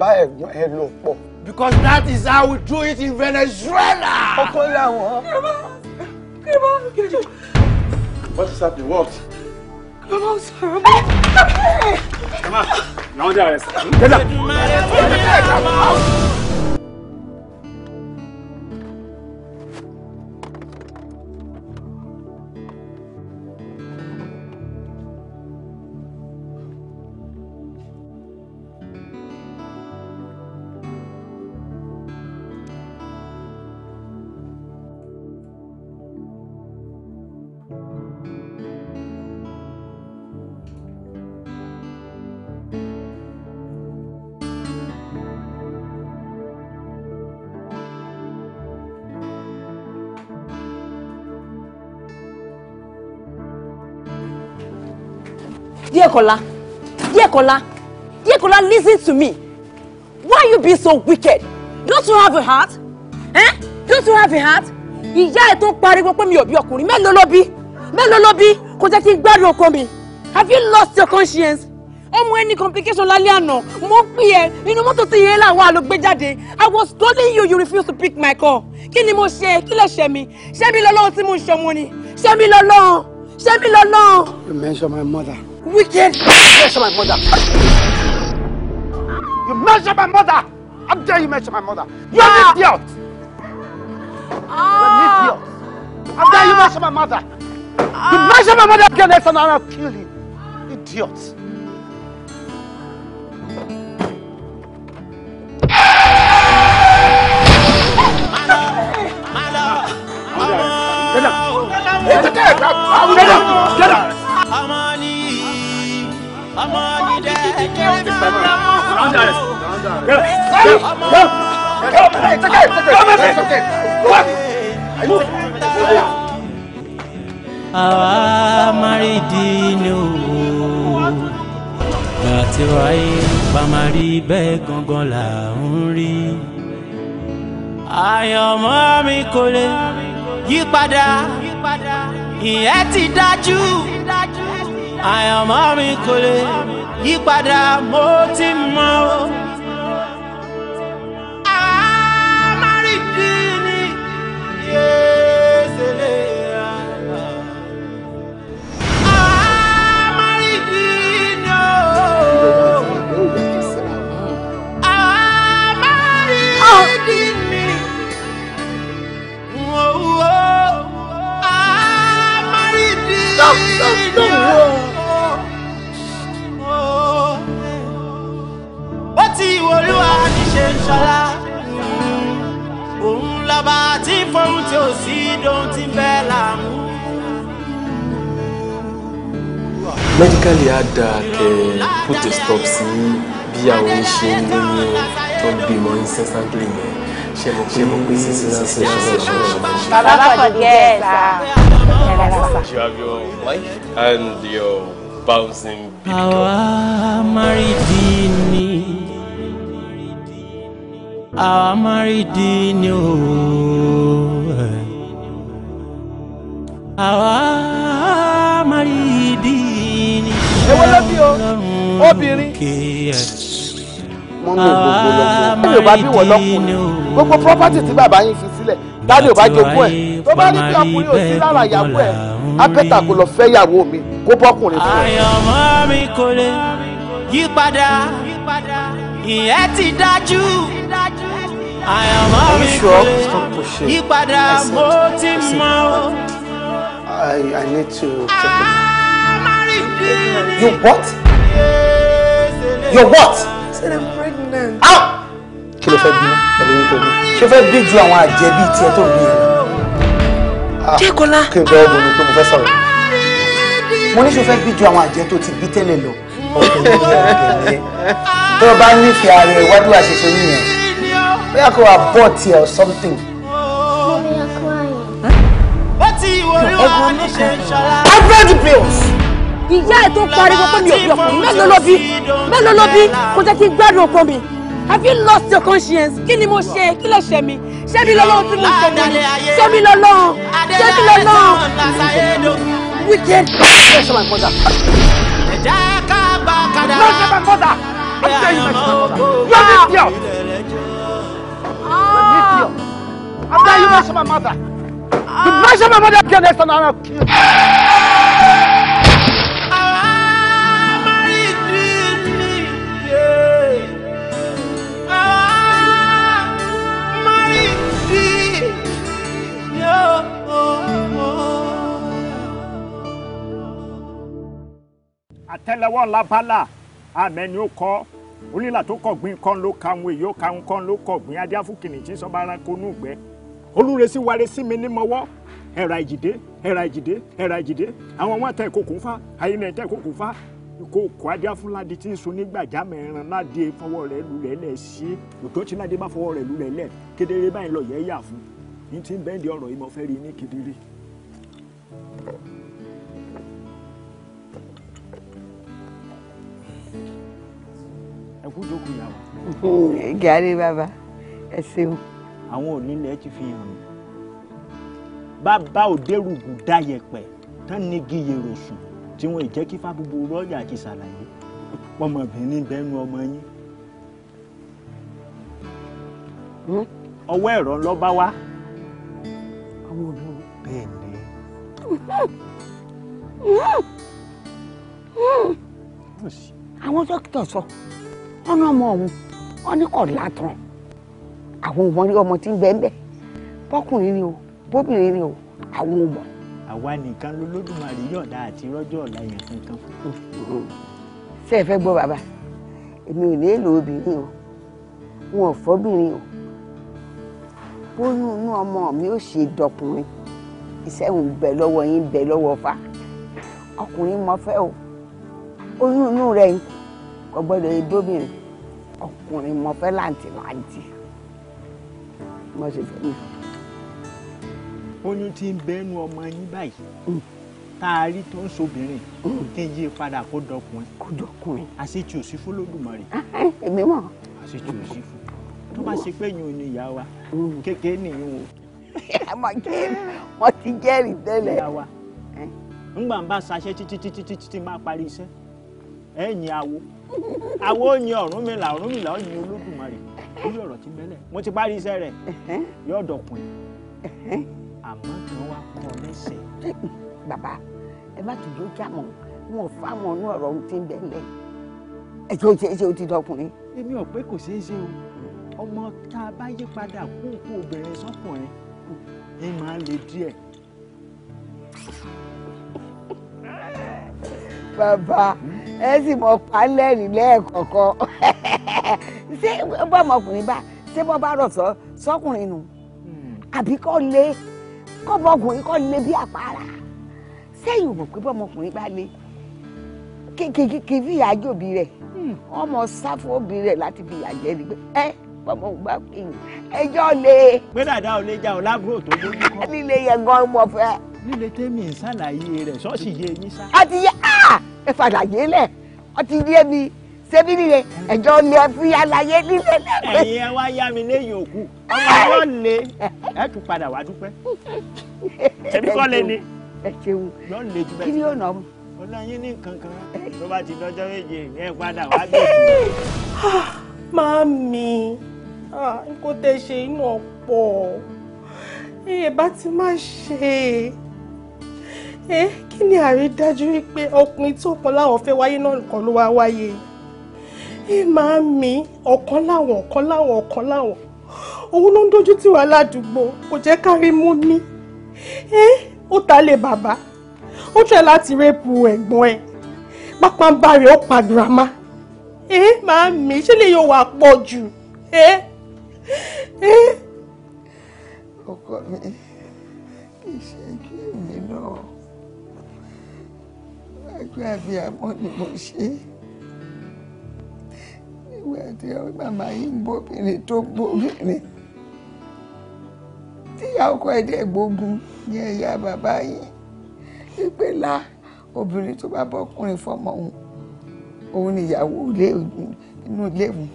bá ẹ̀gbọ́n ẹ lò pọ̀. because that is how we do it in Venezuela. ọkọ làwọn. grandma grandma. what is happening what. 老残！干 嘛？让我进来！别打！Dekola, Dekola, Dekola, listen to me. Why you be so wicked? Don't you have a heart? Eh? Don't you have a heart? Ìyá ẹ̀ tó pariwo pé mi ò bí ọkùnrin mélòó ló bí mélòó ló bí kò jẹ́ kí n gbádùn ọkọ mi. Have you lost your conscience? ọmọ ẹni complication lálẹ́ àná mo ń pè ẹ́ inú mọ́tò tí yẹn làwọn àlọ́gbé jáde I was calling you you refuse to pick my call kí ni mo ṣe kí lè ṣe mi ṣé mi lọ́lọ́run tí mo ń ṣọmọ ni ṣé mi lọ́lọ́run ṣé mi lọ́lọ́run. You mention my mother. Wicked! You measure my mother! You measure my mother! How dare you measure my mother? You're an ah! idiot! Ah. You're an idiot! How dare you ah! measure my mother? You measure my mother again next and I'll kill you! Idiot! Get up! Get up! Get up! ọmọ yìí dẹ jẹ máa rà mọ. àwa márìndínlẹ́ òwò gangan là ń rí àyànmọ́ mi kò lè yípadà ìyẹn ti dájú àyànmọ́ mi kò lè yípadà mo ti mọ̀ ọba tí fọ́hún tí ò sí dóhun tí bẹ́ẹ̀ là ń mú. mẹ́díkàlì á put a stop sí bí àwọn ń ṣe ń lóyún tó ń bímọ incessantly yẹn ṣe mọ̀ pé mo pé sísè náà ṣe ṣe ṣe ṣe. bàbá fọ̀díẹ̀ sá. You have your wife and your bouncing baby girl. Our married our married ni o our married ni ewo ló bí o obìnrin mọ́mí ògbógbó lọ́gbọ́n tí yorùbá bí wọ́n lọ́kùnrin gbogbo property tí bàbá yín fi sílẹ̀ dáadé ò bá jogún ẹ̀ tó bá rí bí ọkùnrin ò sí lára ìyàwó ẹ̀ apẹ́tà kò lọ fẹ́ ìyàwó mi kó bọ́kùnrin fún ẹ. àyànmọ́ mi kò lè yípadà ìyẹn ti dájú àyàmọ́ mi ìpadà mo ti mọ̀ ọ́. I, I need to check it. You what? You what? I said I'm pregnant. How? Ah! Kí ló fẹ́ bí pẹ̀lú nítorí? Ṣé o fẹ́ bí ju àwọn big. tiẹ̀ tó bí ẹ̀? Ah, Jẹ́kọ̀lá. Kí n bẹ́ẹ̀ bọ̀ ni pé mo fẹ́ sọ̀rọ̀. Mo ní ṣe o fẹ́ bí ju àwọn àjẹ tó ti bí tẹ́lẹ̀ lọ. Ọ̀pẹ̀lẹ̀ ọ̀pẹ̀lẹ̀. Tó o bá nífẹ̀ẹ́ ara ẹ̀ wájú àṣeṣe nìyẹn bóyá kò abort ẹ or something. hundred bills. ìyá ẹ̀ tó pariwo pé mi ò bí ọkùnrin mélòó ló bí mélòó ló bí kò jẹ́ kí n gbádùn ọkọ mi have you lost your conscience kí ni mo ṣe kí ló ṣe mi ṣé mi lọ́lọ́run tí mo ṣe mi ni ṣé mi lọ́lọ́run ṣé mi lọ́lọ́run wicked. Yes, my mother. No, my mother. I'm telling you, my mother. You are this girl. After ah. you measure my mother. Ah. You measure my mother again next time I'll kill you. àtẹ́lẹwọ́ labala amẹni ó kọ onílà tó kọgbìn kan ló kàwé yóò kàwé kan ló kọgbìn adé afúkìnìjì sọba arákó nùgbẹ olùrẹsì warẹsì mi ní mọ́wọ́ ẹ̀rà ìjìdé ẹ̀rà ìjìdé ẹ̀rà ìjìdé àwọn wọn tẹ kókò fa àyè náà tẹ kókò fa kókò adé afúnládé tí ń sun nígbàjá mẹ́rin ládé fọwọ́ rẹ̀ lulẹ̀ lẹ̀ sí òtó tí ládé bá fọwọ́ rẹ̀ lulẹ̀ lẹ̀ kedere báyìí lọ yẹ yà fún ní ti ń bẹ́ndì ọ̀rọ̀ yìí mo fẹ́ rí ní kedere. ẹ kú jókòó yà wá. gàrí bàbá ẹ ṣeun àwọn onílẹ̀ ti fi hàn mí bàbá òdèrúgù dáyẹ̀pẹ̀ tán nígi yèrò sùn tí wọn ìjẹ́ kí fábùbù rọ́ọ̀yà ti ṣàlàyé ọmọbìnrin bẹ́nu ọmọ yín. Hm? ọwọ́ ẹ̀rọ lọ́ba wá. àwọn olóò bẹ́ẹ̀ ni. Hm? Hm? àwọn dókítà sọ ọ́nà ọmọ òun ọ́ ní kò látàn àwọn ọmọ rí ọmọ tí ń bẹ ń bẹ bọ́kùnrin ni o bóbìnrin ni o àwọn ọmọ. àwa nìkan lolódùmarè yọ̀dá àti rọ́jò ọ̀la yẹn kankan fún. ṣé ẹ fẹ́ gbọ́ bàbá èmi ò nílò obìnrin o wọn ò fọ́bìnrin o bóyún inú ọmọ mi ò ṣe dọkùnrin iṣẹ́ ń bẹ lọ́wọ́ yín bẹ lọ́wọ́ fa ọkùnrin mo fẹ́ o oyún inú rẹ̀ kò gbọ́dọ̀ yẹ dóbìnrin ọkùnrin mo fẹ́ láǹtì láǹtì má ṣe fẹ́ mi. Mm. oyún ti ń bẹ́nu ọmọ yín báyìí mm. tá a rí tó ń sobìnrin mm. kí n yí padà kó dọkùnrin. kó dọkùnrin. àṣetì òsì fún lódùmarè. Ah, ah, èmi mọ̀. àṣetì òsì fún tó bá ṣe pé yín ò ní ìyá wa kékeré nìyí o. mo ti jẹ́rìí tẹ́lẹ̀. ìyá wa eh. ńgbà ń bá ṣaṣẹ́ títí títí títí máa parí iṣẹ́ ẹ̀yìn awo àwọn oyin ọ̀rún mi là ọ̀rún mi là oyin olódùmarè lórí ọ̀rọ̀ tí bẹ́lẹ̀ mo ti parí iṣẹ́ rẹ̀ yóò dọ̀kun yìí àmọ́ kí wọ́n wá pọ́n ọ lẹ́sẹ̀. bàbá ẹ má tún yóò jà mọ́ wọn ò fá mọ́ ní ọ̀rọ̀ ohun tí ń bẹ́lẹ̀ ẹ tó ṣe é ṣe ó ti dọkùnrin. èmi ò pé kò ṣeé ṣe o ọmọ tá a bá yí padà kó kó obìnrin sọkùnrin ẹ máa le díẹ̀. bàbá. Hmm? ẹ sì mọ palẹ́rì lẹ́ẹ̀kọ̀ọ̀kan ṣé bọ́mọkùnrin bá ṣé bọ́ bá rọ̀ sọ sọkùnrin nù hmm. àbí kọ́ lé kọ́mọkùnrin kọ́ lé bí àpárá sẹ́yìn ò mọ̀ pé bọ́mọkùnrin bá lé kìkìkì fi ìyá jòbí rẹ̀ hmm. ọmọ sáfù òbí rẹ̀ láti fi ìyá jẹ́ ni pé ẹ́ pọmọ ògbà pé ẹjọ́ lé. pé dàda ò lè jà ọ́ lábúrò tó lójú kọ́. líle gan-an mọ̀ fẹ́ líle tèmi ń ṣàlàyé rẹ̀ ṣọ́ọ̀ṣì yé mi sá. a ti yé a ẹ fàlàyé lẹ ọ ti yé mi ṣebí líle ẹjọ́ lé fi àlàyé líle lẹgbẹ. ẹ̀yin ẹ wá yá mi lẹ́yìn òkú ọmọ ọwọ́ lè ẹ tún padà wá dúpẹ́ ṣebí kọ́ lè ni. ẹ ṣeun kí ni yóò nà ọlọyin ní kankan tó bá ti dọjọ́ méje ẹ padà wá gbé. Màámi ah, nǹkan tẹ ṣe inú ọ̀pọ̀ ẹ bá ti má ṣe é ẹ kí ni àrídájú wípé ọkùnrin tí ọ̀kan láwọn fẹ́ wáyé náà nìkan ló wá wáyé ẹ máa ń mi ọ̀kan láwọn ọ̀kan láwọn ọ̀kan láwọn òun ló ń dojú tì wá ládùúgbò kò jẹ́ kárí mú mi ẹ ó ta lé bàbá ó tẹ̀ láti rẹ́pù ẹ̀gbọ́n ẹ̀ pápá ń bá rẹ̀ ó pa girama ẹ máa mi ṣé lè yóò wá pọ̀ jù ẹ ẹ. ọkọ mi. àdúrà bíi àmọ́ ni mo ṣe ìwé àti màmá yìí ń bóbìnrin tó bóbìnrin tíyà ọkọ ẹdẹ gbógun ní ẹ̀yà bàbá yìí wípé lá obìnrin tó bá bọ́kùnrin fọmọ òun òun nìyàwó inú ilé òun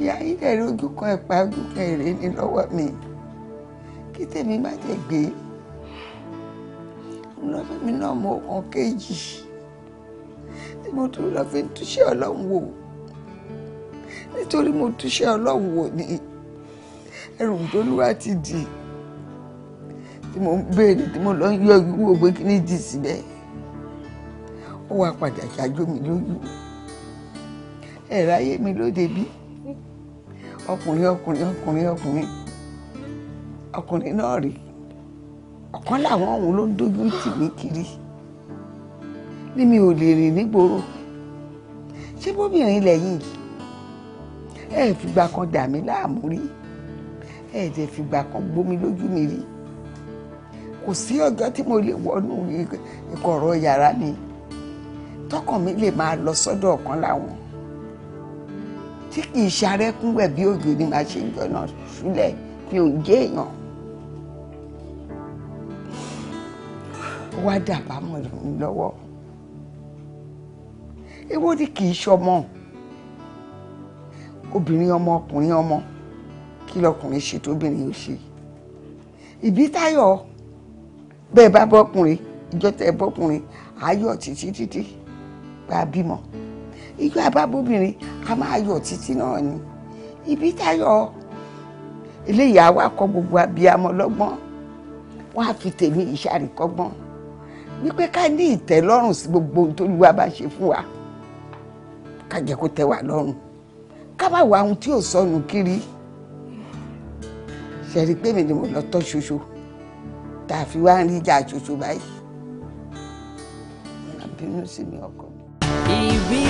ìyá yìí dẹ̀ rí ojú kan ẹ̀pá ojú kan èrè ní lọ́wọ́ mi kí tèmi má jẹ̀ gbé mi náà mọ ọkàn kejì tí mo tún lọ fi ń túṣẹ́ ọlọ́run wò nítorí mo túṣẹ́ ọlọ́run wò ní ẹrù tólúwa ti dì tí mo ń béèrè tí mo lọ ń yọ ìwú ògbé kíní dì síbẹ̀ ó wá padà ṣáájú mi lójú ẹ̀rọ ayé mi ló débí ọkùnrin ọkùnrin ọkùnrin ọkùnrin ọkùnrin náà rèé ọ̀kan làwọn ọ̀hún ló ń dojú tì mí kiri bí mi ò lè rìn nígboro ṣé bóbìnrin lẹ́yìn ẹ fìgbà kan dà mí láàmú rí ẹ tẹ fìgbà kan gbómi lójú mi rí kò sí ọjọ́ tí mo lè wọnú ìkọ̀rọ̀ yàrá mi tọkàn mi lè máa lọ sọ́dọ̀ ọ̀kan làwọn tí kì í ṣe arẹ́kúnwẹ̀ bí òjò ni màá ṣe ń jọ náà ṣúlẹ̀ mi ò jẹ́ èèyàn. ó wá dàbámọ̀ lọ́wọ́ èwo ni kì í ṣọmọ obìnrin ọmọ ọkùnrin ọmọ kí lọkùnrin ṣe tóbìnrin ò ṣe ìbí táyọ̀ bẹ́ẹ̀ bá bọ́kùnrin ìjọ tẹ bọ́kùnrin ayọ̀ títí títí gba bímọ ìjọ àbábóbìnrin a máa yọ̀ títí náà ni ìbí táyọ̀ eléyìí àwa kọ́ gbogbo abiyamọ lọ́gbọ́n wọ́n á fi tèmi ìṣàríkọ́gbọ́n wípé ká ní ìtẹ́lọ́rùn sí gbogbo ohun tó Olúwa bá ṣe fún wa ká jẹ́ kó tẹ́ wa lọ́rùn ká má wá ohun tí ò sọnù kiri ṣẹ̀rí pé mi ni mo lọ tọ́ ṣoṣo tá a fi wá ń rí ìjà ṣoṣo báyìí àbínú